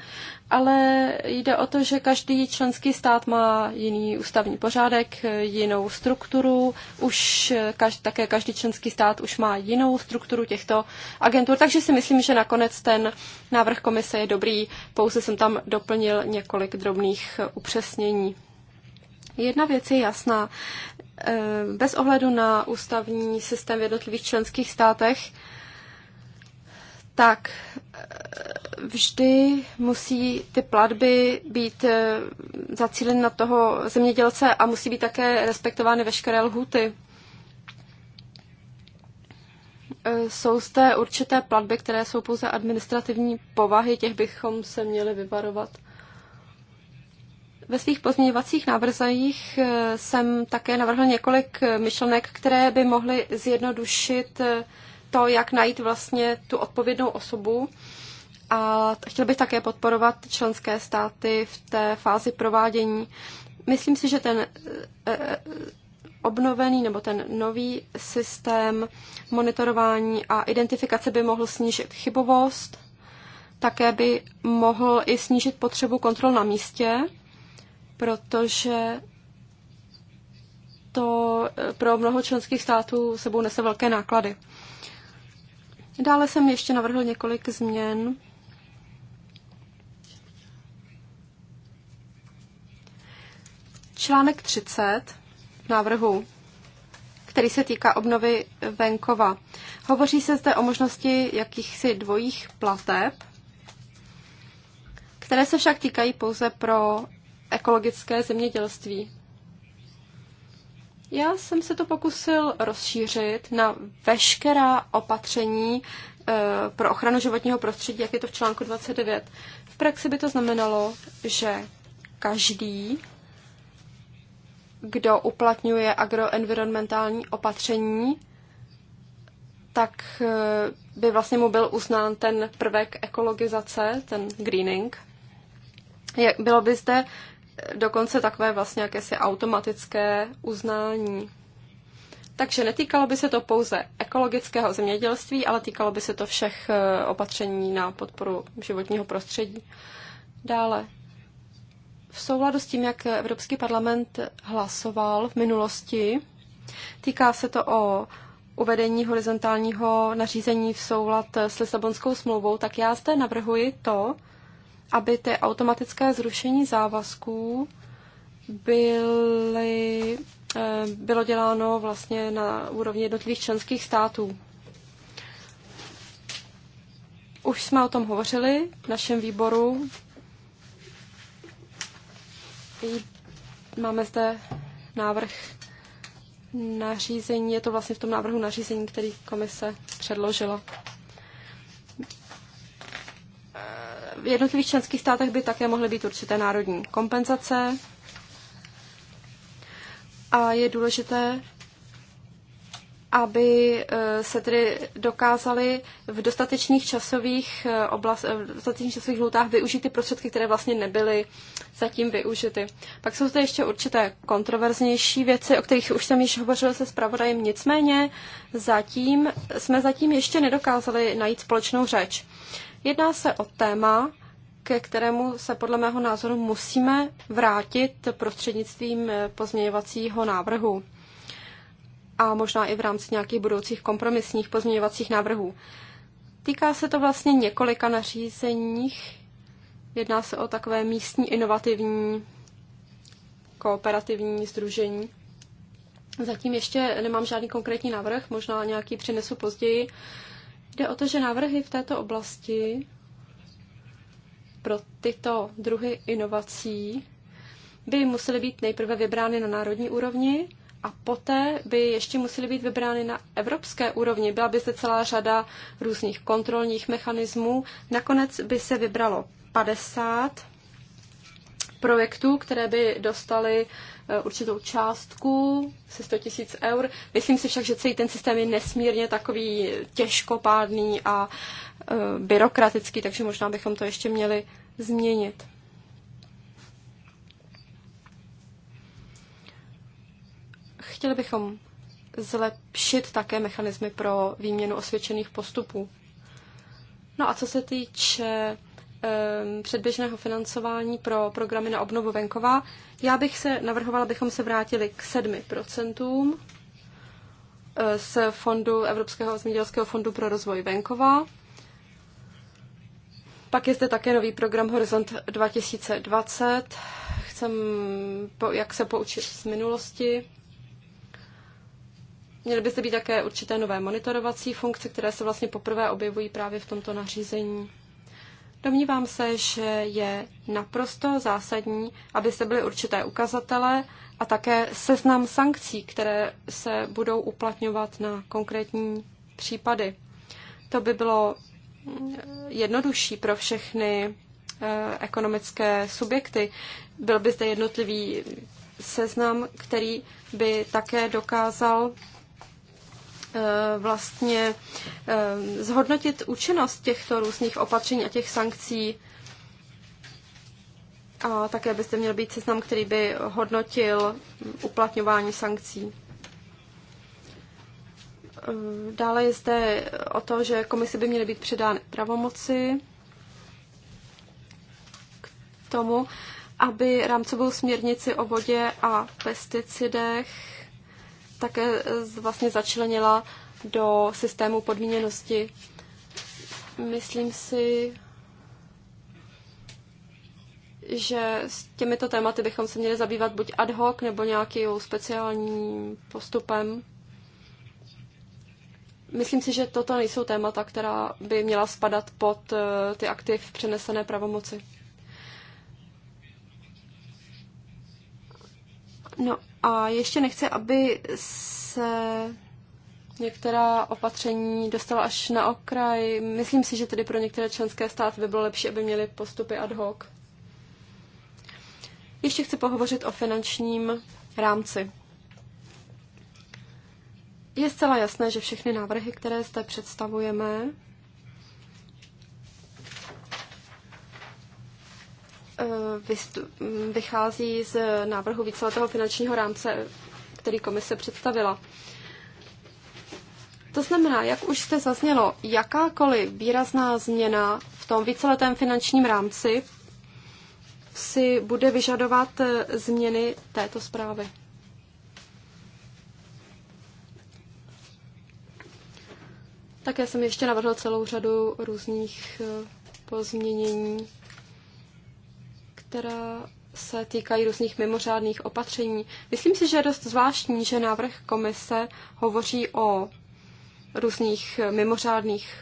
ale jde o to, že každý členský stát má jiný ústavní pořádek, jinou strukturu, už každý, také každý členský stát už má jinou strukturu těchto agentur, takže si myslím, že nakonec ten návrh komise je dobrý, pouze jsem tam doplnil několik drobných upřesnění. Jedna věc je jasná. E, bez ohledu na ústavní systém v jednotlivých členských státech, tak eh, vždy musí ty platby být eh, zacíleny na toho zemědělce a musí být také respektovány veškeré lhuty. Eh, jsou zde určité platby, které jsou pouze administrativní povahy, těch bychom se měli vyvarovat. Ve svých pozměňovacích návrzajích jsem také navrhl několik myšlenek, které by mohly zjednodušit to, jak najít vlastně tu odpovědnou osobu. A chtěl bych také podporovat členské státy v té fázi provádění. Myslím si, že ten eh, eh, obnovený nebo ten nový systém monitorování a identifikace by mohl snížit chybovost, také by mohl i snížit potřebu kontrol na místě, protože to eh, pro mnoho členských států sebou nese velké náklady. Dále jsem ještě navrhl několik změn. Článek 30 návrhu, který se týká obnovy venkova. Hovoří se zde o možnosti jakýchsi dvojích plateb, které se však týkají pouze pro ekologické zemědělství. Já jsem se to pokusil rozšířit na veškerá opatření eh, pro ochranu životního prostředí, jak je to v článku 29. V praxi by to znamenalo, že každý, kdo uplatňuje agroenvironmentální opatření, tak eh, by vlastně mu byl uznán ten prvek ekologizace, ten greening. Bylo by zde dokonce takové vlastně jakési automatické uznání. Takže netýkalo by se to pouze ekologického zemědělství, ale týkalo by se to všech eh, opatření na podporu životního prostředí. Dále, v souladu s tím, jak Evropský parlament hlasoval v minulosti, týká se to o uvedení horizontálního nařízení v soulad s Lisabonskou smlouvou, tak já zde navrhuji to, aby ty automatické zrušení závazků byly, eh, bylo děláno vlastně na úrovni jednotlivých členských států. Už jsme o tom hovořili v našem výboru. Máme zde návrh nařízení, je to vlastně v tom návrhu nařízení, který komise předložila v jednotlivých členských státech by také mohly být určité národní kompenzace. A je důležité, aby e, se tedy dokázali v dostatečných časových, e, oblast, e, v dostatečných časových lhůtách využít ty prostředky, které vlastně nebyly zatím využity. Pak jsou zde ještě určité kontroverznější věci, o kterých už jsem již hovořil se zpravodajem, nicméně zatím jsme zatím ještě nedokázali najít společnou řeč. Jedná se o téma, ke kterému se podle mého názoru musíme vrátit prostřednictvím pozměňovacího návrhu a možná i v rámci nějakých budoucích kompromisních pozměňovacích návrhů. Týká se to vlastně několika nařízeních. Jedná se o takové místní inovativní kooperativní združení. Zatím ještě nemám žádný konkrétní návrh, možná nějaký přinesu později. Uh, Jde o to, že návrhy v této oblasti pro tyto druhy inovací by musely být nejprve vybrány na národní úrovni a poté by ještě musely být vybrány na evropské úrovni. Byla by zde celá řada různých kontrolních mechanismů. Nakonec by se vybralo 50 projektů, které by dostaly Eh, určitou částku, se 100 tisíc eur. Myslím si však, že celý ten systém je nesmírně takový těžkopádný a eh, byrokratický, takže možná bychom to ještě měli změnit. Chtěli bychom zlepšit také mechanismy pro výměnu osvědčených postupů. No a co se týče Ehm, předběžného financování pro programy na obnovu venkova. Já bych se navrhovala, abychom se vrátili k 7% eh, z fondu Evropského zemědělského fondu pro rozvoj venkova. Pak je zde také nový program Horizont 2020. Chcem, jak se poučit z minulosti. Měly by zde být také určité nové monitorovací funkce, které se vlastně poprvé objevují právě v tomto nařízení. Domnívám se, že je naprosto zásadní, aby se byly určité ukazatele a také seznam sankcí, které se budou uplatňovat na konkrétní případy. To by bylo jednodušší pro všechny eh, ekonomické subjekty. Byl by zde jednotlivý seznam, který by také dokázal Eh, vlastně eh, zhodnotit účinnost těchto různých opatření a těch sankcí. A také byste měl být seznam, který by hodnotil uplatňování sankcí. Eh, dále je zde o to, že komisi by měly být předány pravomoci k tomu, aby rámcovou směrnici o vodě a pesticidech také vlastně začlenila do systému podmíněnosti. Myslím si, že s těmito tématy bychom se měli zabývat buď ad hoc nebo nějakým speciálním postupem. Myslím si, že toto nejsou témata, která by měla spadat pod eh, ty aktiv přenesené pravomoci. No a ještě nechce, aby se některá opatření dostala až na okraj. Myslím si, že tedy pro některé členské státy by bylo lepší, aby měly postupy ad hoc. Ještě chci pohovořit o finančním rámci. Je zcela jasné, že všechny návrhy, které zde představujeme, Eh, vychází z návrhu víceletého finančního rámce, který komise představila. To znamená, jak už jste zaznělo, jakákoliv výrazná změna v tom víceletém finančním rámci si bude vyžadovat eh, změny této zprávy. Také jsem ještě navrhl celou řadu různých eh, pozměnění která se týkají různých mimořádných opatření. Myslím si, že je dost zvláštní, že návrh komise hovoří o různých mimořádných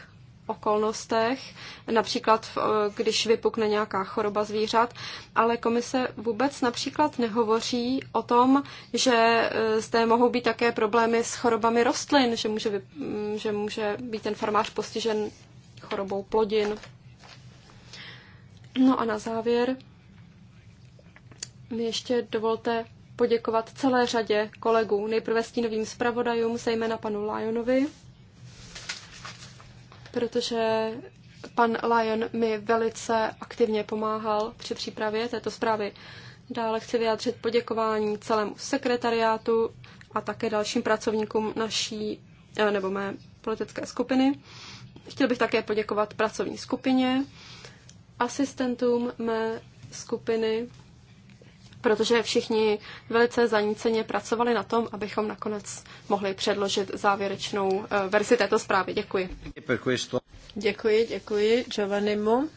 okolnostech, například když vypukne nějaká choroba zvířat, ale komise vůbec například nehovoří o tom, že eh, zde mohou být také problémy s chorobami rostlin, že může, mm, že může být ten farmář postižen chorobou plodin. No a na závěr mi ještě dovolte poděkovat celé řadě kolegů, nejprve stínovým zpravodajům, zejména panu Lionovi, protože pan Lion mi velice aktivně pomáhal při přípravě této zprávy. Dále chci vyjádřit poděkování celému sekretariátu a také dalším pracovníkům naší eh, nebo mé politické skupiny. Chtěl bych také poděkovat pracovní skupině, asistentům mé skupiny, protože všichni velice zaníceně pracovali na tom, abychom nakonec mohli předložit závěrečnou eh, verzi této zprávy. Děkuji. Děkuji, děkuji Giovannimu.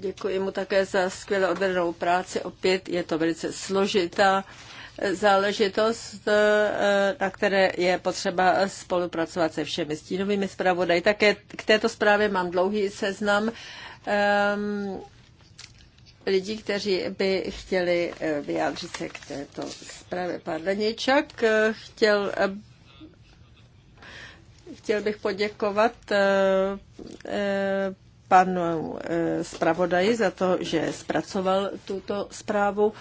Děkuji mu také za skvěle odvedenou práci. Opět je to velice složitá eh, záležitost, eh, na které je potřeba spolupracovat se všemi stínovými zpravodaji. Také k této zprávě mám dlouhý seznam. Um, lidí, kteří by chtěli eh, vyjádřit se k této zprávě. Pan Daněčak eh, chtěl eh, chtěl bych poděkovat panu zpravodaji za to, že zpracoval tuto zprávu.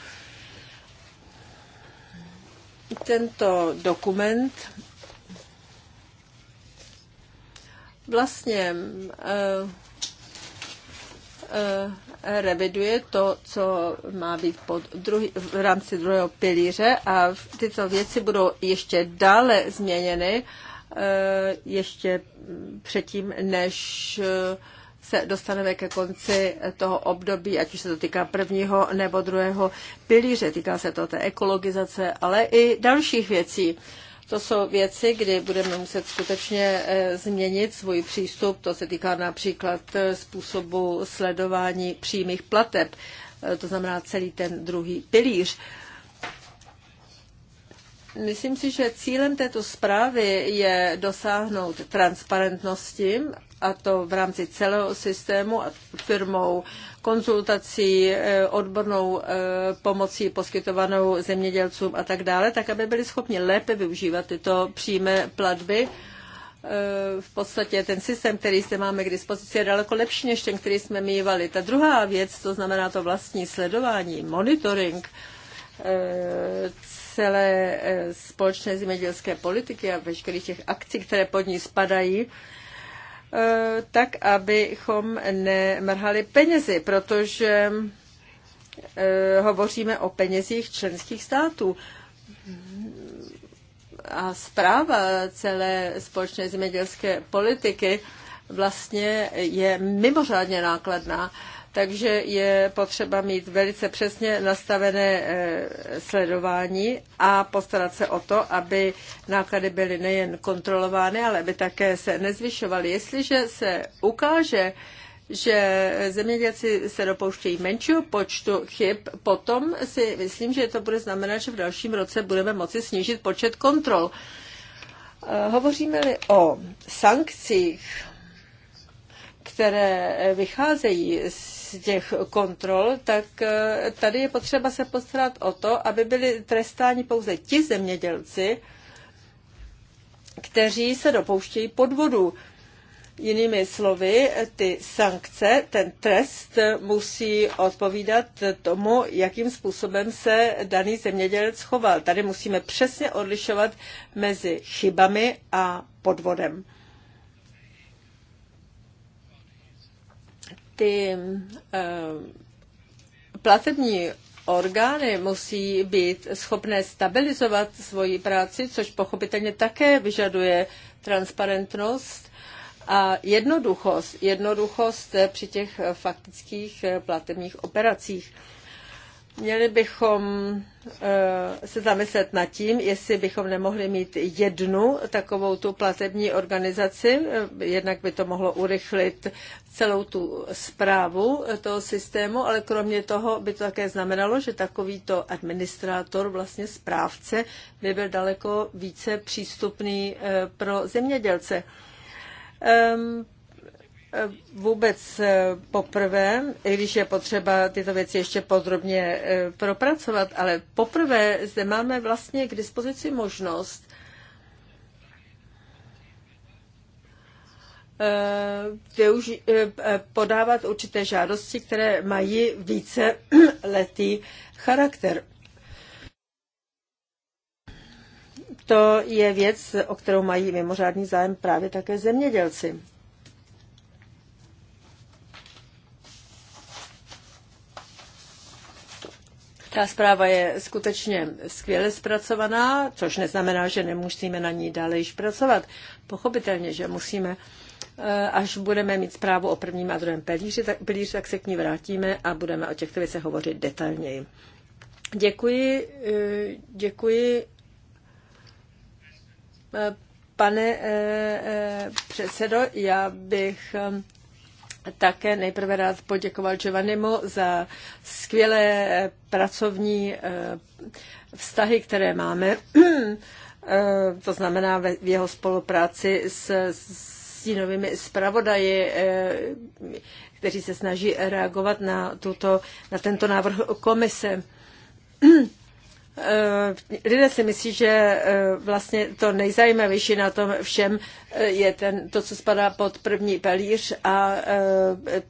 Tento dokument vlastně reviduje to, co má být pod druhý, v rámci druhého pilíře a tyto věci budou ještě dále změněny eh, ještě předtím, než eh, se dostaneme ke konci toho období, ať už se to týká prvního nebo druhého pilíře, týká se to té ekologizace, ale i dalších věcí. Uh, to jsou věci, kdy budeme muset skutečně eh, změnit svůj přístup. To se týká například eh, způsobu sledování přímých plateb, eh, to znamená celý ten druhý pilíř. Myslím si, že cílem této zprávy je dosáhnout transparentnosti, a to v rámci celého systému a firmou konzultací, eh, odbornou eh, pomocí poskytovanou zemědělcům a tak dále, tak aby byli schopni lépe využívat tyto přímé platby. Eh, v podstatě ten systém, který zde máme k dispozici, je daleko lepší než ten, který jsme mývali. Ta druhá věc, to znamená to vlastní sledování, monitoring, celé eh, společné zemědělské politiky a veškerých těch akcí, které pod ní spadají, eh, tak, abychom nemrhali penězi, protože eh, hovoříme o penězích členských států. A zpráva celé společné zemědělské politiky vlastně je mimořádně nákladná takže je potřeba mít velice přesně nastavené eh, sledování a postarat se o to, aby náklady byly nejen kontrolovány, ale aby také se nezvyšovaly. Jestliže se ukáže, že zemědělci se dopouštějí menšího počtu chyb, potom si myslím, že to bude znamenat, že v dalším roce budeme moci snížit počet kontrol. Eh, hovoříme-li o sankcích, které vycházejí z z těch kontrol, tak eh, tady je potřeba se postarat o to, aby byli trestáni pouze ti zemědělci, kteří se dopouštějí podvodu. Jinými slovy, ty sankce, ten trest musí odpovídat tomu, jakým způsobem se daný zemědělec choval. Tady musíme přesně odlišovat mezi chybami a podvodem. ty eh, platební orgány musí být schopné stabilizovat svoji práci, což pochopitelně také vyžaduje transparentnost a jednoduchost, jednoduchost při těch faktických eh, platebních operacích. Měli bychom eh, se zamyslet nad tím, jestli bychom nemohli mít jednu takovou tu platební organizaci, eh, jednak by to mohlo urychlit celou tu zprávu eh, toho systému, ale kromě toho by to také znamenalo, že takovýto administrátor, vlastně správce, by byl daleko více přístupný pro zemědělce. Ehm, Eh, vůbec eh, poprvé, i když je potřeba tyto věci ještě podrobně eh, propracovat, ale poprvé zde máme vlastně k dispozici možnost využi- podávat určité žádosti, které mají více letý charakter. To je věc, o kterou mají mimořádný zájem právě také zemědělci. Ta zpráva je skutečně skvěle zpracovaná, což neznamená, že nemusíme na ní dále již pracovat. Pochopitelně, že musíme eh, až budeme mít zprávu o prvním a druhém pilíři, tak, pilíř, tak se k ní vrátíme a budeme o těchto věcech hovořit detailněji. Děkuji, eh, děkuji. Eh, pane předsedo, já bych také nejprve rád poděkoval Giovannimu za skvělé eh, pracovní eh, vztahy, které máme. Eh, to znamená v jeho spolupráci s stínovými zpravodaji, kteří se snaží reagovat na, tuto, na tento návrh komise. Eh, lidé si myslí, že eh, vlastně to nejzajímavější na tom všem eh, je ten, to, co spadá pod první pelíř a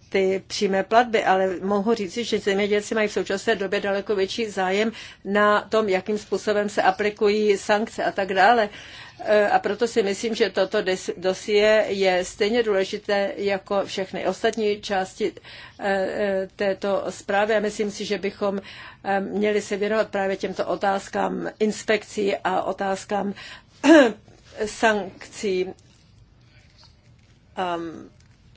ty přímé platby, ale mohu říci, že zemědělci mají v současné době daleko větší zájem na tom, jakým způsobem se aplikují sankce a tak dále. E, a proto si myslím, že toto dosie je stejně důležité jako všechny ostatní části e, e, této zprávy a myslím si, že bychom měli se věnovat právě těmto otázkám inspekcí a otázkám sankcí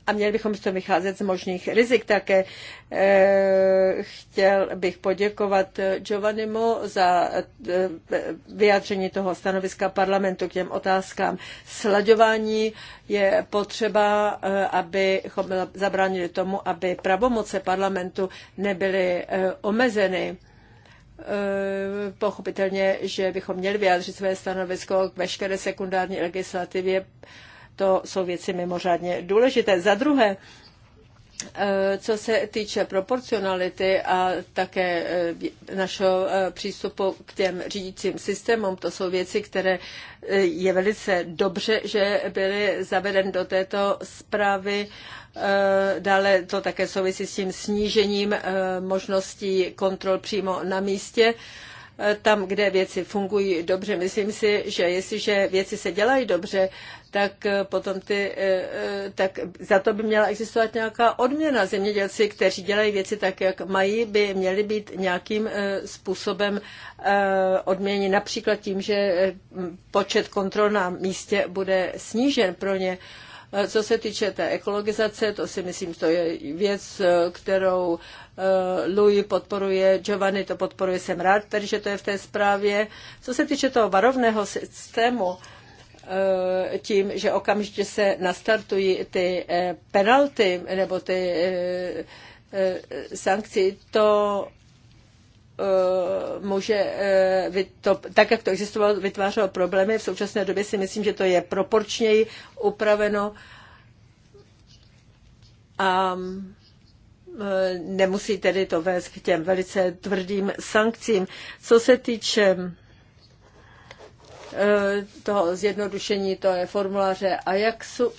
a měli bychom z toho vycházet z možných rizik. Také eh, chtěl bych poděkovat eh, Giovannimu za eh, vyjádření toho stanoviska parlamentu k těm otázkám slaďování. Je potřeba, abychom zabránili tomu, aby pravomoce parlamentu nebyly omezeny pochopitelně, že bychom měli vyjádřit své stanovisko k veškeré sekundární legislativě to jsou věci mimořádně důležité. Za druhé, eh, co se týče proporcionality a také eh, našeho eh, přístupu k těm řídícím systémům, to jsou věci, které je velice dobře, že byly zavedeny do této zprávy. Dále to také souvisí s tím snížením možností kontrol přímo na místě tam, kde věci fungují dobře. Myslím si, že jestliže věci se dělají dobře, tak eh, potom ty, eh, eh, tak za to by měla existovat nějaká odměna. Zemědělci, kteří dělají věci tak, jak mají, by měli být nějakým způsobem odměněni, například tím, že počet kontrol na místě bude snížen pro ně. Co se týče té ekologizace, to si myslím, to je věc, kterou Louis podporuje, Giovanni to podporuje, jsem rád, takže to je v té zprávě. Co se týče toho varovného systému, Eh, tím, že okamžitě se nastartují ty eh, penalty nebo ty eh, sankci, to může, to, tak jak to existovalo, vytvářelo problémy. V současné době si myslím, že to je proporčněji upraveno a nemusí tedy to vést k těm velice tvrdým sankcím. Co se týče Eh, toho zjednodušení, to je formuláře Ajaxu,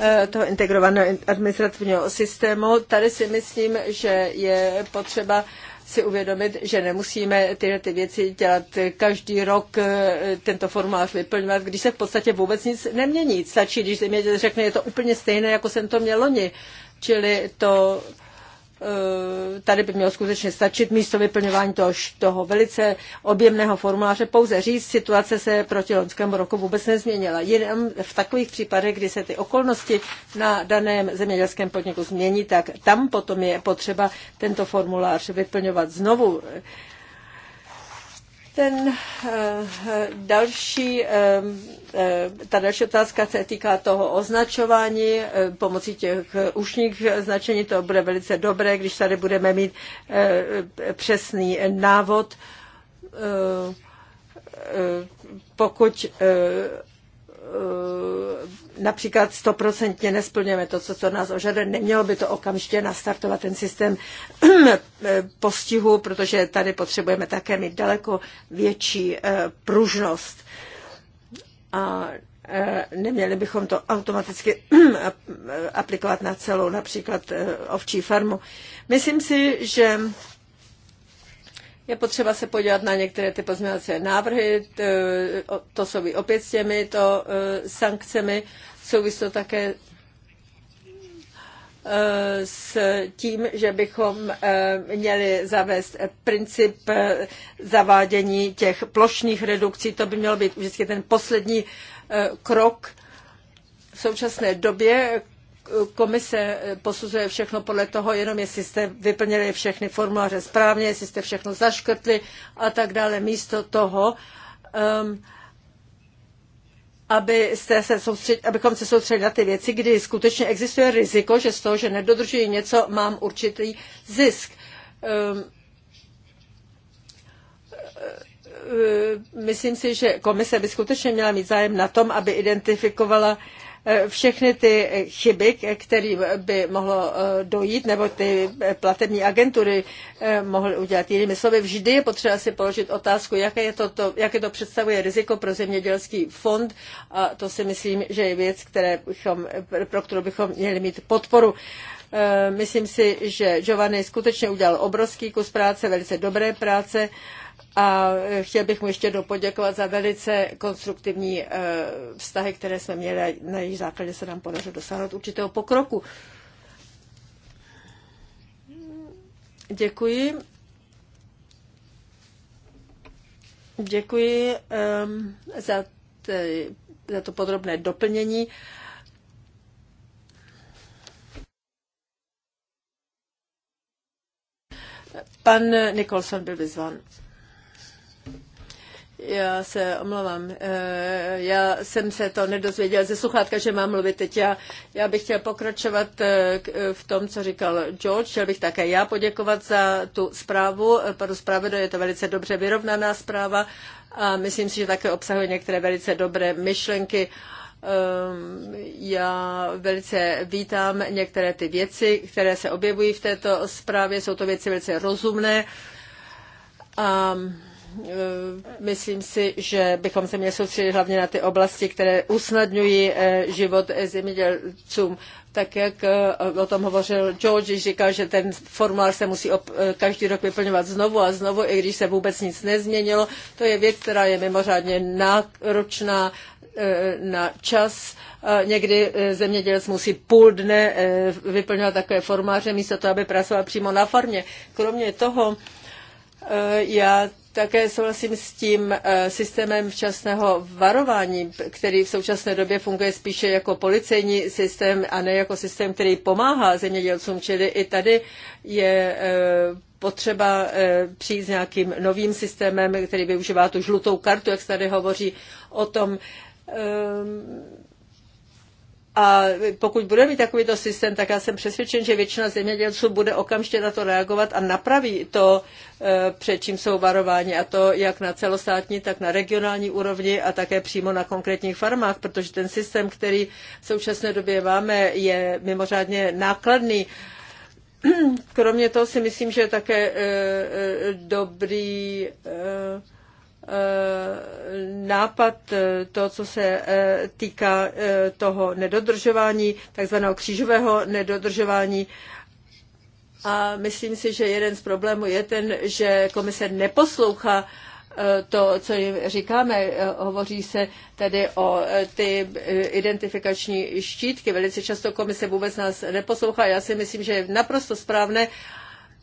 eh, toho integrovaného administrativního systému. Tady si myslím, že je potřeba si uvědomit, že nemusíme tyhle ty věci dělat každý rok, eh, tento formulář vyplňovat, když se v podstatě vůbec nic nemění. Stačí, když zemědělec řekne, je to úplně stejné, jako jsem to měl loni. Čili to Eh, tady by mělo skutečně stačit místo vyplňování toho, toho velice objemného formuláře pouze říct, situace se proti loňskému roku vůbec nezměnila. Jenom v takových případech, kdy se ty okolnosti na daném zemědělském podniku změní, tak tam potom je potřeba tento formulář vyplňovat znovu. Ten eh, další, eh, eh, ta další otázka se týká toho označování pomocí těch ušních značení. To bude velice dobré, když tady budeme mít přesný návod, pokud Eh, například stoprocentně nesplňujeme to, co to nás ožaduje, nemělo by to okamžitě nastartovat ten systém postihu, protože tady potřebujeme také mít daleko větší eh, pružnost. A eh, neměli bychom to automaticky aplikovat na celou například ovčí farmu. Myslím si, že je potřeba se podívat na některé ty pozměňovací návrhy, to souvisí opět s to, e, sankcemi, souvisí to také e, s tím, že bychom e, měli zavést princip zavádění těch plošních redukcí. To by mělo být vždycky ten poslední krok. V současné době komise posuzuje všechno podle toho, jenom jestli jste vyplnili všechny formuláře správně, jestli jste všechno zaškrtli a tak dále. Místo toho, um, aby se soustřed, abychom se soustředili na ty věci, kdy skutečně existuje riziko, že z toho, že nedodržuji něco, mám určitý zisk. Um, uh, uh, myslím si, že komise by skutečně měla mít zájem na tom, aby identifikovala uh, Eh, všechny ty chyby, které by mohlo eh, dojít, nebo ty platební agentury eh, mohly udělat. Jinými slovy, vždy je potřeba si položit otázku, jaké, je to, to, jaké to představuje riziko pro zemědělský fond a to si myslím, že je věc, které bychom, pro kterou bychom měli mít podporu. Myslím si, že Giovanni skutečně udělal obrovský kus práce, velice dobré práce a chtěl bych mu ještě dopoděkovat za velice konstruktivní eh, vztahy, které jsme měli a na jejich základě se nám podařilo dosáhnout určitého pokroku. Děkuji. Děkuji um, za, t, za to podrobné doplnění. Pan Nikolson byl vyzván. Já se omlouvám. Eh, já jsem se to nedozvěděl ze sluchátka, že mám mluvit teď. Já, já bych chtěl pokračovat eh, eh, v tom, co říkal George. Chtěl bych také já poděkovat za tu zprávu. Panu zpravedu je to velice dobře vyrovnaná zpráva a myslím si, že také obsahuje některé velice dobré myšlenky. Ehm, já velice vítám některé ty věci, které se objevují v této zprávě. Jsou to věci velice rozumné. Um, Eh, myslím si, že bychom se měli soustředit hlavně na ty oblasti, které usnadňují eh, život eh, zemědělcům. Tak jak o tom hovořil George, říkal, že ten formulář se musí každý rok vyplňovat znovu a znovu, i když se vůbec nic nezměnilo. To je věc, která je mimořádně náročná na čas. Někdy zemědělec musí půl dne vyplňovat takové formáře, místo toho, aby pracoval přímo na farmě. Kromě toho, já také souhlasím s tím eh, systémem včasného varování, který v současné době funguje spíše jako policejní systém a ne jako systém, který pomáhá zemědělcům. Čili i tady je eh, potřeba eh, přijít s nějakým novým systémem, který využívá tu žlutou kartu, jak se tady hovoří o tom ehm, a pokud bude mít takovýto systém, tak já jsem přesvědčen, že většina zemědělců bude okamžitě na to reagovat a napraví to, e, před čím jsou varováni, a to jak na celostátní, tak na regionální úrovni a také přímo na konkrétních farmách, protože ten systém, který v současné době máme, je mimořádně nákladný. Kromě toho si myslím, že je také e, e, dobrý. E, Eh, nápad, eh, to, co se eh, týká toho nedodržování, takzvaného křížového nedodržování. A myslím si, že jeden z problémů je ten, že komise neposlouchá to, co jim říkáme, hovoří se tedy o ty identifikační štítky. Velice často komise vůbec nás neposlouchá. Já si myslím, že je naprosto správné,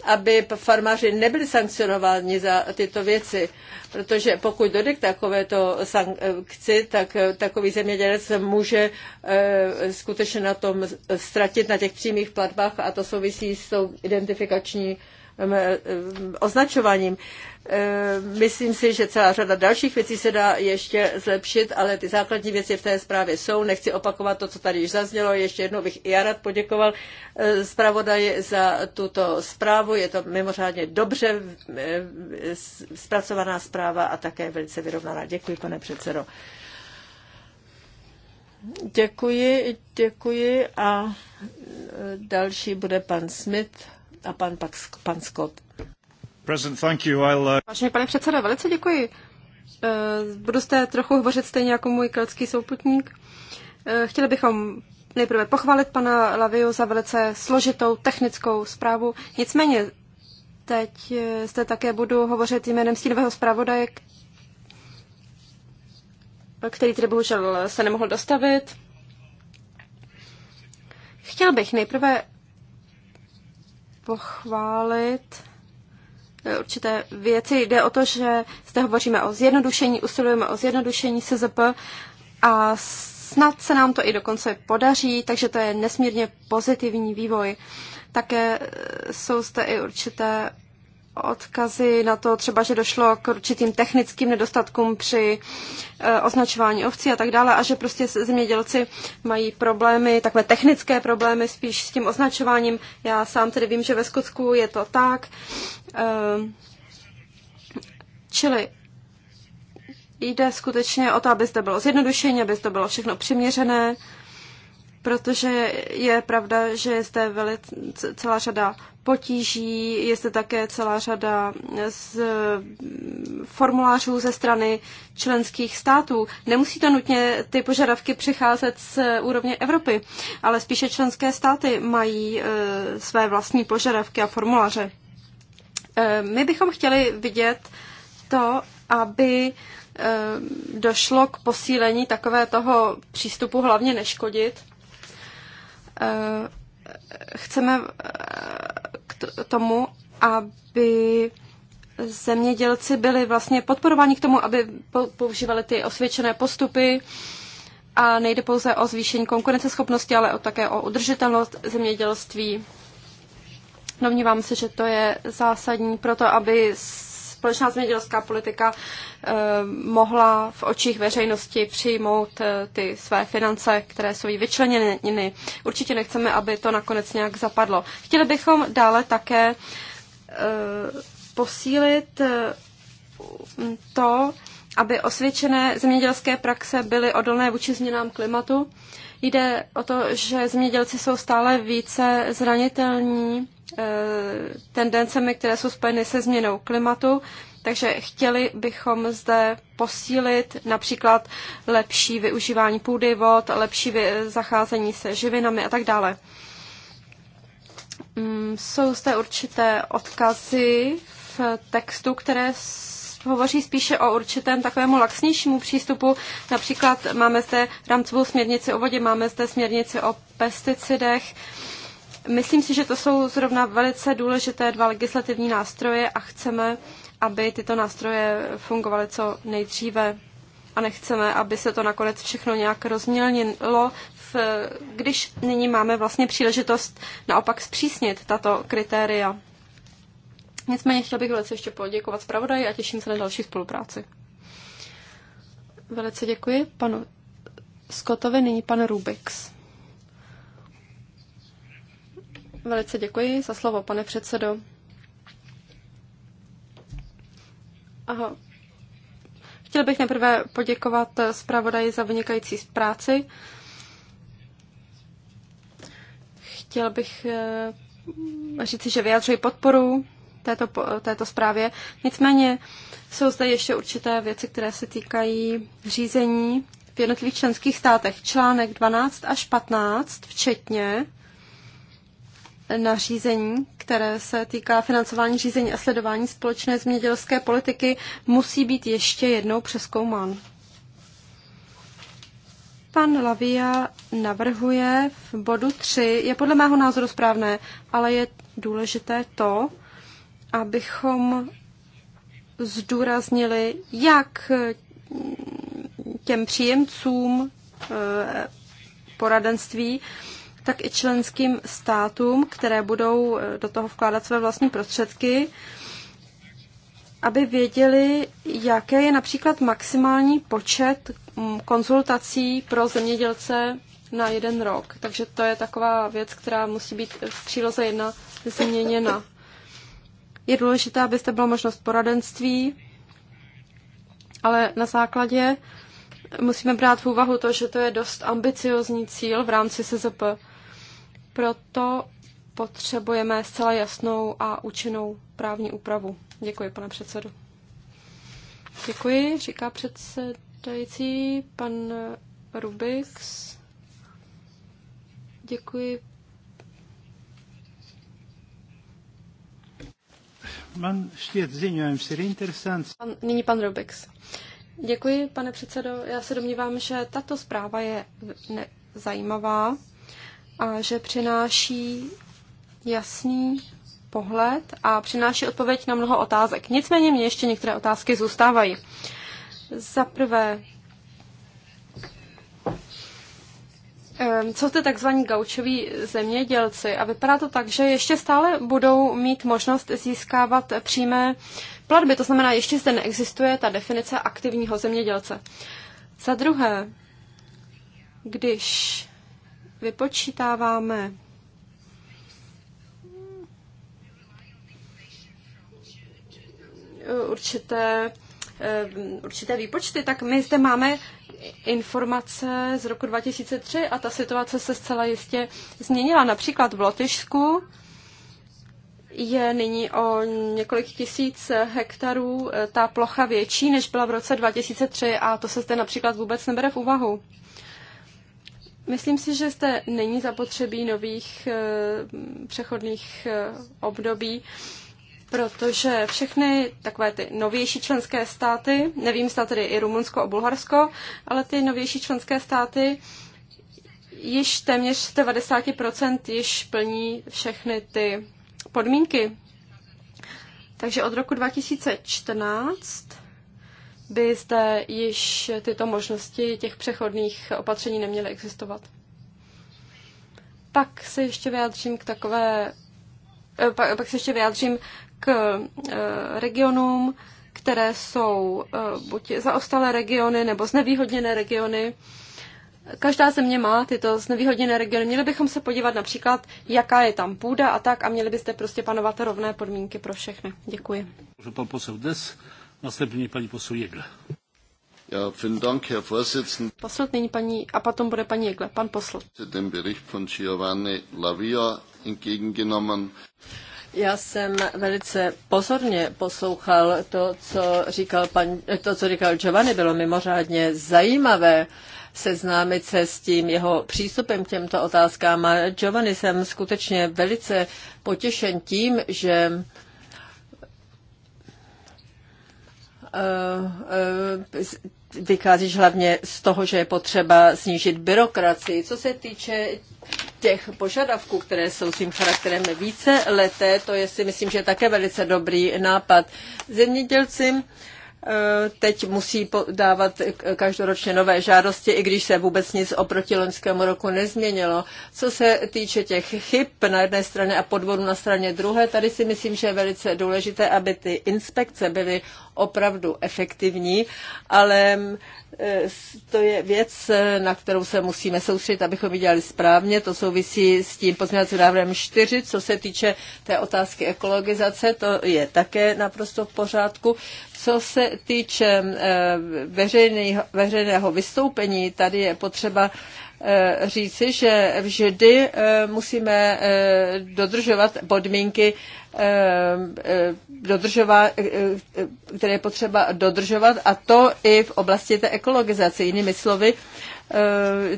aby farmáři nebyli sankcionováni za tyto věci. Protože pokud dojde k takovéto sankci, tak eh, takový zemědělec může eh, skutečně na tom ztratit na těch přímých platbách a to souvisí s tou identifikační Eh, označováním. Myslím si, že celá řada dalších věcí se dá ještě zlepšit, ale ty základní věci v té zprávě jsou. Nechci opakovat to, co tady již zaznělo. Ještě jednou bych i já rád poděkoval eh, zpravodaji za tuto zprávu. Je to mimořádně dobře eh, zpracovaná zpráva a také velice vyrovnaná. Děkuji, pane předsedo. Děkuji, děkuji a další bude pan Smith a pan, pan Scott. Uh, Vážený pane předsedo, velice děkuji. Eh, budu jste trochu hovořit stejně jako můj keltský souputník. Eh, chtěli bychom nejprve pochválit pana Laviu za velice složitou technickou zprávu. Nicméně teď eh, zde také budu hovořit jménem stínového zpravodaje, který tedy bohužel se nemohl dostavit. Chtěl bych nejprve pochválit eh, určité věci. Jde o to, že zde hovoříme o zjednodušení, usilujeme o zjednodušení SZP a snad se nám to i dokonce podaří, takže to je nesmírně pozitivní vývoj. Také eh, jsou zde i určité odkazy na to třeba, že došlo k určitým technickým nedostatkům při eh, označování ovcí a tak dále a že prostě zemědělci mají problémy, takové technické problémy spíš s tím označováním. Já sám tedy vím, že ve Skotsku je to tak. Eh, čili jde skutečně o to, aby zde bylo zjednodušení, aby zde bylo všechno přiměřené protože je pravda, že je zde velice, celá řada potíží, je zde také celá řada z formulářů ze strany členských států. Nemusí to nutně ty požadavky přicházet z úrovně Evropy, ale spíše členské státy mají e, své vlastní požadavky a formuláře. E, my bychom chtěli vidět to, aby e, došlo k posílení takové toho přístupu hlavně neškodit, Eh, chceme eh, k tomu, aby zemědělci byli vlastně podporováni k tomu, aby používali ty osvědčené postupy a nejde pouze o zvýšení konkurenceschopnosti, ale o také o udržitelnost zemědělství. Domnívám se, že to je zásadní pro to, aby společná zemědělská politika eh, mohla v očích veřejnosti přijmout eh, ty své finance, které jsou jí vyčleněny. Určitě nechceme, aby to nakonec nějak zapadlo. Chtěli bychom dále také eh, posílit to, aby osvědčené zemědělské praxe byly odolné vůči změnám klimatu. Jde o to, že zemědělci jsou stále více zranitelní Eh, tendencemi, které jsou spojeny se změnou klimatu. Takže chtěli bychom zde posílit například lepší využívání půdy, vod, lepší zacházení se živinami a tak dále. Mm, jsou zde určité odkazy v textu, které hovoří spíše o určitém takovému laxnějšímu přístupu. Například máme zde rámcovou směrnici o vodě, máme zde směrnici o pesticidech. Um, Myslím si, že to jsou zrovna velice důležité dva legislativní nástroje a chceme, aby tyto nástroje fungovaly co nejdříve a nechceme, aby se to nakonec všechno nějak rozmělnilo, v, když nyní máme vlastně příležitost naopak zpřísnit tato kritéria. Nicméně chtěl bych velice ještě poděkovat zpravodaji a těším se na další spolupráci. Velice děkuji panu Scottovi, nyní pan Rubiks. Velice děkuji za slovo, pane předsedo. Aha. Chtěl bych nejprve poděkovat zpravodaji za vynikající práci. Chtěl bych eh, říci, že vyjadřuji podporu této, této zprávě. Nicméně jsou zde ještě určité věci, které se týkají řízení v jednotlivých členských státech. Článek 12 až 15 včetně nařízení, které se týká financování řízení a sledování společné zemědělské politiky, musí být ještě jednou přeskoumán. Pan Lavia navrhuje v bodu 3, je podle mého názoru správné, ale je důležité to, abychom zdůraznili, jak těm příjemcům eh, poradenství, tak i členským státům, které budou eh, do toho vkládat své vlastní prostředky, aby věděli, jaké je například maximální počet mm, konzultací pro zemědělce na jeden rok. Takže to je taková věc, která musí být v příloze jedna změněna. Je důležité, aby abyste byla možnost poradenství, ale na základě musíme brát v úvahu to, že to je dost ambiciozní cíl v rámci SZP. Proto potřebujeme zcela jasnou a účinnou právní úpravu. Děkuji, pane předsedo. Děkuji, říká předsedající pan Rubix. Děkuji. Man Nyní pan Rubix. Děkuji, pane předsedo. Já se domnívám, že tato zpráva je zajímavá a že přináší jasný pohled a přináší odpověď na mnoho otázek. Nicméně mě ještě některé otázky zůstávají. Za prvé, co ty takzvaní gaučoví zemědělci? A vypadá to tak, že ještě stále budou mít možnost získávat přímé platby. To znamená, ještě zde neexistuje ta definice aktivního zemědělce. Za druhé, když vypočítáváme. Určité, eh, určité výpočty, tak my zde máme informace z roku 2003 a ta situace se zcela jistě změnila. Například v Lotyšsku je nyní o několik tisíc hektarů eh, ta plocha větší, než byla v roce 2003 a to se zde například vůbec nebere v úvahu. Myslím si, že zde není zapotřebí nových eh, přechodných eh, období, protože všechny takové ty novější členské státy, nevím, zda tedy i Rumunsko a Bulharsko, ale ty novější členské státy již téměř 90% již plní všechny ty podmínky. Takže od roku 2014 by zde již tyto možnosti těch přechodných opatření neměly existovat. Pak se ještě vyjádřím k takové, eh, pak, pak se ještě vyjádřím k eh, regionům, které jsou eh, buď zaostalé regiony nebo znevýhodněné regiony. Každá země má tyto znevýhodněné regiony. Měli bychom se podívat například, jaká je tam půda a tak a měli byste prostě panovat rovné podmínky pro všechny. Děkuji. Pan Następnie pani poseł Jegle. Ja, vielen Dank, Herr Vorsitzender. Posled paní, a potom bude paní Jegle, pan posled. Den Bericht von Giovanni Lavia entgegengenommen. Já jsem velice pozorně poslouchal to, co říkal, pan, to, co říkal Giovanni, bylo mimořádně zajímavé seznámit se s tím jeho přístupem k těmto otázkám. A Giovanni jsem skutečně velice potěšen tím, že Eh, eh, vycházíš hlavně z toho, že je potřeba snížit byrokracii. Co se týče těch požadavků, které jsou svým charakterem více leté, to je si myslím, že je také velice dobrý nápad. Zemědělci Eh, teď musí dávat každoročně nové žádosti, i když se vůbec nic oproti loňskému roku nezměnilo. Co se týče těch chyb na jedné straně a podvodu na straně druhé, tady si myslím, že je velice důležité, aby ty inspekce byly opravdu efektivní, ale mm, Eh, to je věc, eh, na kterou se musíme soustředit, abychom ji dělali správně. To souvisí s tím pozměňovacím návrhem 4, co se týče té otázky ekologizace, to je také naprosto v pořádku. Co se týče eh, veřejného vystoupení, tady je potřeba Eh, říci, že vždy eh, musíme eh, dodržovat podmínky, které je potřeba dodržovat, a to i v oblasti té ekologizace. Jinými slovy,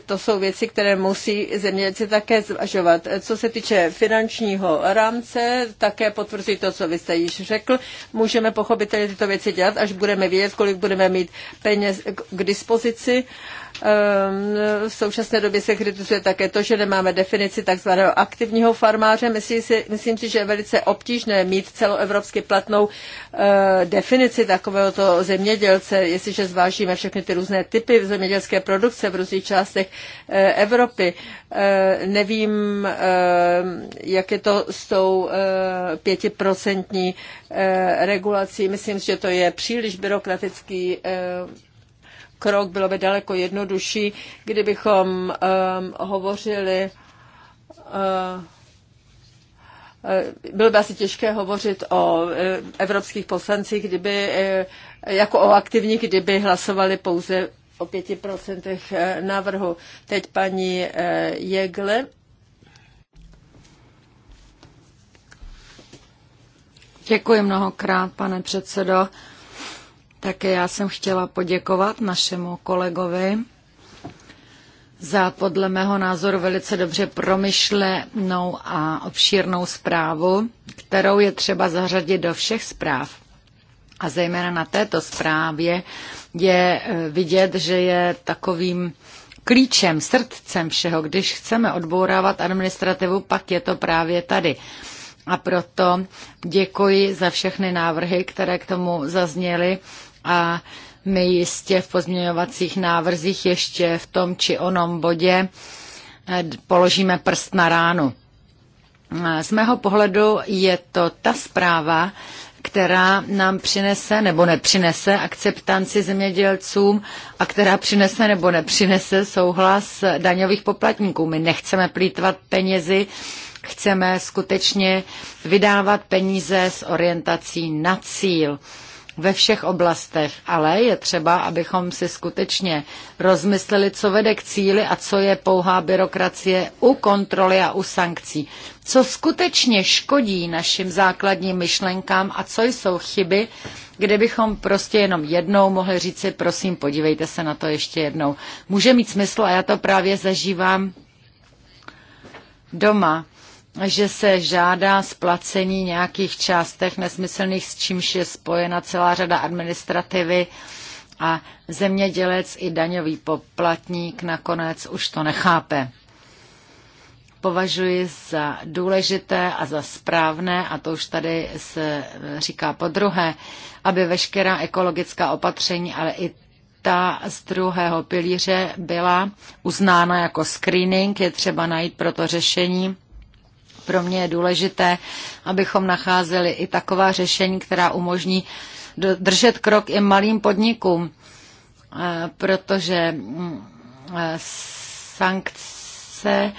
to jsou věci, které musí zemědělci také zvažovat. Co se týče finančního rámce, také potvrzuji to, co vy jste již řekl. Můžeme pochopitelně tyto věci dělat, až budeme vědět, kolik budeme mít peněz k dispozici. Ehm, v současné době se kritizuje také to, že nemáme definici takzvaného aktivního farmáře. Myslím si, myslím si že je velice obtížné mít celoevropsky platnou eh, definici takovéhoto zemědělce, jestliže zvážíme všechny ty různé typy zemědělské produkce v různých částech eh, Evropy. Eh, nevím, jak je to s tou pětiprocentní regulací. Myslím, si, že to je příliš byrokratický krok. Bylo by daleko jednodušší, kdybychom um, hovořili. Uh, uh bylo by asi těžké hovořit o uh, evropských poslancích, kdyby, uh, jako o aktivních, kdyby hlasovali pouze o pěti procentech návrhu. Teď paní Jegle. Děkuji mnohokrát, pane předsedo. Také já jsem chtěla poděkovat našemu kolegovi za podle mého názoru velice dobře promyšlenou a obšírnou zprávu, kterou je třeba zařadit do všech zpráv. A zejména na této zprávě je eh, vidět, že je takovým klíčem, srdcem všeho. Když chceme odbourávat administrativu, pak je to právě tady. A proto děkuji za všechny návrhy, které k tomu zazněly a my jistě v pozměňovacích návrzích ještě v tom či onom bodě eh, položíme prst na ránu. Eh, z mého pohledu je to ta zpráva, která nám přinese nebo nepřinese akceptanci zemědělcům a která přinese nebo nepřinese souhlas daňových poplatníků. My nechceme plítvat penězi, chceme skutečně vydávat peníze s orientací na cíl ve všech oblastech, ale je třeba, abychom si skutečně rozmysleli, co vede k cíli a co je pouhá byrokracie u kontroly a u sankcí. Co skutečně škodí našim základním myšlenkám a co jsou chyby, kde bychom prostě jenom jednou mohli říci, prosím, podívejte se na to ještě jednou. Může mít smysl a já to právě zažívám doma že se žádá splacení nějakých částech nesmyslných, s čímž je spojena celá řada administrativy a zemědělec i daňový poplatník nakonec už to nechápe. Považuji za důležité a za správné, a to už tady se říká po druhé, aby veškerá ekologická opatření, ale i ta z druhého pilíře byla uznána jako screening, je třeba najít proto řešení pro mě je důležité, abychom nacházeli i taková řešení, která umožní držet krok i malým podnikům, eh, protože mm, eh, sankce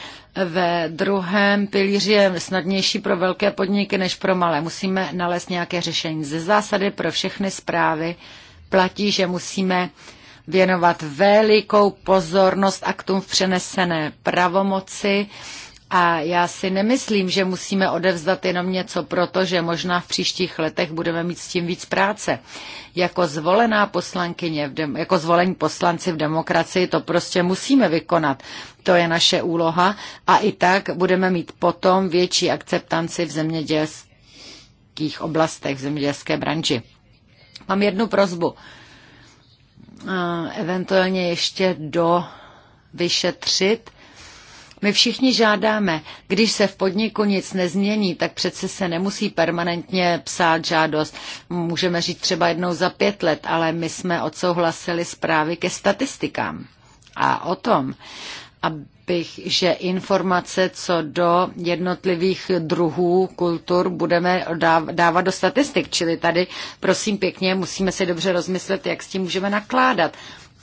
ve druhém pilíři je snadnější pro velké podniky než pro malé. Musíme nalézt nějaké řešení. Ze zásady pro všechny zprávy platí, že musíme věnovat velikou pozornost aktům v přenesené pravomoci a já si nemyslím, že musíme odevzdat jenom něco, protože možná v příštích letech budeme mít s tím víc práce. Jako zvolená poslankyně, jako zvolení poslanci v demokracii to prostě musíme vykonat. To je naše úloha a i tak budeme mít potom větší akceptanci v zemědělských oblastech, v zemědělské branži. Mám jednu prozbu. Eventuálně ještě do vyšetřit my všichni žádáme, když se v podniku nic nezmění, tak přece se nemusí permanentně psát žádost. Můžeme říct třeba jednou za pět let, ale my jsme odsouhlasili zprávy ke statistikám. A o tom, abych, že informace co do jednotlivých druhů kultur budeme dávat do statistik. Čili tady, prosím pěkně, musíme si dobře rozmyslet, jak s tím můžeme nakládat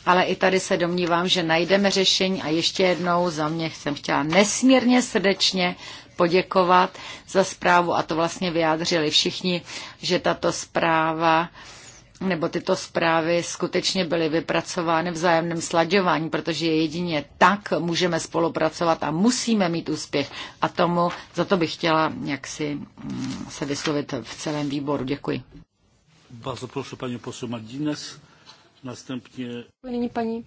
ale i tady se domnívám, že najdeme řešení a ještě jednou za mě jsem chtěla nesmírně srdečně poděkovat za zprávu a to vlastně vyjádřili všichni, že tato zpráva nebo tyto zprávy skutečně byly vypracovány v zájemném slaďování, protože jedině tak můžeme spolupracovat a musíme mít úspěch. A tomu za to bych chtěla jaksi mm, se vyslovit v celém výboru. Děkuji. Bardzo proszę panią poseł Madines. Następně... Nyní paní,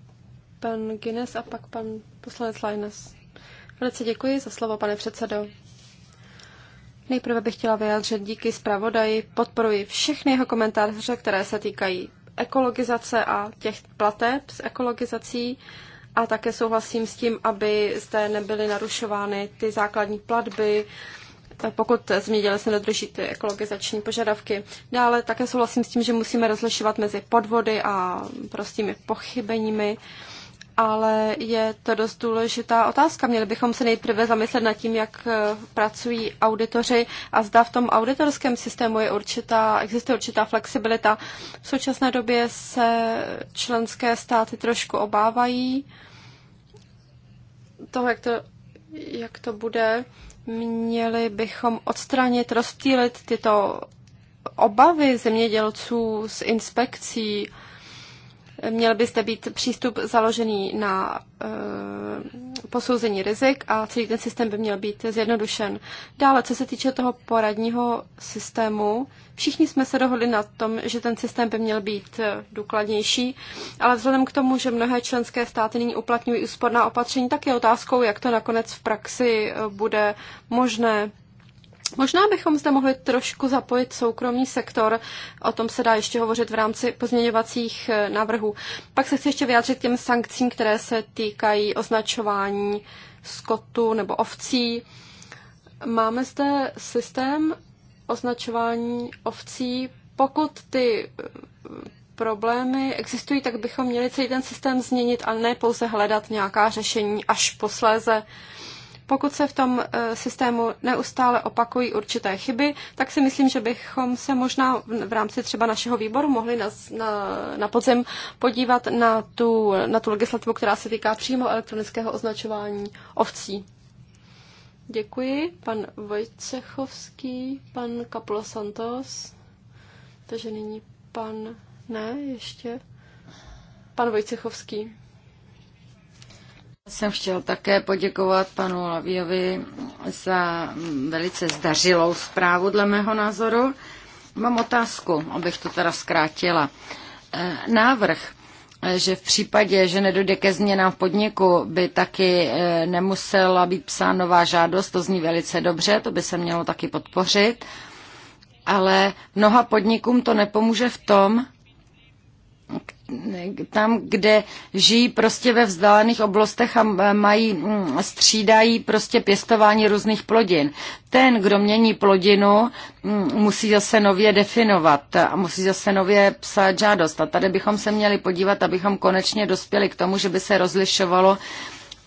pan Guinness a pak pan poslanec Lines. Velice děkuji za slovo, pane předsedo. Nejprve bych chtěla vyjádřit díky zpravodaji, podporuji všechny jeho komentáře, které se týkají ekologizace a těch plateb s ekologizací a také souhlasím s tím, aby zde nebyly narušovány ty základní platby, pokud se nedrží ty ekologizační požadavky. Dále také souhlasím s tím, že musíme rozlišovat mezi podvody a prostými pochybeními, ale je to dost důležitá otázka. Měli bychom se nejprve zamyslet nad tím, jak eh, pracují auditoři a zda v tom auditorském systému je určitá, existuje určitá flexibilita. V současné době se členské státy trošku obávají toho, jak to, jak to bude Měli bychom odstranit, rozptýlit tyto obavy zemědělců z inspekcí Měl by zde být přístup založený na e, posouzení rizik a celý ten systém by měl být zjednodušen. Dále, co se týče toho poradního systému, všichni jsme se dohodli na tom, že ten systém by měl být eh, důkladnější, ale vzhledem k tomu, že mnohé členské státy nyní uplatňují úsporná opatření, tak je otázkou, jak to nakonec v praxi eh, bude možné. Možná bychom zde mohli trošku zapojit soukromý sektor, o tom se dá ještě hovořit v rámci pozměňovacích eh, návrhů. Pak se chci ještě vyjádřit těm sankcím, které se týkají označování skotu nebo ovcí. Máme zde systém označování ovcí. Pokud ty eh, problémy existují, tak bychom měli celý ten systém změnit a ne pouze hledat nějaká řešení až posléze. Uh, pokud se v tom eh, systému neustále opakují určité chyby, tak si myslím, že bychom se možná v rámci třeba našeho výboru mohli na, na, na podzem podívat na tu, na tu legislativu, která se týká přímo elektronického označování ovcí. Děkuji. Pan Vojcechovský, pan Kaplo Santos. Takže nyní pan... Ne, ještě. Pan Vojcechovský. Jsem chtěl také poděkovat panu Laviovi za velice zdařilou zprávu dle mého názoru. Mám otázku, abych to teda zkrátila. E, návrh, e, že v případě, že nedojde ke změnám v podniku, by taky e, nemusela být psána nová žádost, to zní velice dobře, to by se mělo taky podpořit, ale mnoha podnikům to nepomůže v tom, tam, kde žijí prostě ve vzdálených oblastech a mají, mm, střídají prostě pěstování různých plodin. Ten, kdo mění plodinu, mm, musí zase nově definovat a musí zase nově psát žádost. A tady bychom se měli podívat, abychom konečně dospěli k tomu, že by se rozlišovalo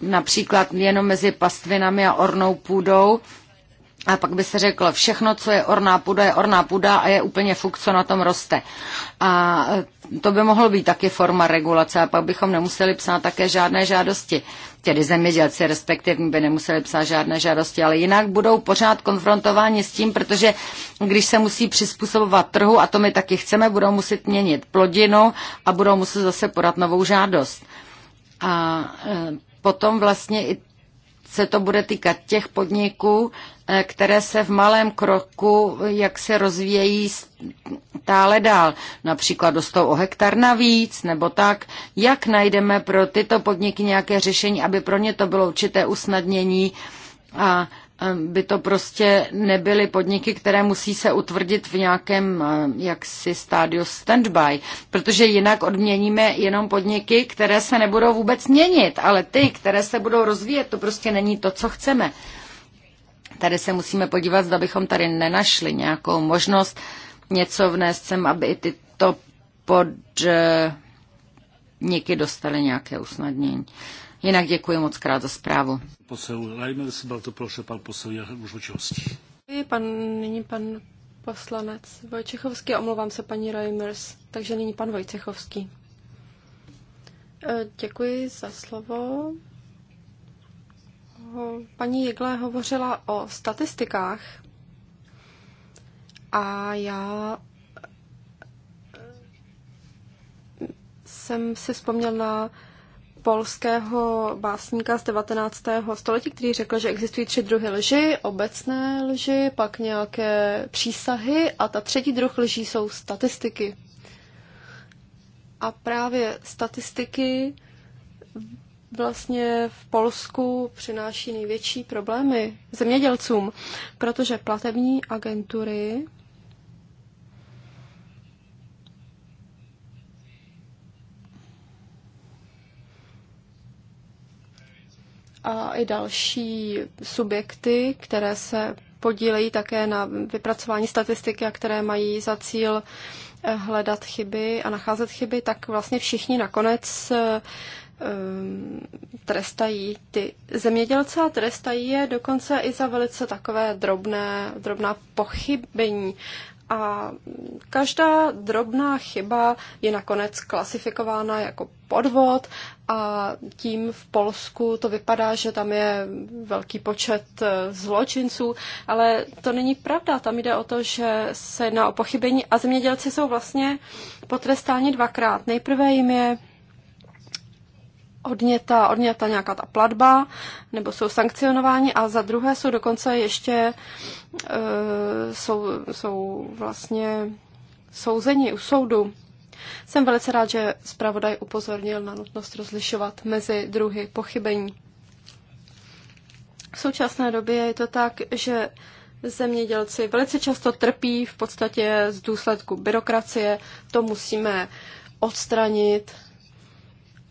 například jenom mezi pastvinami a ornou půdou a pak by se řeklo, všechno, co je orná půda, je orná půda a je úplně fuk, co na tom roste. A e, to by mohlo být taky forma regulace a pak bychom nemuseli psát také žádné žádosti. Tedy zemědělci respektive by nemuseli psát žádné žádosti, ale jinak budou pořád konfrontováni s tím, protože když se musí přizpůsobovat trhu, a to my taky chceme, budou muset měnit plodinu a budou muset zase podat novou žádost. A e, potom vlastně i se to bude týkat těch podniků, Eh, které se v malém kroku, jak se rozvíjejí stále dál. Například dostou o hektar navíc, nebo tak. Jak najdeme pro tyto podniky nějaké řešení, aby pro ně to bylo určité usnadnění a eh, by to prostě nebyly podniky, které musí se utvrdit v nějakém eh, jaksi stádiu standby, protože jinak odměníme jenom podniky, které se nebudou vůbec měnit, ale ty, které se budou rozvíjet, to prostě není to, co chceme. Tady se musíme podívat, zda bychom tady nenašli nějakou možnost něco vnést sem, aby i tyto podniky dostaly nějaké usnadnění. Jinak děkuji moc krát za zprávu. Posel Reimers, byl to prošel pan posel Pan, nyní pan poslanec Vojčechovský, omlouvám se paní Reimers, takže nyní pan Vojcechovský. E, děkuji za slovo paní Jigle hovořila o statistikách a já jsem si vzpomněl na polského básníka z 19. století, který řekl, že existují tři druhy lži, obecné lži, pak nějaké přísahy a ta třetí druh lží jsou statistiky. A právě statistiky vlastně v Polsku přináší největší problémy zemědělcům, protože platební agentury a i další subjekty, které se podílejí také na vypracování statistiky a které mají za cíl eh, hledat chyby a nacházet chyby, tak vlastně všichni nakonec eh, Ehm, trestají ty zemědělce a trestají je dokonce i za velice takové drobné, drobná pochybení. A každá drobná chyba je nakonec klasifikována jako podvod a tím v Polsku to vypadá, že tam je velký počet eh, zločinců, ale to není pravda. Tam jde o to, že se na o pochybení a zemědělci jsou vlastně potrestáni dvakrát. Nejprve jim je odněta, odněta nějaká ta platba, nebo jsou sankcionováni a za druhé jsou dokonce ještě e, jsou, jsou vlastně souzeni u soudu. Jsem velice rád, že zpravodaj upozornil na nutnost rozlišovat mezi druhy pochybení. V současné době je to tak, že zemědělci velice často trpí v podstatě z důsledku byrokracie. To musíme odstranit,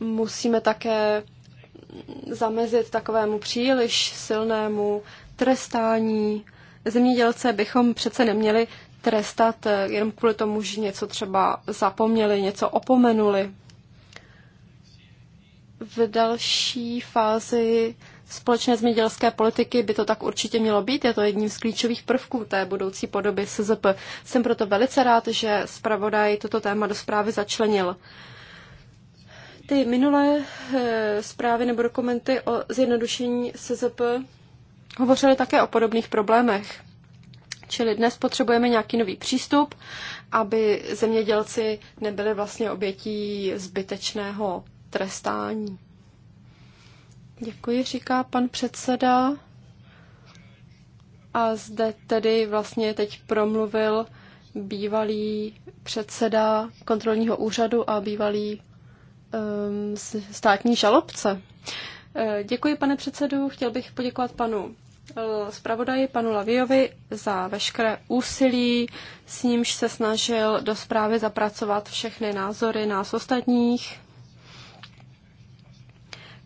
musíme také zamezit takovému příliš silnému trestání. Zemědělce bychom přece neměli trestat jenom kvůli tomu, že něco třeba zapomněli, něco opomenuli. V další fázi společné zemědělské politiky by to tak určitě mělo být. Je to jedním z klíčových prvků té budoucí podoby SZP. Jsem proto velice rád, že zpravodaj toto téma do zprávy začlenil. Ty minulé eh, zprávy nebo dokumenty o zjednodušení SZP hovořily také o podobných problémech. Čili dnes potřebujeme nějaký nový přístup, aby zemědělci nebyli vlastně obětí zbytečného trestání. Děkuji, říká pan předseda. A zde tedy vlastně teď promluvil bývalý předseda kontrolního úřadu a bývalý Um, státní žalobce. Eh, děkuji, pane předsedu. Chtěl bych poděkovat panu eh, zpravodaji, panu Laviovi, za veškeré úsilí, s nímž se snažil do zprávy zapracovat všechny názory nás ostatních.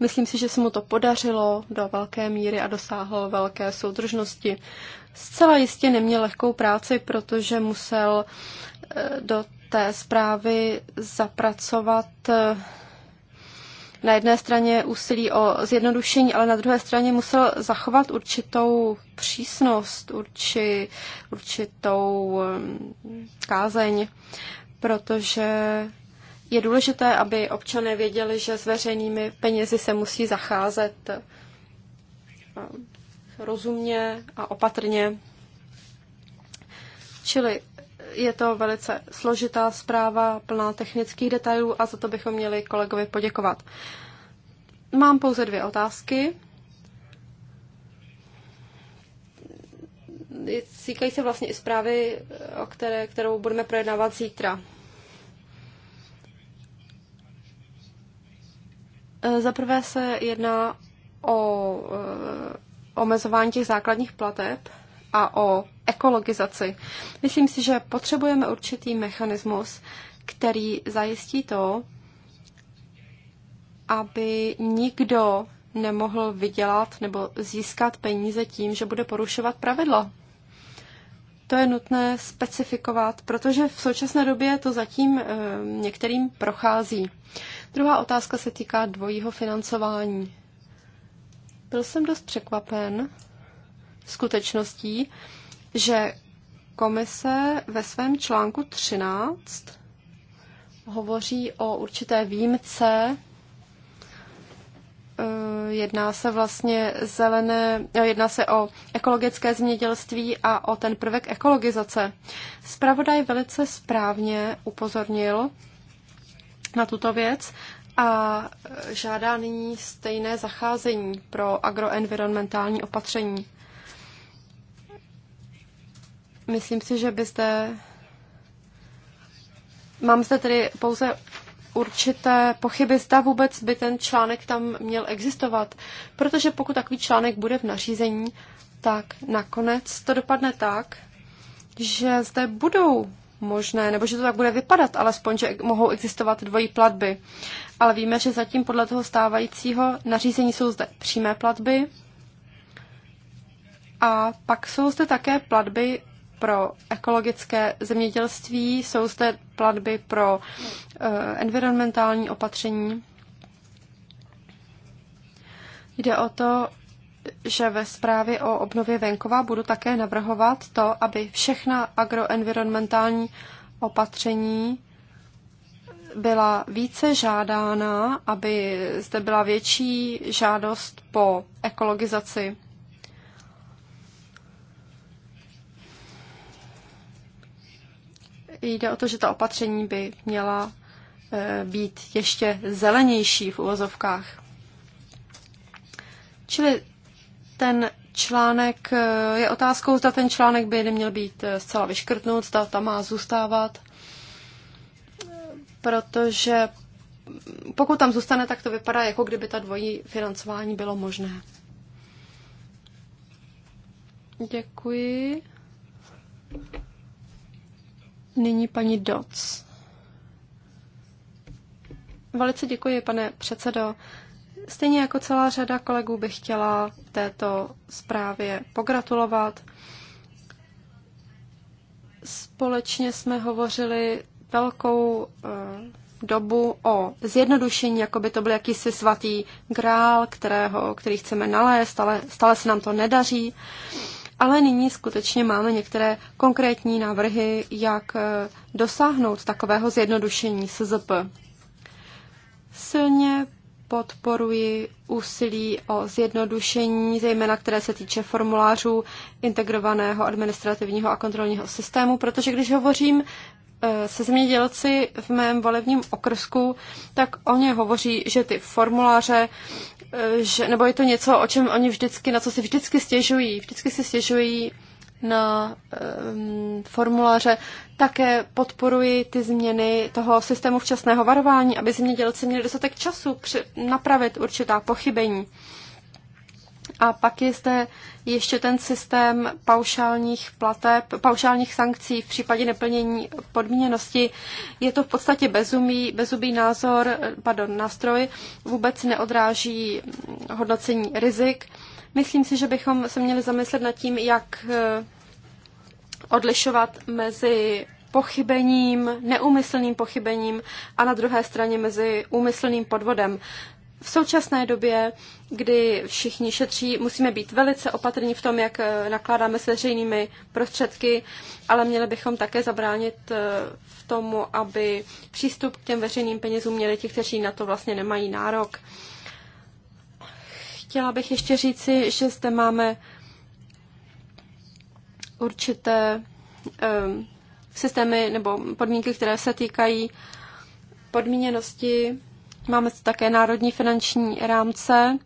Myslím si, že se mu to podařilo do velké míry a dosáhl velké soudržnosti. Zcela jistě neměl lehkou práci, protože musel eh, do té zprávy zapracovat eh, na jedné straně úsilí o zjednodušení, ale na druhé straně musel zachovat určitou přísnost, urči, určitou eh, kázeň, protože je důležité, aby občané věděli, že s veřejnými penězi se musí zacházet eh, rozumně a opatrně. Čili je to velice složitá zpráva, plná technických detailů a za to bychom měli kolegovi poděkovat. Mám pouze dvě otázky. Cíkají se vlastně i zprávy, o které, kterou budeme projednávat zítra. Za prvé se jedná o eh, omezování těch základních plateb a o ekologizaci. Myslím si, že potřebujeme určitý mechanismus, který zajistí to, aby nikdo nemohl vydělat nebo získat peníze tím, že bude porušovat pravidla. To je nutné specifikovat, protože v současné době to zatím e, některým prochází. Druhá otázka se týká dvojího financování. Byl jsem dost překvapen skutečností, že komise ve svém článku 13 hovoří o určité výjimce. E, jedná se vlastně zelené, e, jedná se o ekologické zemědělství a o ten prvek ekologizace. Spravodaj velice správně upozornil na tuto věc a žádá nyní stejné zacházení pro agroenvironmentální opatření. Myslím si, že byste... Mám zde tedy pouze určité pochyby, zda vůbec by ten článek tam měl existovat. Protože pokud takový článek bude v nařízení, tak nakonec to dopadne tak, že zde budou možné, nebo že to tak bude vypadat, alespoň, že mohou existovat dvojí platby. Ale víme, že zatím podle toho stávajícího nařízení jsou zde přímé platby a pak jsou zde také platby pro ekologické zemědělství, jsou zde platby pro eh, environmentální opatření. Jde o to, že ve zprávě o obnově venkova budu také navrhovat to, aby všechna agroenvironmentální opatření byla více žádána, aby zde byla větší žádost po ekologizaci. jde o to, že ta opatření by měla e, být ještě zelenější v uvozovkách. Čili ten článek, e, je otázkou, zda ten článek by neměl být e, zcela vyškrtnut, zda tam má zůstávat, protože pokud tam zůstane, tak to vypadá, jako kdyby ta dvojí financování bylo možné. Děkuji. Nyní paní Doc. Velice děkuji, pane předsedo. Stejně jako celá řada kolegů bych chtěla této zprávě pogratulovat. Společně jsme hovořili velkou eh, dobu o zjednodušení, jako by to byl jakýsi svatý grál, kterého, který chceme nalézt, ale stále se nám to nedaří. Uh, ale nyní skutečně máme některé konkrétní návrhy, jak eh, dosáhnout takového zjednodušení SZP. Silně podporuji úsilí o zjednodušení, zejména které se týče formulářů integrovaného administrativního a kontrolního systému, protože když hovořím Eh, se zemědělci v mém volebním okrsku, tak oni hovoří, že ty formuláře, eh, že, nebo je to něco, o čem oni vždycky, na co si vždycky stěžují, vždycky si stěžují na um, formuláře. Také podporuji ty změny toho systému včasného varování, aby zemědělci měli dostatek času při, napravit určitá pochybení. A pak je zde ještě ten systém paušálních plateb, paušálních sankcí v případě neplnění podmíněnosti. Je to v podstatě bezumý, bezubý názor, pardon, nástroj, vůbec neodráží hodnocení rizik. Myslím si, že bychom se měli zamyslet nad tím, jak eh, odlišovat mezi pochybením, neumyslným pochybením a na druhé straně mezi úmyslným podvodem. V současné době, kdy všichni šetří, musíme být velice opatrní v tom, jak eh, nakládáme se veřejnými prostředky, ale měli bychom také zabránit eh, v tomu, aby přístup k těm veřejným penězům měli ti, kteří na to vlastně nemají nárok. Chtěla bych ještě říci, že zde máme určité um, systémy nebo podmínky, které se týkají podmíněnosti Máme zde také národní finanční rámce.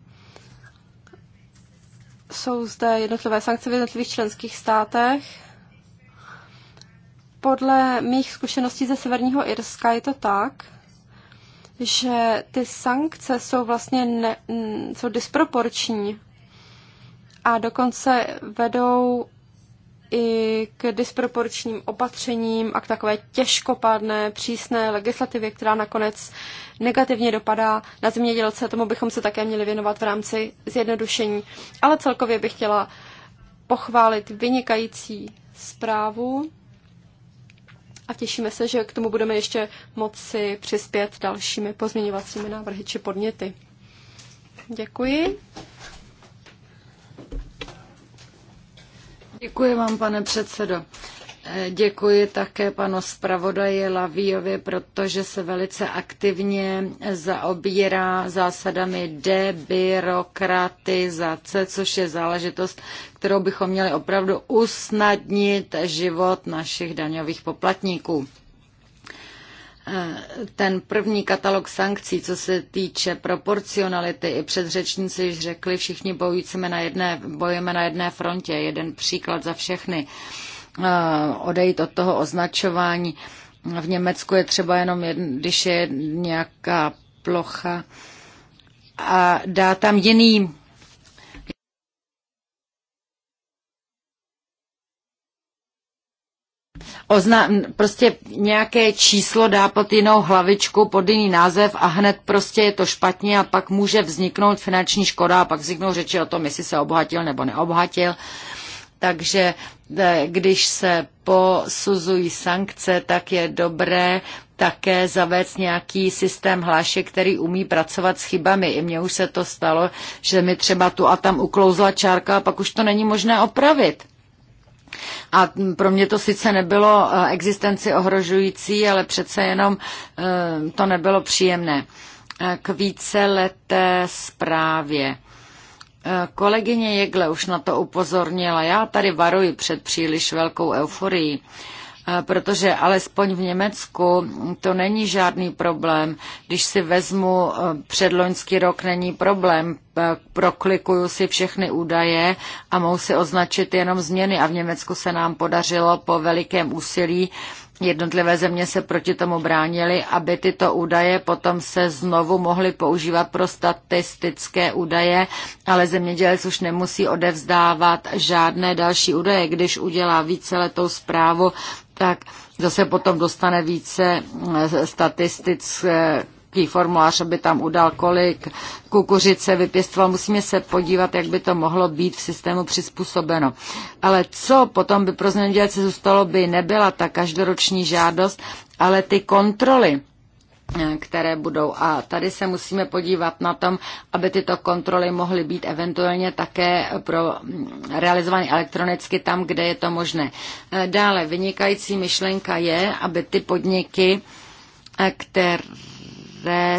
Jsou zde jednotlivé sankce v jednotlivých členských státech. Podle mých zkušeností ze Severního Irska je to tak, že ty sankce jsou vlastně ne, jsou disproporční a dokonce vedou i k disproporčním opatřením a k takové těžkopádné, přísné legislativě, která nakonec negativně dopadá na zemědělce. Tomu bychom se také měli věnovat v rámci zjednodušení. Ale celkově bych chtěla pochválit vynikající zprávu a těšíme se, že k tomu budeme ještě moci přispět dalšími pozměňovacími návrhy či podněty. Děkuji. Děkuji vám, pane předsedo. Eh, děkuji také panu zpravodaji Lavíjovi, protože se velice aktivně zaobírá zásadami debyrokratizace, což je záležitost, kterou bychom měli opravdu usnadnit život našich daňových poplatníků ten první katalog sankcí, co se týče proporcionality, i předřečníci již řekli, všichni bojujeme na jedné, bojujeme na jedné frontě, jeden příklad za všechny, eh, odejít od toho označování. V Německu je třeba jenom, jedn, když je nějaká plocha a dá tam jiný ozna- prostě nějaké číslo dá pod jinou hlavičku, pod jiný název a hned prostě je to špatně a pak může vzniknout finanční škoda a pak vzniknou řeči o tom, jestli se obohatil nebo neobohatil. Takže e, když se posuzují sankce, tak je dobré také zavést nějaký systém hlášek, který umí pracovat s chybami. I mně už se to stalo, že mi třeba tu a tam uklouzla čárka a pak už to není možné opravit. A pro mě to sice nebylo eh, existenci ohrožující, ale přece jenom eh, to nebylo příjemné. Eh, k víceleté zprávě. Kolegyně Jegle už na to upozornila. Já tady varuji před příliš velkou euforií protože alespoň v Německu to není žádný problém. Když si vezmu eh, předloňský rok, není problém. Eh, proklikuju si všechny údaje a mohu si označit jenom změny. A v Německu se nám podařilo po velikém úsilí Jednotlivé země se proti tomu bránili, aby tyto údaje potom se znovu mohly používat pro statistické údaje, ale zemědělec už nemusí odevzdávat žádné další údaje. Když udělá víceletou zprávu, tak zase potom dostane více eh, statistické formulář, aby tam udal, kolik kukuřice vypěstoval. Musíme se podívat, jak by to mohlo být v systému přizpůsobeno. Ale co potom by pro zemědělce zůstalo, by nebyla ta každoroční žádost, ale ty kontroly Eh, které budou. A tady se musíme podívat na tom, aby tyto kontroly mohly být eventuálně také pro mm, realizované elektronicky tam, kde je to možné. Eh, dále vynikající myšlenka je, aby ty podniky, eh, které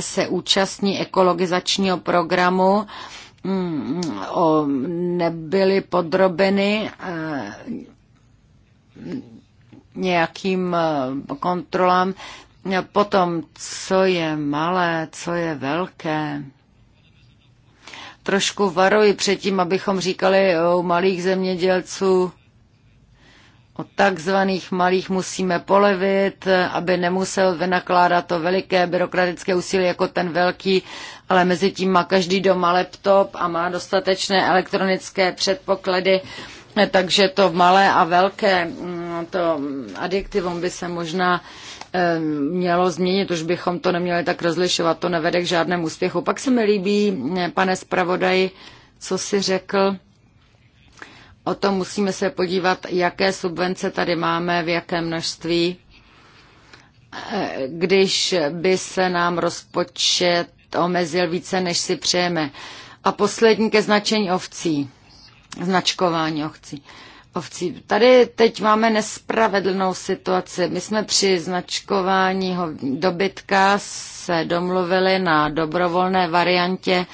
se účastní ekologizačního programu, mm, nebyly podrobeny nějakým kontrolám, potom, co je malé, co je velké. Trošku varuji před tím, abychom říkali o malých zemědělců, o takzvaných malých musíme polevit, aby nemusel vynakládat to veliké byrokratické úsilí jako ten velký, ale mezi tím má každý doma laptop a má dostatečné elektronické předpoklady, takže to malé a velké, mm, to adjektivum by se možná uh, mělo změnit, už bychom to neměli tak rozlišovat, to nevede k žádnému úspěchu. Pak se mi líbí, pane zpravodaji, co si řekl, o tom musíme se podívat, jaké subvence tady máme, v jaké množství, e, když by se nám rozpočet omezil více, než si přejeme. A poslední ke značení ovcí, značkování ovcí ovcí. Tady teď máme nespravedlnou situaci. My jsme při značkování dobytka se domluvili na dobrovolné variantě,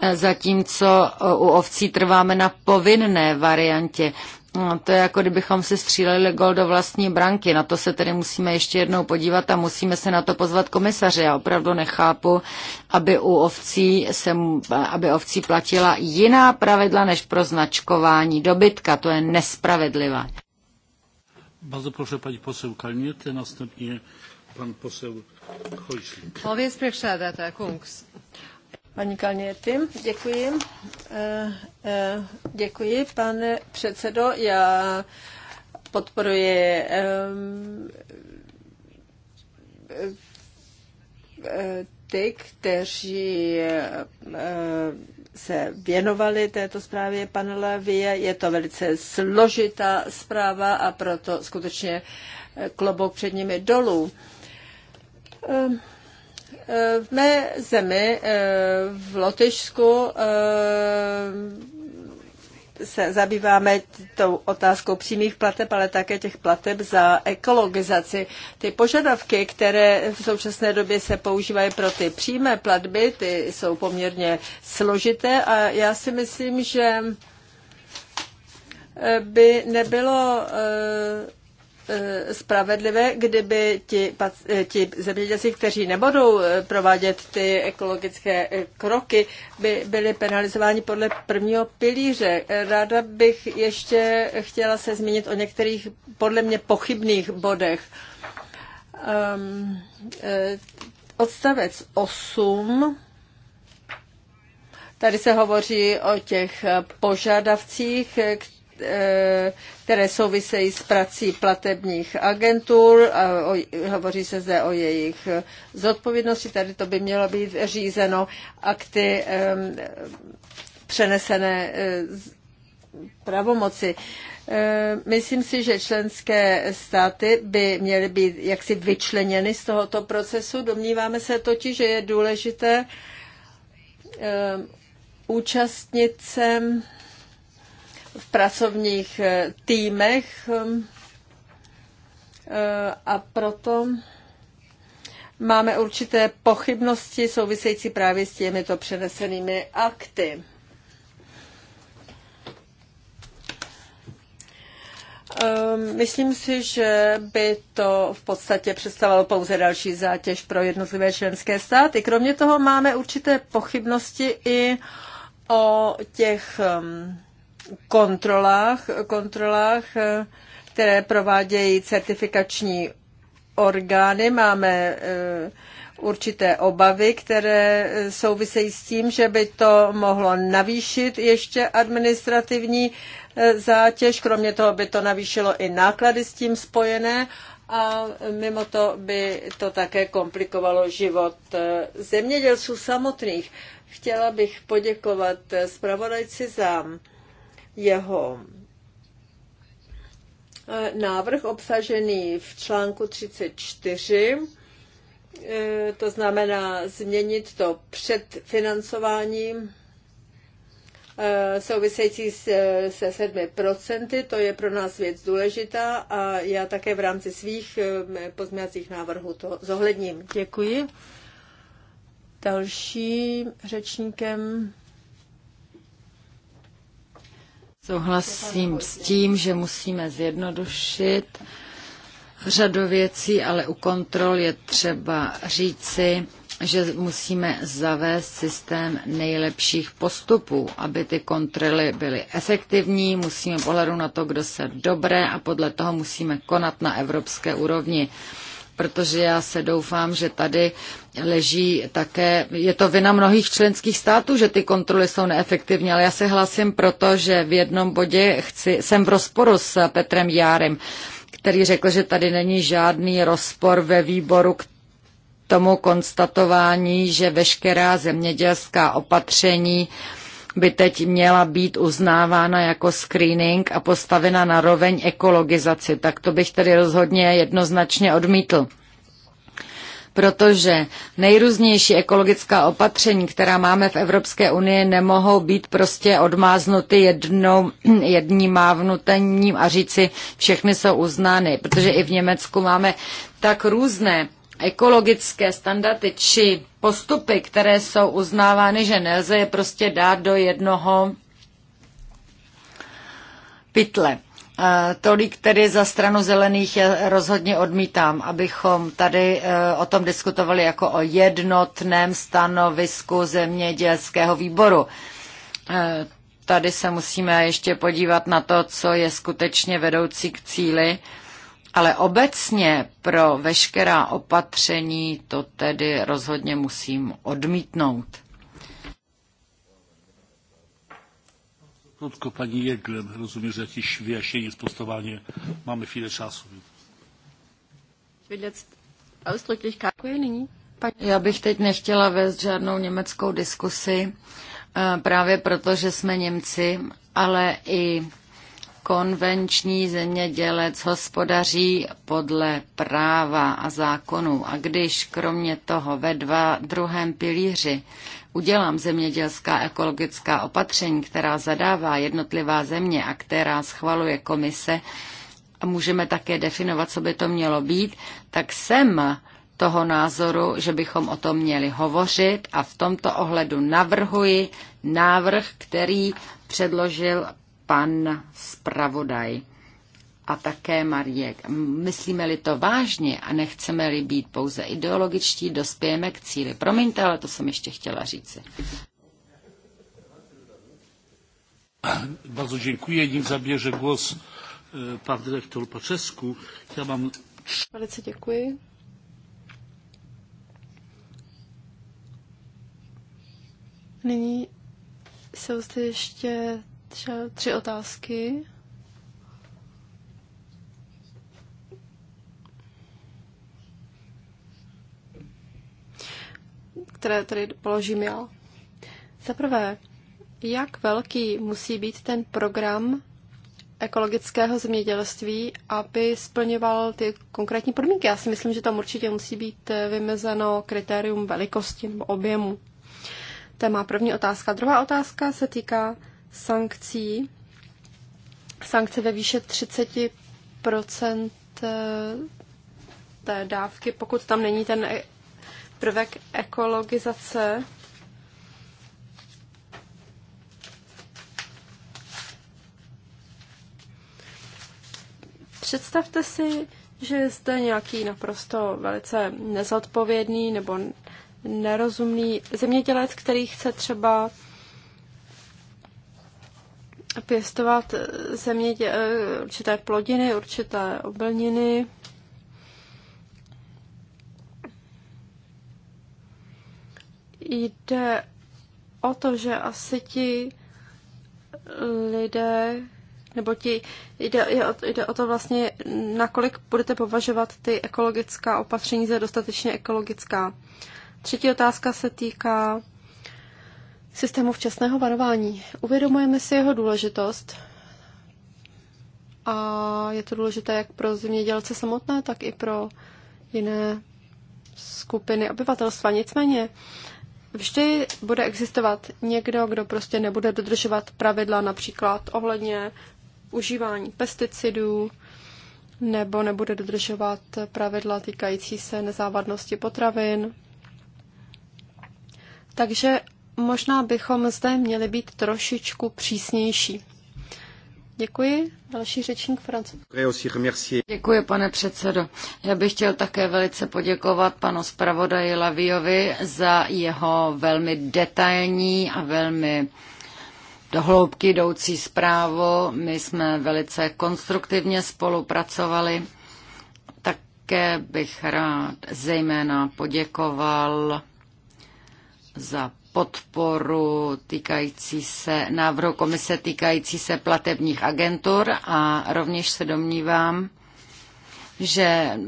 e, zatímco u ovcí trváme na povinné variantě. No, to je jako kdybychom si stříleli gol do vlastní branky. Na to se tedy musíme ještě jednou podívat a musíme se na to pozvat komisaře. Já opravdu nechápu, aby u ovcí, se, aby ovcí platila jiná pravidla než pro značkování dobytka. To je nespravedlivé. Bardzo proszę pani poseł Kalniety, następnie pan poseł Hojsling. Powiedz data, kungs. Paní Kalněty, děkuji. Eh, eh, děkuji, pane předsedo. Já podporuji eh, ty, kteří se věnovali této zprávě pana Levie. Je to velice složitá zpráva a proto skutečně klobouk před nimi dolů. V mé zemi, eh, v Lotyšsku, eh, se zabýváme tou otázkou přímých plateb, ale také těch plateb za ekologizaci. Ty požadavky, které v současné době se používají pro ty přímé platby, ty jsou poměrně složité a já si myslím, že eh, by nebylo Eh, spravedlivé, kdyby ti, eh, ti zemědělci, kteří nebudou eh, provádět ty ekologické kroky, by byli penalizováni podle prvního pilíře. Ráda bych ještě chtěla se zmínit o některých podle mě pochybných bodech. Um, odstavec 8 Tady se hovoří o těch požadavcích, které souvisejí s prací platebních agentur. A o, hovoří se zde o jejich zodpovědnosti. Tady to by mělo být řízeno akty um, přenesené e, pravomoci. E, myslím si, že členské státy by měly být jaksi vyčleněny z tohoto procesu. Domníváme se totiž, že je důležité účastnit se v pracovních eh, týmech hm, eh, a proto máme určité pochybnosti související právě s těmito přenesenými akty. Ehm, myslím si, že by to v podstatě představovalo pouze další zátěž pro jednotlivé členské státy. Kromě toho máme určité pochybnosti i o těch um, kontrolách, kontrolách, eh, které provádějí certifikační orgány. Máme eh, určité obavy, které eh, souvisejí s tím, že by to mohlo navýšit ještě administrativní zátěž. Kromě toho by to navýšilo i náklady s tím spojené a mimo to by to také komplikovalo život zemědělců samotných. Chtěla bych poděkovat zpravodajci za jeho eh, návrh obsažený v článku 34, eh, to znamená změnit to předfinancování eh, související se sedmi procenty, to je pro nás věc důležitá a já také v rámci svých pozměňovacích návrhů to zohledním. Děkuji. Dalším řečníkem Souhlasím s tím, že musíme zjednodušit řadu věcí, ale u kontrol je třeba říci, že musíme zavést systém nejlepších postupů, aby ty kontroly byly efektivní, musíme pohledu na to, kdo se dobré a podle toho musíme konat na evropské úrovni protože já se doufám, že tady leží také, je to vina mnohých členských států, že ty kontroly jsou neefektivní, ale já se hlasím proto, že v jednom bodě chci, jsem v rozporu s Petrem Járem, který řekl, že tady není žádný rozpor ve výboru, tomu konstatování, že veškerá zemědělská opatření uh, by teď měla být uznávána jako screening a postavena na roveň ekologizaci. Tak to bych tedy rozhodně jednoznačně odmítl protože nejrůznější ekologická opatření, která máme v Evropské unii, nemohou být prostě odmáznuty jednou, jedním mávnutením a říci, všechny jsou uznány, protože i v Německu máme tak různé ekologické standardy či postupy, které jsou uznávány, že nelze je prostě dát do jednoho pytle. Eh, tolik tedy za stranu zelených já rozhodně odmítám, abychom tady eh, o tom diskutovali jako o jednotném stanovisku zemědělského výboru. Eh, tady se musíme ještě podívat na to, co je skutečně vedoucí k cíli ale obecně pro veškerá opatření to tedy rozhodně musím odmítnout. Krótko pani Jeglem, rozumiem, że jakieś wyjaśnienie, sprostowanie. Mamy chwilę czasu. Já bych teď nechtěla vést žádnou německou diskusi, eh, právě proto, že jsme Němci, ale i konvenční zemědělec hospodaří podle práva a zákonů. A když kromě toho ve dva, druhém pilíři udělám zemědělská ekologická opatření, která zadává jednotlivá země a která schvaluje komise, a můžeme také definovat, co by to mělo být, tak jsem toho názoru, že bychom o tom měli hovořit a v tomto ohledu navrhuji návrh, který předložil pan zpravodaj a také Marie. Myslíme-li to vážně a nechceme-li být pouze ideologičtí, dospějeme k cíli. Promiňte, ale to jsem ještě chtěla říci. Bardzo děkuji, Nim zabierze głos e, pan dyrektor Paczesku. Já mám... Velice děkuji. Nyní jsou zde ještě tři otázky. které tady položím já. Za prvé, jak velký musí být ten program ekologického zemědělství, aby splňoval ty konkrétní podmínky. Já si myslím, že tam určitě musí být eh, vymezeno kritérium velikosti nebo objemu. To je má první otázka. Druhá otázka se týká sankcí, sankce ve výše 30 eh, té dávky, pokud tam není ten e- prvek ekologizace. Představte si, že je zde nějaký naprosto velice nezodpovědný nebo nerozumný zemědělec, který chce třeba pěstovat zemědě, určité plodiny, určité obilniny. Jde o to, že asi ti lidé, nebo ti, jde, jde o to vlastně, nakolik budete považovat ty ekologická opatření za dostatečně ekologická. Třetí otázka se týká systému včasného varování. Uvědomujeme si jeho důležitost a je to důležité jak pro zemědělce samotné, tak i pro jiné skupiny obyvatelstva. Nicméně vždy bude existovat někdo, kdo prostě nebude dodržovat pravidla například ohledně užívání pesticidů nebo nebude dodržovat pravidla týkající se nezávadnosti potravin. Takže možná bychom zde měli být trošičku přísnější. Děkuji. Další řečník francouzský. Děkuji, pane předsedo. Já bych chtěl také velice poděkovat panu zpravodaji Laviovi za jeho velmi detailní a velmi dohloubky jdoucí zprávu. My jsme velice konstruktivně spolupracovali. Také bych rád zejména poděkoval za podporu týkající se návrhu komise týkající se platebních agentur a rovněž se domnívám, že eh,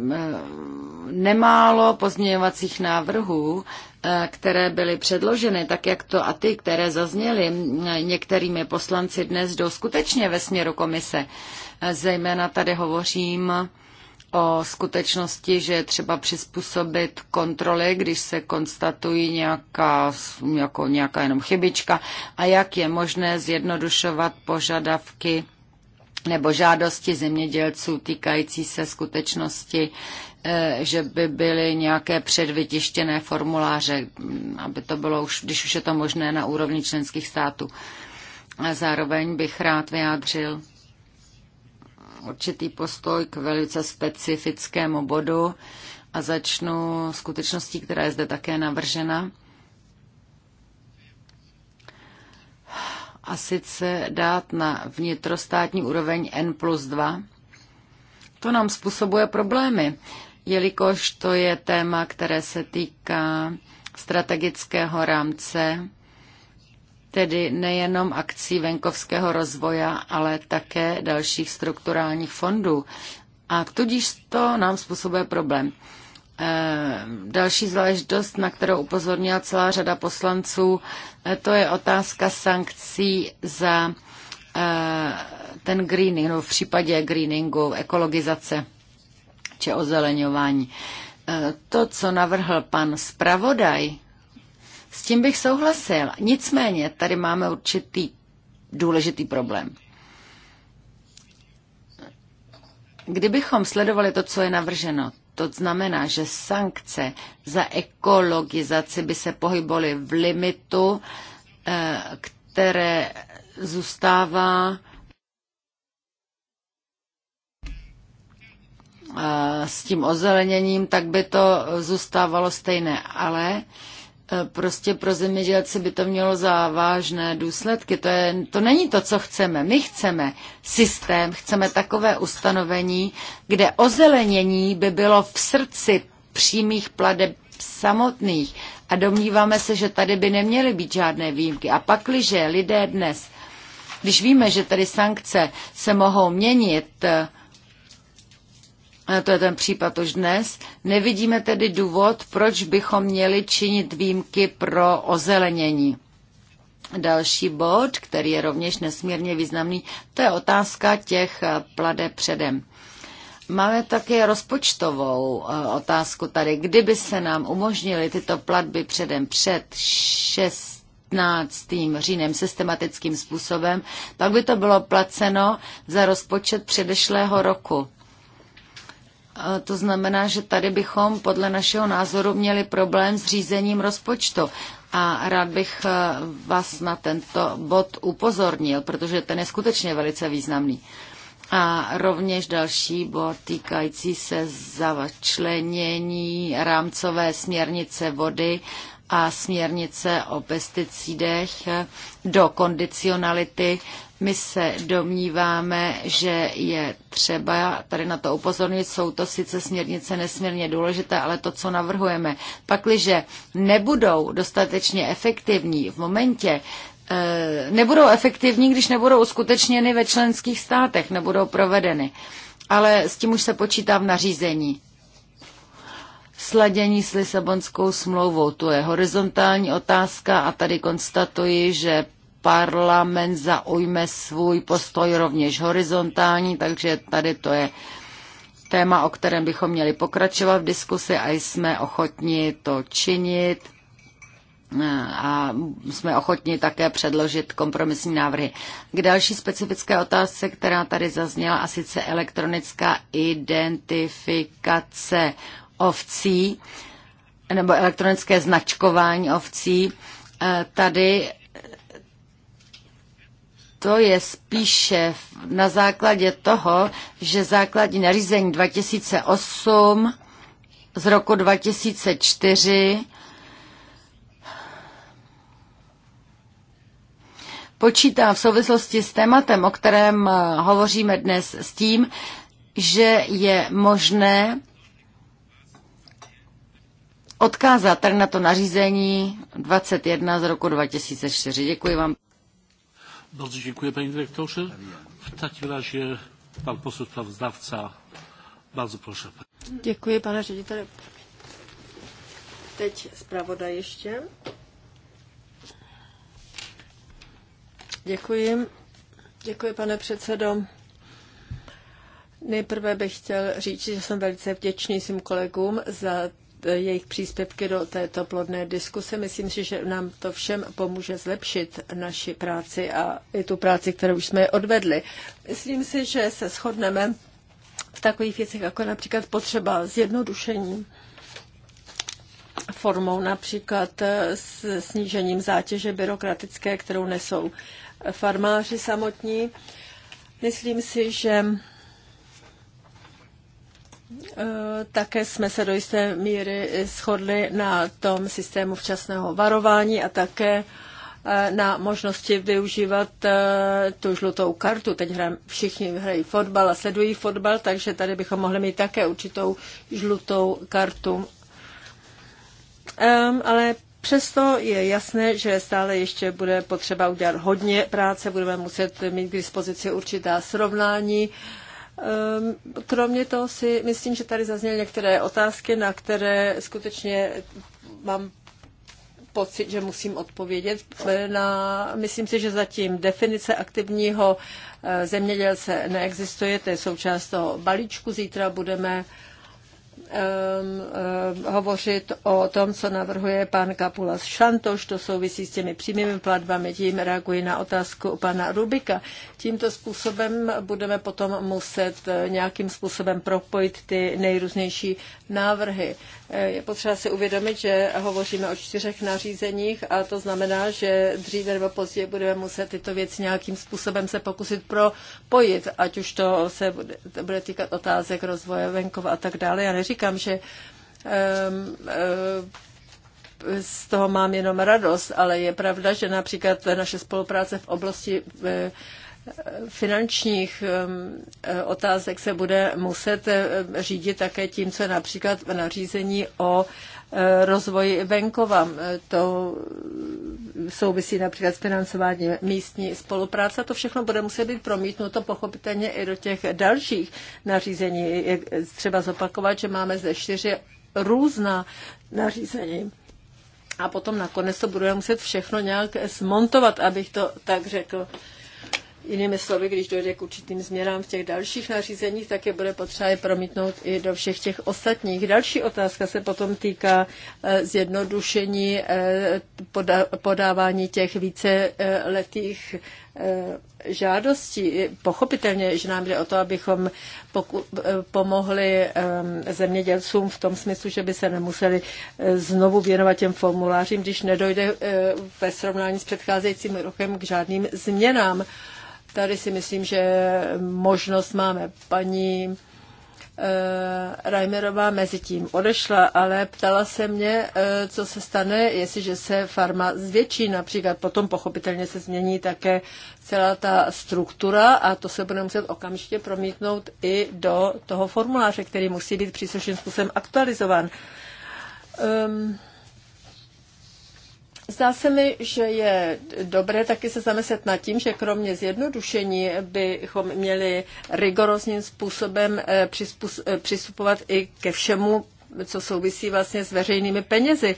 nemálo pozměňovacích návrhů, eh, které byly předloženy, tak jak to a ty, které zazněly eh, některými poslanci dnes, jdou skutečně ve směru komise. Zejména tady hovořím o skutečnosti, že je třeba přizpůsobit kontroly, když se konstatují nějaká, jako nějaká jenom chybička a jak je možné zjednodušovat požadavky nebo žádosti zemědělců týkající se skutečnosti, eh, že by byly nějaké předvytištěné formuláře, aby to bylo už, když už je to možné na úrovni členských států. A zároveň bych rád vyjádřil určitý postoj k velice specifickému bodu a začnu skutečností, která je zde také navržena. A sice dát na vnitrostátní úroveň N plus 2. To nám způsobuje problémy, jelikož to je téma, které se týká strategického rámce tedy nejenom akcí venkovského rozvoje, ale také dalších strukturálních fondů. A tudíž to nám způsobuje problém. E, další záležitost, na kterou upozornila celá řada poslanců, e, to je otázka sankcí za e, ten greening, no v případě greeningu, ekologizace či ozeleňování. To, co navrhl pan zpravodaj, s tím bych souhlasil. Nicméně tady máme určitý důležitý problém. Kdybychom sledovali to, co je navrženo, to znamená, že sankce za ekologizaci by se pohybovaly v limitu, eh, které zůstává eh, s tím ozeleněním, tak by to zůstávalo stejné. Ale Eh, prostě pro zemědělce by to mělo závažné důsledky. To, je, to není to, co chceme. My chceme systém, chceme takové ustanovení, kde ozelenění by bylo v srdci přímých pladeb samotných a domníváme se, že tady by neměly být žádné výjimky. A pakliže lidé dnes, když víme, že tady sankce se mohou měnit, eh, to je ten případ už dnes, nevidíme tedy důvod, proč bychom měli činit výjimky pro ozelenění. Další bod, který je rovněž nesmírně významný, to je otázka těch eh, plade předem. Máme také rozpočtovou eh, otázku tady. Kdyby se nám umožnily tyto platby předem před 16. říjnem systematickým způsobem, pak by to bylo placeno za rozpočet předešlého roku. To znamená, že tady bychom podle našeho názoru měli problém s řízením rozpočtu. A rád bych eh, vás na tento bod upozornil, protože ten je skutečně velice významný. A rovněž další bod týkající se začlenění rámcové směrnice vody a směrnice o pesticidech do kondicionality my se domníváme, že je třeba tady na to upozornit. Jsou to sice směrnice nesmírně důležité, ale to, co navrhujeme, pakliže nebudou dostatečně efektivní v momentě, eh, nebudou efektivní, když nebudou uskutečněny ve členských státech, nebudou provedeny. Ale s tím už se počítá v nařízení sladění s Lisabonskou smlouvou. To je horizontální otázka a tady konstatuji, že parlament zaujme svůj postoj rovněž horizontální, takže tady to je téma, o kterém bychom měli pokračovat v diskusi a jsme ochotni to činit a jsme ochotni také předložit kompromisní návrhy. K další specifické otázce, která tady zazněla, a sice elektronická identifikace ovcí nebo elektronické značkování ovcí. Eh, tady to je spíše na základě toho, že základní nařízení 2008 z roku 2004 počítá v souvislosti s tématem, o kterém eh, hovoříme dnes, s tím, že je možné odkázat na to nařízení 21 z roku 2004. Děkuji vám. Bardzo dziękuję panie dyrektorze. W takim razie pan poseł sprawozdawca. Bardzo proszę. Děkuji, pane řediteli. Teď zpravodaj ještě. Děkuji. Děkuji, pane předsedo. Nejprve bych chtěl říct, že jsem velice vděčný svým kolegům za jejich příspěvky do této plodné diskuse. Myslím si, že nám to všem pomůže zlepšit naši práci a i tu práci, kterou už jsme odvedli. Myslím si, že se shodneme v takových věcech, jako například potřeba zjednodušení formou například s snížením zátěže byrokratické, kterou nesou farmáři samotní. Myslím si, že Eh, také jsme se do jisté míry shodli na tom systému včasného varování a také eh, na možnosti využívat eh, tu žlutou kartu. Teď hrají, všichni hrají fotbal a sledují fotbal, takže tady bychom mohli mít také určitou žlutou kartu. Um, ale Přesto je jasné, že stále ještě bude potřeba udělat hodně práce, budeme muset mít k dispozici určitá srovnání Ehm, kromě toho si myslím, že tady zazněly některé otázky, na které skutečně mám pocit, že musím odpovědět. Na, myslím si, že zatím definice aktivního eh, zemědělce neexistuje, to je součást toho balíčku. Zítra budeme uh, um, uh, hovořit o tom, co navrhuje pan Kapulas Šantoš, to souvisí s těmi přímými platbami, tím reaguji na otázku pana Rubika. Tímto způsobem budeme potom muset eh, nějakým způsobem propojit ty nejrůznější návrhy. Je potřeba si uvědomit, že hovoříme o čtyřech nařízeních a to znamená, že dříve nebo později budeme muset tyto věci nějakým způsobem se pokusit propojit, ať už to se bude, to bude týkat otázek rozvoje venkova a tak dále. Já neříkám, že um, um, z toho mám jenom radost, ale je pravda, že například naše spolupráce v oblasti eh, finančních eh, otázek se bude muset eh, řídit také tím, co je například v nařízení o eh, rozvoji venkova. To souvisí například s financováním místní spolupráce. To všechno bude muset být promítnuto pochopitelně i do těch dalších nařízení. Je třeba zopakovat, že máme zde čtyři různá nařízení. A potom nakonec to budeme muset všechno nějak smontovat, abych to tak řekl. Jinými slovy, když dojde k určitým změnám v těch dalších nařízeních, tak je bude potřeba je promítnout i do všech těch ostatních. Další otázka se potom týká e, zjednodušení e, podávání těch více e, letých žádostí. Pochopitelně, že nám jde o to, abychom pomohli zemědělcům v tom smyslu, že by se nemuseli znovu věnovat těm formulářím, když nedojde ve srovnání s předcházejícím rokem k žádným změnám. Tady si myslím, že možnost máme. Paní eh, Reimerová mezi tím odešla, ale ptala se mě, eh, co se stane, jestliže se farma zvětší například. Potom pochopitelně se změní také celá ta struktura a to se bude muset okamžitě promítnout i do toho formuláře, který musí být příslušným způsobem aktualizován. Um, Zdá se mi, že je dobré taky se zamyslet nad tím, že kromě zjednodušení bychom měli rigorózním způsobem eh, eh, přistupovat i ke všemu, co souvisí vlastně s veřejnými penězi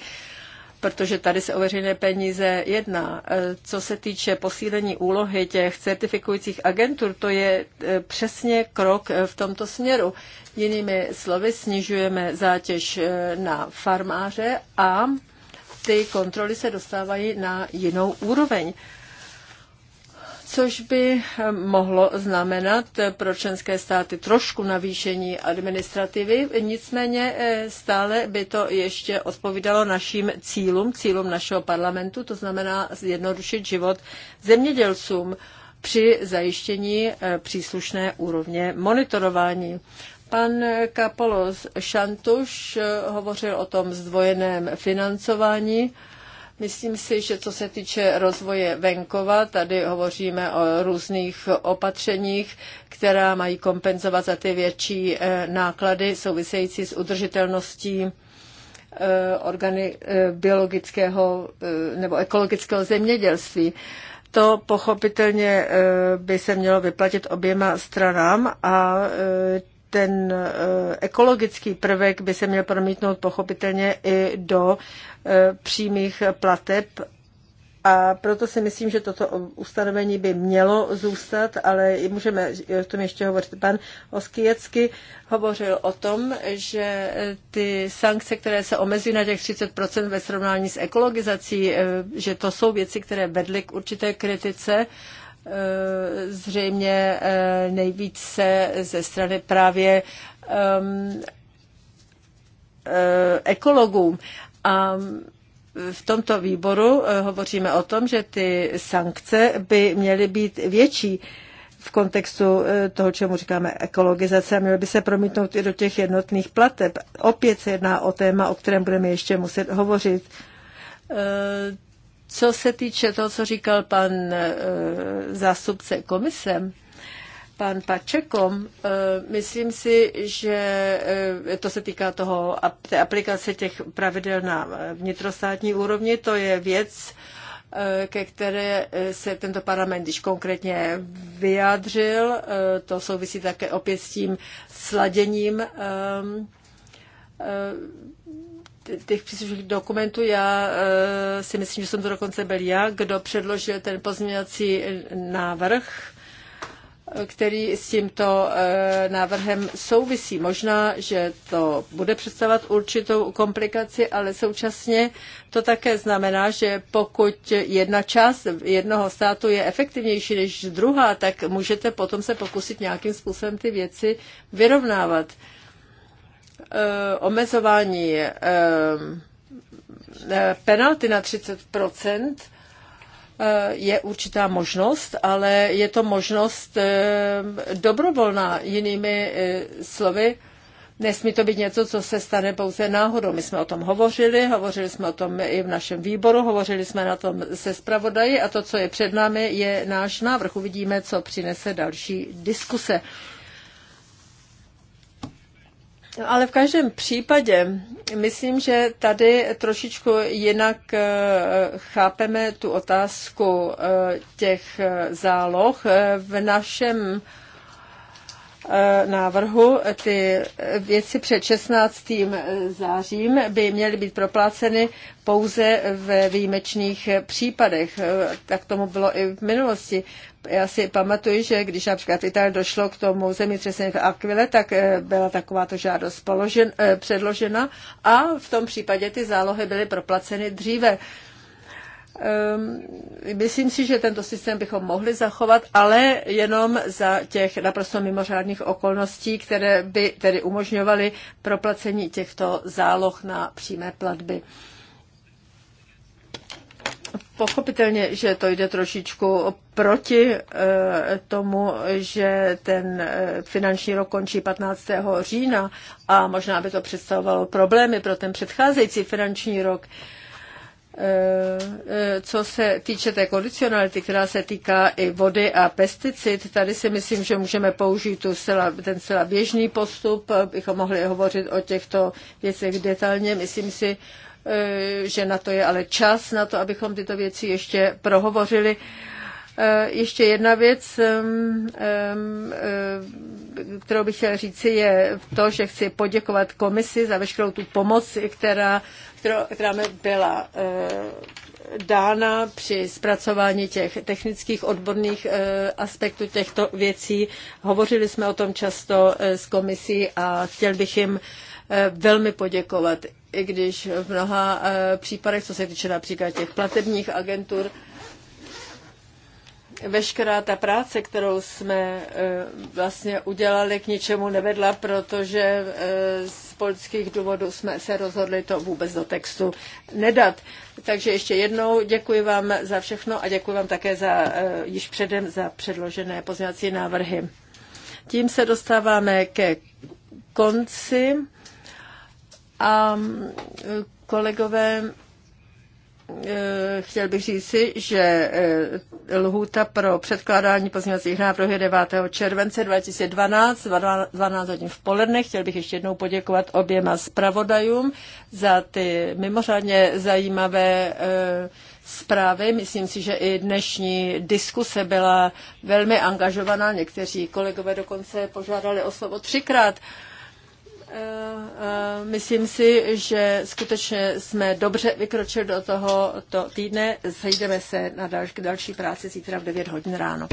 protože tady se o veřejné peníze jedná. Eh, co se týče posílení úlohy těch certifikujících agentur, to je přesně krok v tomto směru. Jinými slovy, snižujeme zátěž na farmáře a ty kontroly se dostávají na jinou úroveň což by eh, mohlo znamenat eh, pro členské státy trošku navýšení administrativy, nicméně eh, stále by to ještě odpovídalo našim cílům, cílům našeho parlamentu, to znamená zjednodušit život zemědělcům při zajištění příslušné úrovně monitorování. Pan Kapolos Šantuš hovořil o tom zdvojeném financování. Myslím si, že co se týče rozvoje venkova, tady hovoříme o různých opatřeních, která mají kompenzovat za ty větší eh, náklady související s udržitelností eh, organy eh, biologického nebo ekologického zemědělství. To pochopitelně by se mělo vyplatit oběma stranám a ten eh, ekologický prvek by se měl promítnout pochopitelně i do eh, přímých plateb. A proto si myslím, že toto ustanovení by mělo zůstat, ale můžeme o tom ještě hovořit. Pan Oskijecky hovořil o tom, že eh, ty sankce, které se omezují na těch 30% ve srovnání s ekologizací, že to jsou věci, které vedly k určité kritice zřejmě eh, nejvíce ze strany právě eh, ekologům. A v tomto výboru eh, hovoříme o tom, že ty sankce by měly být větší v kontextu toho, čemu říkáme ekologizace a měly by se promítnout i do těch jednotných plateb. Opět se jedná o téma, o kterém budeme ještě muset hovořit. Co se týče toho, co říkal pan eh, zástupce komise, pan Pačekom, eh, myslím si, že eh, to se týká toho, té aplikace těch pravidel na vnitrostátní úrovni, to je věc, ke které se tento parlament již konkrétně vyjádřil. To souvisí také opět s tím sladěním těch příslušných dokumentů. Já eh, si myslím, že jsem to dokonce byl já, kdo předložil ten pozměňovací návrh, který s tímto eh, návrhem souvisí. Možná, že to bude představovat určitou komplikaci, ale současně to také znamená, že pokud jedna část jednoho státu je efektivnější než druhá, tak můžete potom se pokusit nějakým způsobem ty věci vyrovnávat. Eh, omezování eh, penalty na 30 eh, je určitá možnost, ale je to možnost dobrovolná. Jinými slovy, nesmí to být něco, co se stane pouze náhodou. My jsme o tom hovořili, hovořili jsme o tom i v našem výboru, hovořili jsme na tom se zpravodaji a to, co je před námi, je náš návrh. Uvidíme, co přinese další diskuse. Ale v každém případě myslím, že tady trošičku jinak eh, chápeme tu otázku eh, těch eh, záloh. V našem Eh, návrhu ty věci před 16. Eh, zářím by měly být propláceny pouze ve výjimečných případech. Eh, tak tomu bylo i v minulosti. Já si pamatuju, že když například v došlo k tomu zemětřesení v Aquile, tak byla takováto žádost položen, předložena a v tom případě ty zálohy byly proplaceny dříve. Ehm, myslím si, že tento systém bychom mohli zachovat, ale jenom za těch naprosto mimořádných okolností, které by tedy umožňovaly proplacení těchto záloh na přímé platby. Pochopitelně, že to jde trošičku proti eh, tomu, že ten eh, finanční rok končí 15. října a možná by to představovalo problémy pro ten předcházející finanční rok. Eh, eh, co se týče té kondicionality, která se týká i vody a pesticid, tady si myslím, že můžeme použít tu zcela, ten celá běžný postup, bychom mohli hovořit o těchto věcech detailně. Myslím si, eh, že na to je ale čas, na to, abychom tyto věci ještě prohovořili. Eh, ještě jedna věc, eh, kterou bych chtěla říci, je to, že chci poděkovat komisi za veškerou tu pomoc, která, která mi byla eh, dána při zpracování těch technických odborných aspektů těchto věcí. Hovořili jsme o tom často s komisí a chtěl bych jim velmi poděkovat, i když v mnoha případech, co se týče například těch platebních agentur, veškerá ta práce, kterou jsme e, vlastně udělali, k ničemu nevedla, protože e, z politických důvodů jsme se rozhodli to vůbec do textu nedat. Takže ještě jednou děkuji vám za všechno a děkuji vám také za, e, již předem za předložené pozměňovací návrhy. Tím se dostáváme ke konci a kolegové Eh, chtěl bych říci, že eh, lhůta pro předkládání pozměňovacích návrhů je 9. července 2012, 12 hodin v poledne. Chtěl bych ještě jednou poděkovat oběma zpravodajům za ty mimořádně zajímavé eh, zprávy. Myslím si, že i dnešní diskuse byla velmi angažovaná. Někteří kolegové dokonce požádali o slovo třikrát. Eh, eh, myslím si, že skutečně jsme dobře vykročili do tohoto týdne. Sejdeme se na další práci zítra v 9 hodin ráno.